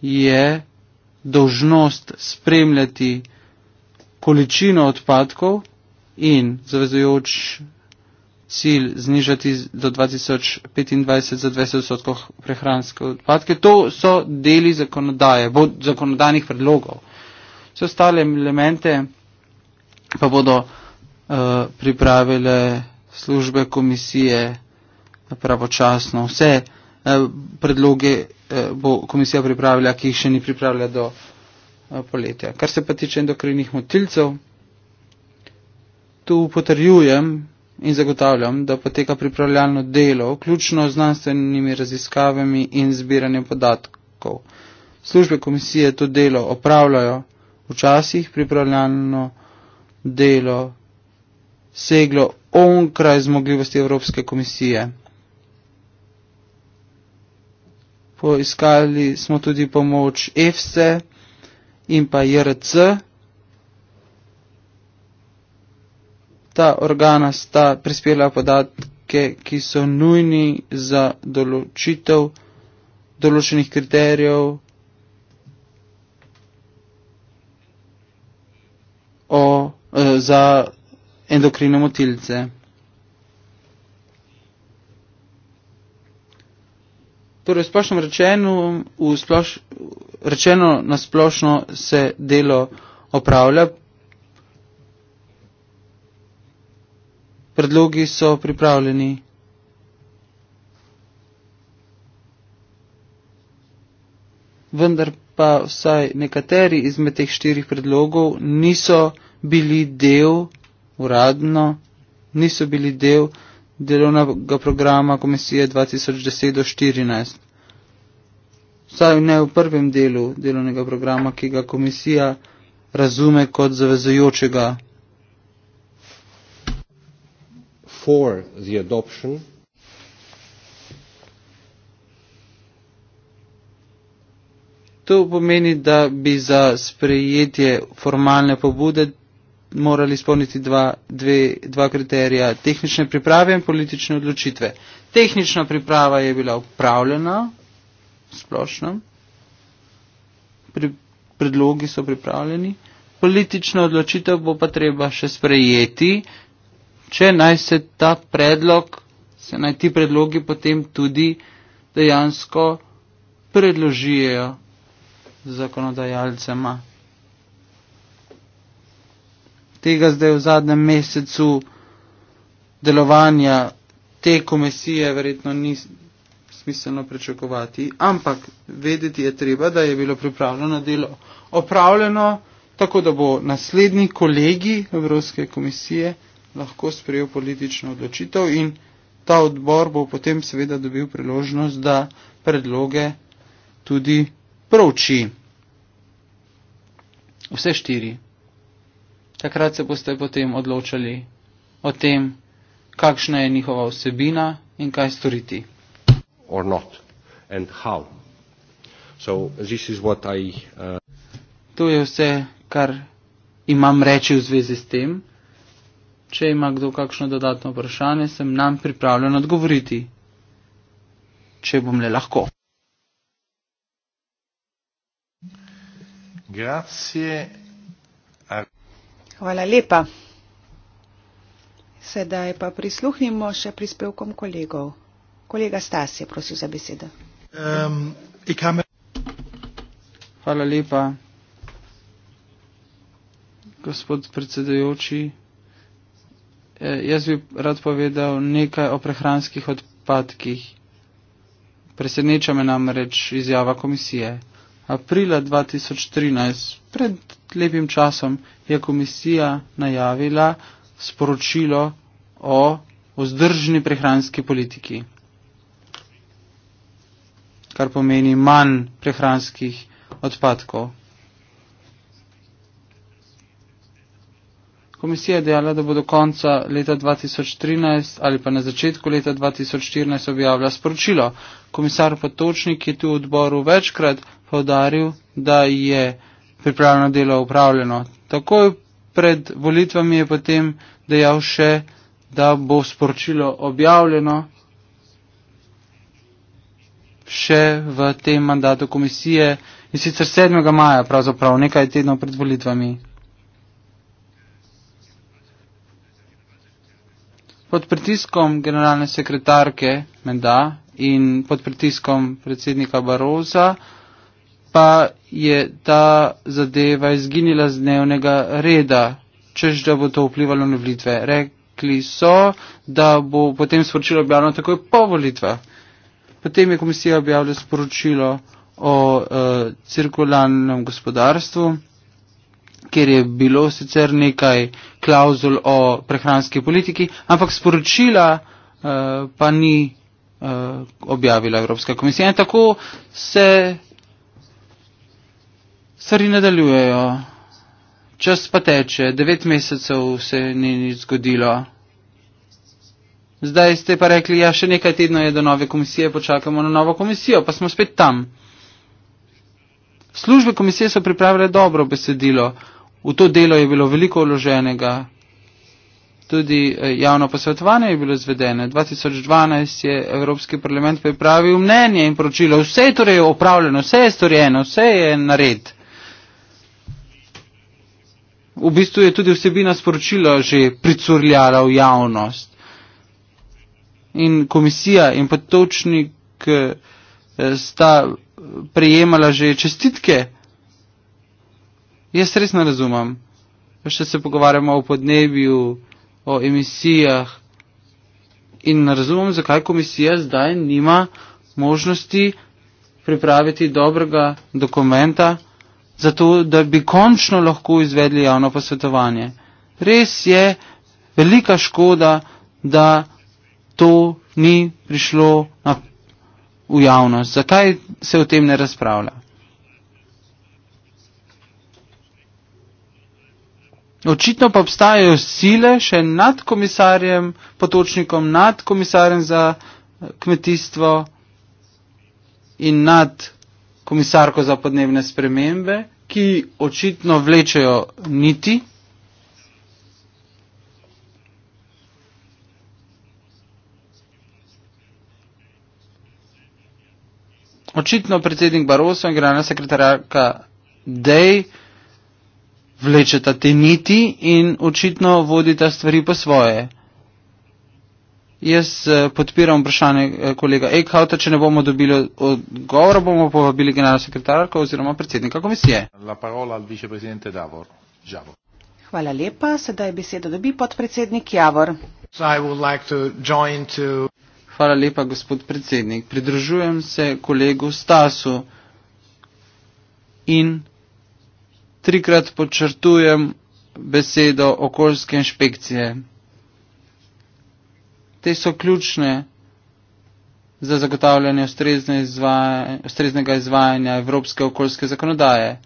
je dožnost spremljati količino odpadkov in zavezujoč cilj znižati do 2025 za 20 odstotkov prehranske odpadke. To so deli zakonodaje, zakonodajnih predlogov. Vse ostale elemente pa bodo uh, pripravile službe komisije pravočasno. Vse uh, predloge uh, bo komisija pripravila, ki jih še ni pripravila do uh, poletja. Kar se pa tiče endokrinih motilcev, tu potrjujem in zagotavljam, da poteka pripravljalno delo, vključno z znanstvenimi raziskavami in zbiranjem podatkov. Službe komisije to delo opravljajo, včasih pripravljalno delo seglo onkraj zmogljivosti Evropske komisije. Poiskali smo tudi pomoč EFSE in pa JRC. ta organa sta prispela podatke, ki so nujni za določitev določenih kriterijev o, e, za endokrine motilce. Torej, splošno rečeno, v splošno rečeno, na splošno se delo opravlja predlogi so pripravljeni. Vendar pa vsaj nekateri izmed teh štirih predlogov niso bili del uradno, niso bili del delovnega programa Komisije 2010 do 2014. Vsaj ne v prvem delu delovnega programa, ki ga komisija razume kot zavezojočega for the adoption To pomeni, da bi za sprejetje formalne pobude morali izpolniti dva, dve, dva kriterija, tehnične priprave in politične odločitve. Tehnična priprava je bila upravljena, splošno, Pri, predlogi so pripravljeni, politično odločitev bo pa treba še sprejeti, če naj se ta predlog, se naj ti predlogi potem tudi dejansko predložijo zakonodajalcema. Tega zdaj v zadnjem mesecu delovanja te komisije verjetno ni smiselno pričakovati, ampak vedeti je treba, da je bilo pripravljeno delo opravljeno, tako da bo naslednji kolegi Evropske komisije lahko sprejel politično odločitev in ta odbor bo potem seveda dobil priložnost, da predloge tudi prouči. Vse štiri. Takrat se boste potem odločali o tem, kakšna je njihova vsebina in kaj storiti. So, I, uh... To je vse, kar imam reči v zvezi s tem. Če ima kdo kakšno dodatno vprašanje, sem nam pripravljen odgovoriti, če bom le lahko. Grazie. Hvala lepa. Sedaj pa prisluhnimo še prispevkom kolegov. Kolega Stas je prosil za besedo. Um, Hvala lepa, gospod predsedujoči. Eh, jaz bi rad povedal nekaj o prehranskih odpadkih. Preseneča me namreč izjava komisije. Aprila 2013, pred lepim časom, je komisija najavila sporočilo o vzdržni prehranski politiki, kar pomeni manj prehranskih odpadkov. Komisija je dejala, da bo do konca leta 2013 ali pa na začetku leta 2014 objavila sporočilo. Komisar Potočnik je tu v odboru večkrat povdaril, da je pripravljeno delo upravljeno. Takoj pred volitvami je potem dejal še, da bo sporočilo objavljeno še v tem mandatu komisije in sicer 7. maja, pravzaprav nekaj tednov pred volitvami. pod pritiskom generalne sekretarke Menda in pod pritiskom predsednika Baroza pa je ta zadeva izginila z dnevnega reda, čež da bo to vplivalo na volitve. Rekli so, da bo potem sporočilo objavljeno takoj po volitvah. Potem je komisija objavila sporočilo o e, cirkularnem gospodarstvu kjer je bilo sicer nekaj klauzul o prehranski politiki, ampak sporočila uh, pa ni uh, objavila Evropska komisija. In tako se stvari nadaljujejo. Čas pa teče, devet mesecev se ni nič zgodilo. Zdaj ste pa rekli, ja, še nekaj tedno je do nove komisije, počakamo na novo komisijo, pa smo spet tam. Službe komisije so pripravile dobro besedilo, v to delo je bilo veliko vloženega, tudi eh, javno posvetovanje je bilo izvedene. 2012 je Evropski parlament pripravil mnenje in poročilo, vse je torej opravljeno, vse je storjeno, vse je nared. V bistvu je tudi vsebina sporočila že pricurljala v javnost. In komisija in potočnik eh, sta prejemala že čestitke. Jaz res ne razumem. Še se pogovarjamo o podnebju, o emisijah in ne razumem, zakaj komisija zdaj nima možnosti pripraviti dobrega dokumenta, zato da bi končno lahko izvedli javno posvetovanje. Res je velika škoda, da to ni prišlo na, v javnost. Zakaj se o tem ne razpravlja. Očitno pa obstajajo sile še nad komisarjem, potočnikom, nad komisarjem za eh, kmetijstvo in nad komisarko za podnebne spremembe, ki očitno vlečejo niti očitno predsednik Barroso in generalna sekretarjaka Dej vlečeta te niti in očitno vodita stvari po svoje. Jaz eh, podpiram vprašanje eh, kolega Eckhauta, če ne bomo dobili odgovora, bomo povabili generalno sekretarko oziroma predsednika komisije. Hvala lepa, sedaj besedo dobi podpredsednik Javor. Hvala lepa, gospod predsednik. Pridružujem se kolegu Stasu in trikrat počrtujem besedo okoljske inšpekcije. Te so ključne za zagotavljanje ustreznega izvajanja evropske okoljske zakonodaje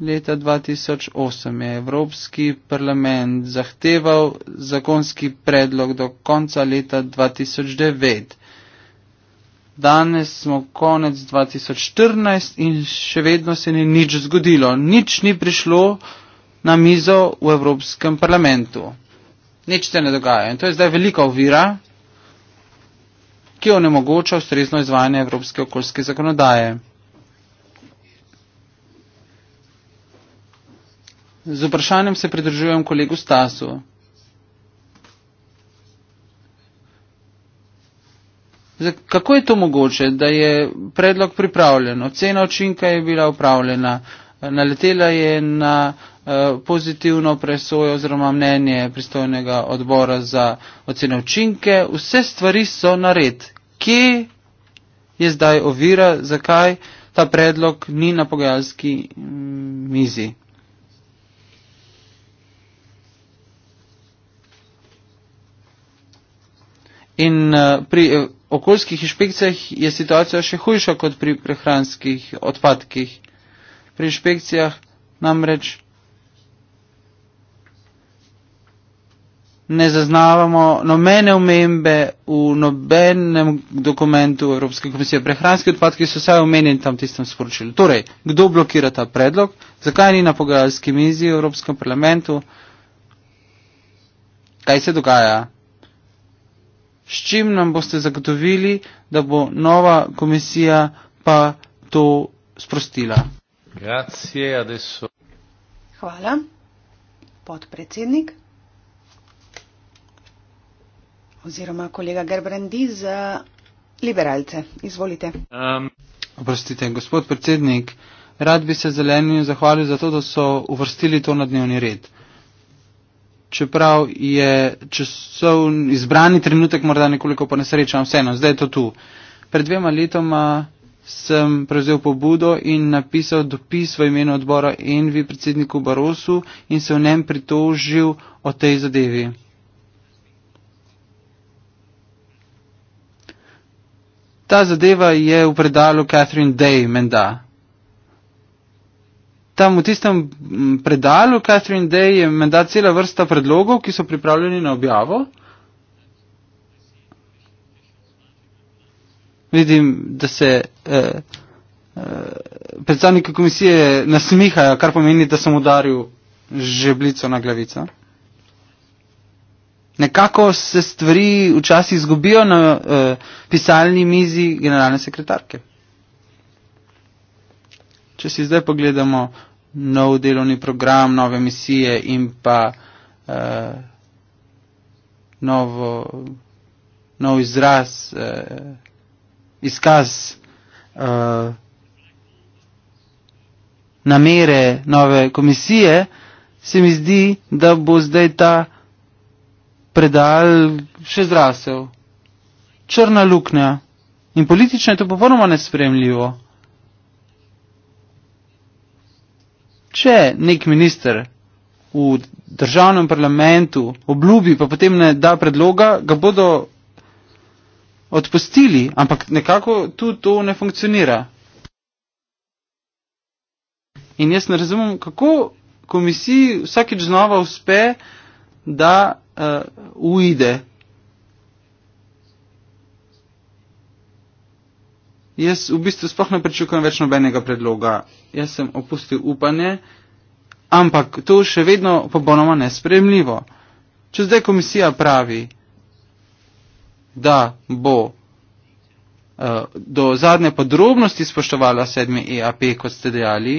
leta 2008 je Evropski parlament zahteval zakonski predlog do konca leta 2009. Danes smo konec 2014 in še vedno se ni nič zgodilo. Nič ni prišlo na mizo v Evropskem parlamentu. Nič se ne dogaja. In to je zdaj velika ovira, ki onemogoča ustrezno izvajanje evropske okoljske zakonodaje. Z vprašanjem se pridružujem kolegu Stasu. Zdaj, kako je to mogoče, da je predlog pripravljen? Ocena očinka je bila upravljena, naletela je na eh, pozitivno presojo oziroma mnenje pristojnega odbora za ocene učinke. Vse stvari so nared. Kje je zdaj ovira, zakaj ta predlog ni na pogajalski mm, mizi? In eh, pri eh, okoljskih inšpekcijah je situacija še hujša kot pri prehranskih odpadkih. Pri inšpekcijah namreč ne zaznavamo nobene omembe v nobenem dokumentu Evropske komisije. Prehranski odpadki so vsaj omenjeni tam tistem sporočilu. Torej, kdo blokira ta predlog, zakaj ni na pogajalski mizi v Evropskem parlamentu, kaj se dogaja? s čim nam boste zagotovili, da bo nova komisija pa to sprostila. Grazie, adesso. Hvala, podpredsednik oziroma kolega Gerbrandi za liberalce. Izvolite. Um. Oprostite, gospod predsednik, rad bi se zelenim zahvalil za to, da so uvrstili to na dnevni red čeprav je časovni izbrani trenutek morda nekoliko po nesreči, ampak vseeno, zdaj je to tu. Pred dvema letoma sem prevzel pobudo in napisal dopis v imenu odbora Envi predsedniku Barosu in se v njem pritožil o tej zadevi. Ta zadeva je v predalu Catherine Day, menda tam v tistem mm, predalu Catherine Day je menda cela vrsta predlogov, ki so pripravljeni na objavo. Vidim, da se eh, eh, predstavniki komisije nasmihajo, kar pomeni, da sem udaril žeblico na glavico. Nekako se stvari včasih izgubijo na eh, pisalni mizi generalne sekretarke. Če si zdaj pogledamo nov delovni program, nove misije in pa eh, novo, nov izraz, eh, izkaz eh, namere nove komisije, se mi zdi, da bo zdaj ta predal še zrasel. Črna luknja. In politično je to popolnoma nespremljivo. če nek minister v državnem parlamentu obljubi, pa potem ne da predloga, ga bodo odpustili, ampak nekako tu to ne funkcionira. In jaz ne razumem, kako komisiji vsakeč znova uspe, da uh, eh, ujde Jaz v bistvu sploh ne pričakujem več nobenega predloga. Jaz sem opustil upanje, ampak to še vedno popolnoma nespremljivo. Če zdaj komisija pravi, da bo uh, do zadnje podrobnosti spoštovala 7. EAP, kot ste dejali,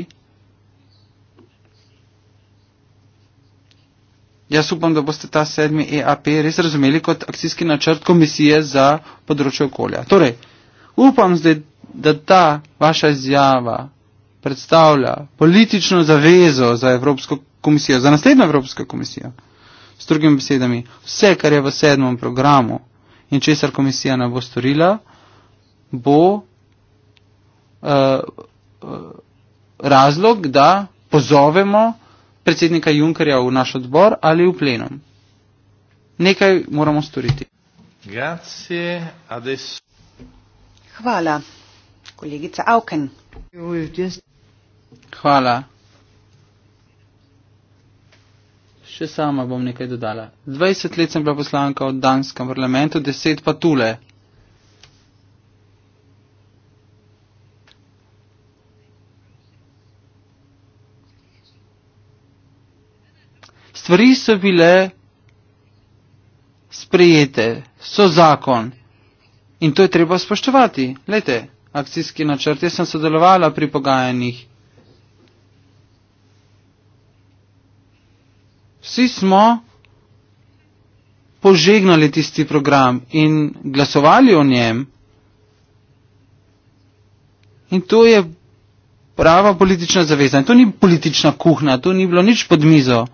jaz upam, da boste ta 7. EAP res razumeli kot akcijski načrt komisije za področje okolja. Torej, Upam zdaj, da ta vaša izjava predstavlja politično zavezo za Evropsko komisijo, za naslednjo Evropsko komisijo. S drugimi besedami, vse, kar je v sedmem programu in česar komisija ne bo storila, bo uh, razlog, da pozovemo predsednika Junkerja v naš odbor ali v plenum. Nekaj moramo storiti. Grazie, adesso. Hvala. Kolegica Auken. Hvala. Še sama bom nekaj dodala. 20 let sem bila poslanka v Danskem parlamentu, 10 pa tule. Stvari so bile sprejete, so zakon. In to je treba spoštovati. Lete, akcijski načrt, jaz sem sodelovala pri pogajanjih. Vsi smo požegnali tisti program in glasovali o njem. In to je prava politična zaveza. In to ni politična kuhna, to ni bilo nič pod mizo.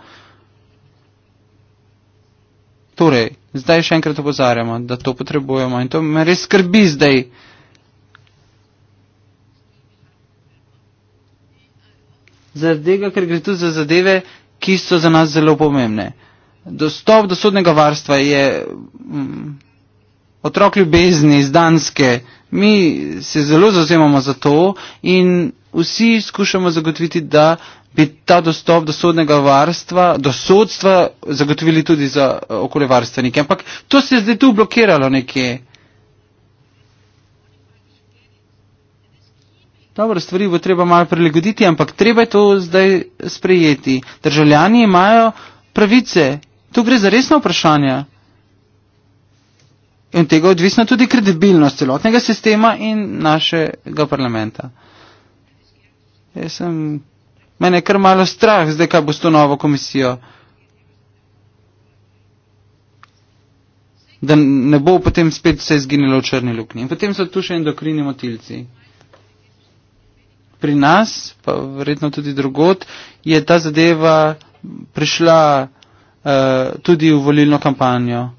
Torej, zdaj še enkrat opozarjamo, da to potrebujemo in to me res skrbi zdaj. Zaradi tega, ker gre tu za zadeve, ki so za nas zelo pomembne. Dostop do sodnega varstva je mm, otrok ljubezni iz Danske. Mi se zelo zazemamo za to in vsi skušamo zagotoviti, da bi ta dostop do sodnega varstva, do sodstva zagotovili tudi za eh, okoljevarstvenike. Ampak to se je zdaj tu blokiralo nekje. Dobro, stvari bo treba malo prilagoditi, ampak treba je to zdaj sprejeti. Državljani imajo pravice. Tu gre za resna vprašanja. In tega odvisna tudi kredibilnost celotnega sistema in našega parlamenta. Jaz sem Mene je kar malo strah, zdaj kaj bo s to novo komisijo. Da ne bo potem spet vse izginilo v črni luknji. In potem so tu še endokrini motilci. Pri nas, pa verjetno tudi drugot, je ta zadeva prišla uh, tudi v volilno kampanjo.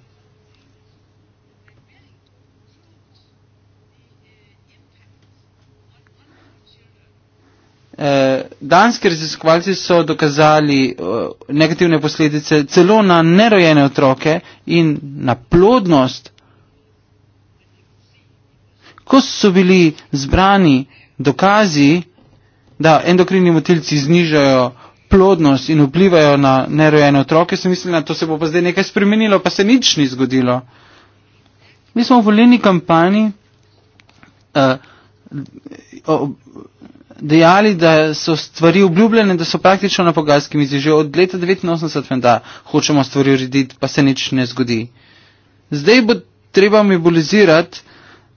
Eh, danski raziskovalci so dokazali eh, negativne posledice celo na nerojene otroke in na plodnost. Ko so bili zbrani dokazi, da endokrini motilci znižajo plodnost in vplivajo na nerojene otroke, so mislili, da to se bo pa zdaj nekaj spremenilo, pa se nič ni zgodilo. Mi smo v volilni kampanji. Uh, dejali, da so stvari obljubljene, da so praktično na pogajski mizi. Že od leta 1989 menda hočemo stvari urediti, pa se nič ne zgodi. Zdaj bo treba mobilizirati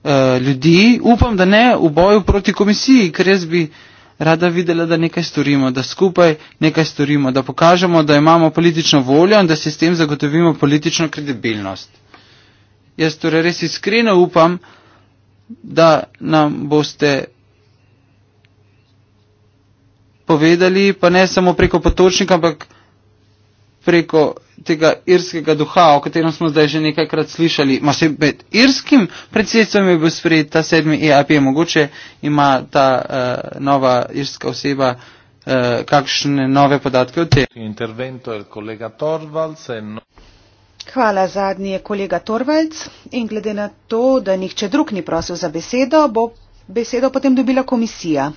uh, ljudi, upam, da ne v boju proti komisiji, ker jaz bi rada videla, da nekaj storimo, da skupaj nekaj storimo, da pokažemo, da imamo politično voljo in da si s tem zagotovimo politično kredibilnost. Jaz torej res iskreno upam, da nam boste povedali, pa ne samo preko potočnika, ampak preko tega irskega duha, o katerem smo zdaj že nekajkrat slišali. Ma se med irskim predsedstvom je bil sprejet ta sedmi EAP, mogoče ima ta uh, nova irska oseba uh, kakšne nove podatke o tem. E no- Hvala zadnji je kolega Torvalc in glede na to, da nihče drug ni prosil za besedo, bo besedo potem dobila komisija.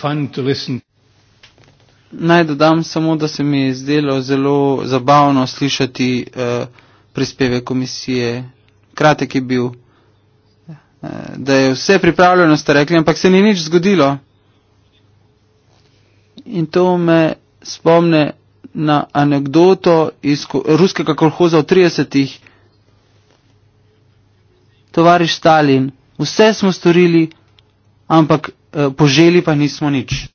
Fun to listen naj dodam samo, da se mi je zdelo zelo zabavno slišati eh, prispeve komisije. Kratek je bil, eh, da je vse pripravljeno, ste rekli, ampak se ni nič zgodilo. In to me spomne na anegdoto iz ruskega kolhoza v 30-ih. Tovariš Stalin, vse smo storili, ampak eh, poželi pa nismo nič.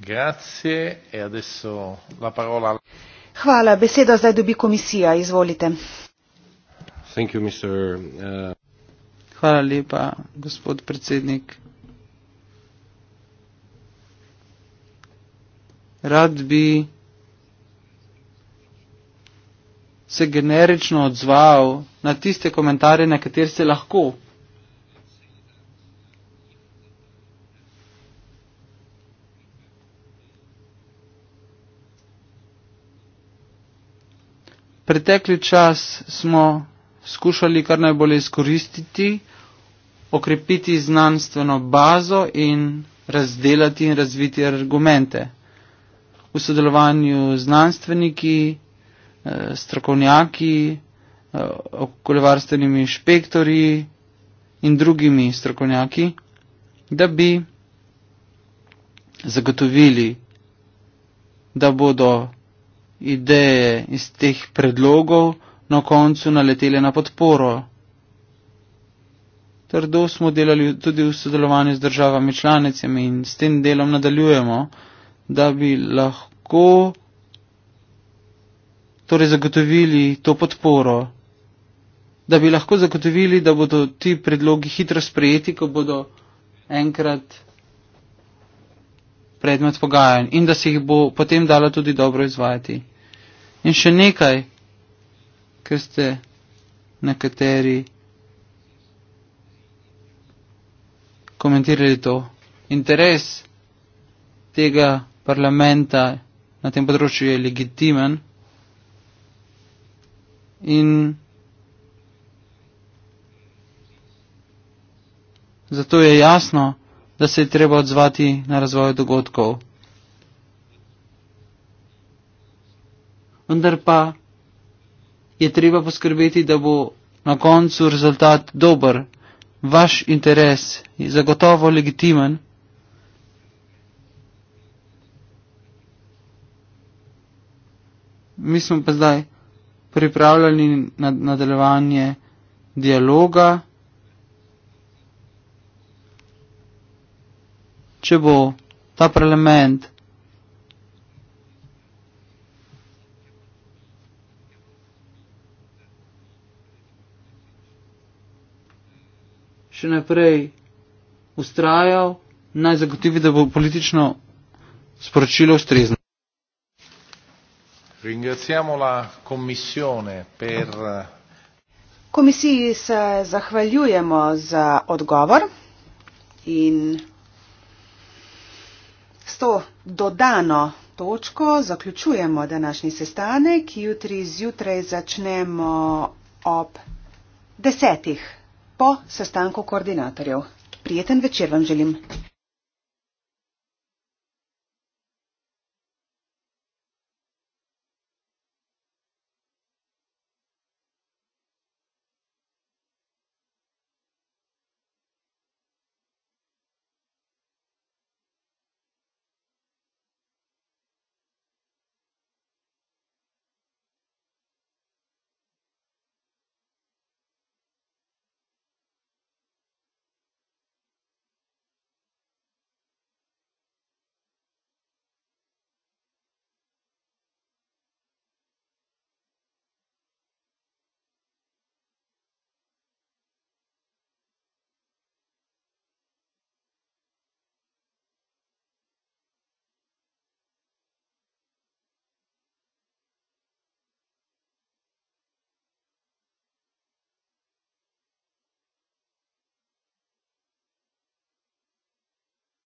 Grazie e adesso la parola. Hvala, beseda zdaj dobi komisija, izvolite. Thank you, Mr. Uh... Hvala lepa, gospod predsednik. Rad bi se generično odzval na tiste komentarje, na katere se lahko pretekli čas smo skušali kar najbolje izkoristiti, okrepiti znanstveno bazo in razdelati in razviti argumente. V sodelovanju z znanstveniki, eh, strokovnjaki, eh, okoljevarstvenimi inšpektori in drugimi strokovnjaki, da bi zagotovili, da bodo ideje iz teh predlogov na koncu naletele na podporo. Trdo smo delali tudi v sodelovanju z državami članicami in s tem delom nadaljujemo, da bi lahko torej zagotovili to podporo, da bi lahko zagotovili, da bodo ti predlogi hitro sprejeti, ko bodo enkrat predmet pogajanj in da se jih bo potem dalo tudi dobro izvajati. In še nekaj, ker ste nekateri komentirali to. Interes tega parlamenta na tem področju je legitimen in zato je jasno, da se je treba odzvati na razvoj dogodkov. Vendar pa je treba poskrbeti, da bo na koncu rezultat dober, vaš interes je zagotovo legitimen. Mi smo pa zdaj pripravljeni na nadaljevanje dialoga. če bo ta parlament še naprej ustrajal, naj zagotovi, da bo politično sporočilo ustrezno. Ringraziamo la commissione per... Komisiji se zahvaljujemo za odgovor in to dodano točko zaključujemo današnji sestanek. Jutri zjutraj začnemo ob desetih po sestanku koordinatorjev. Prijeten večer vam želim.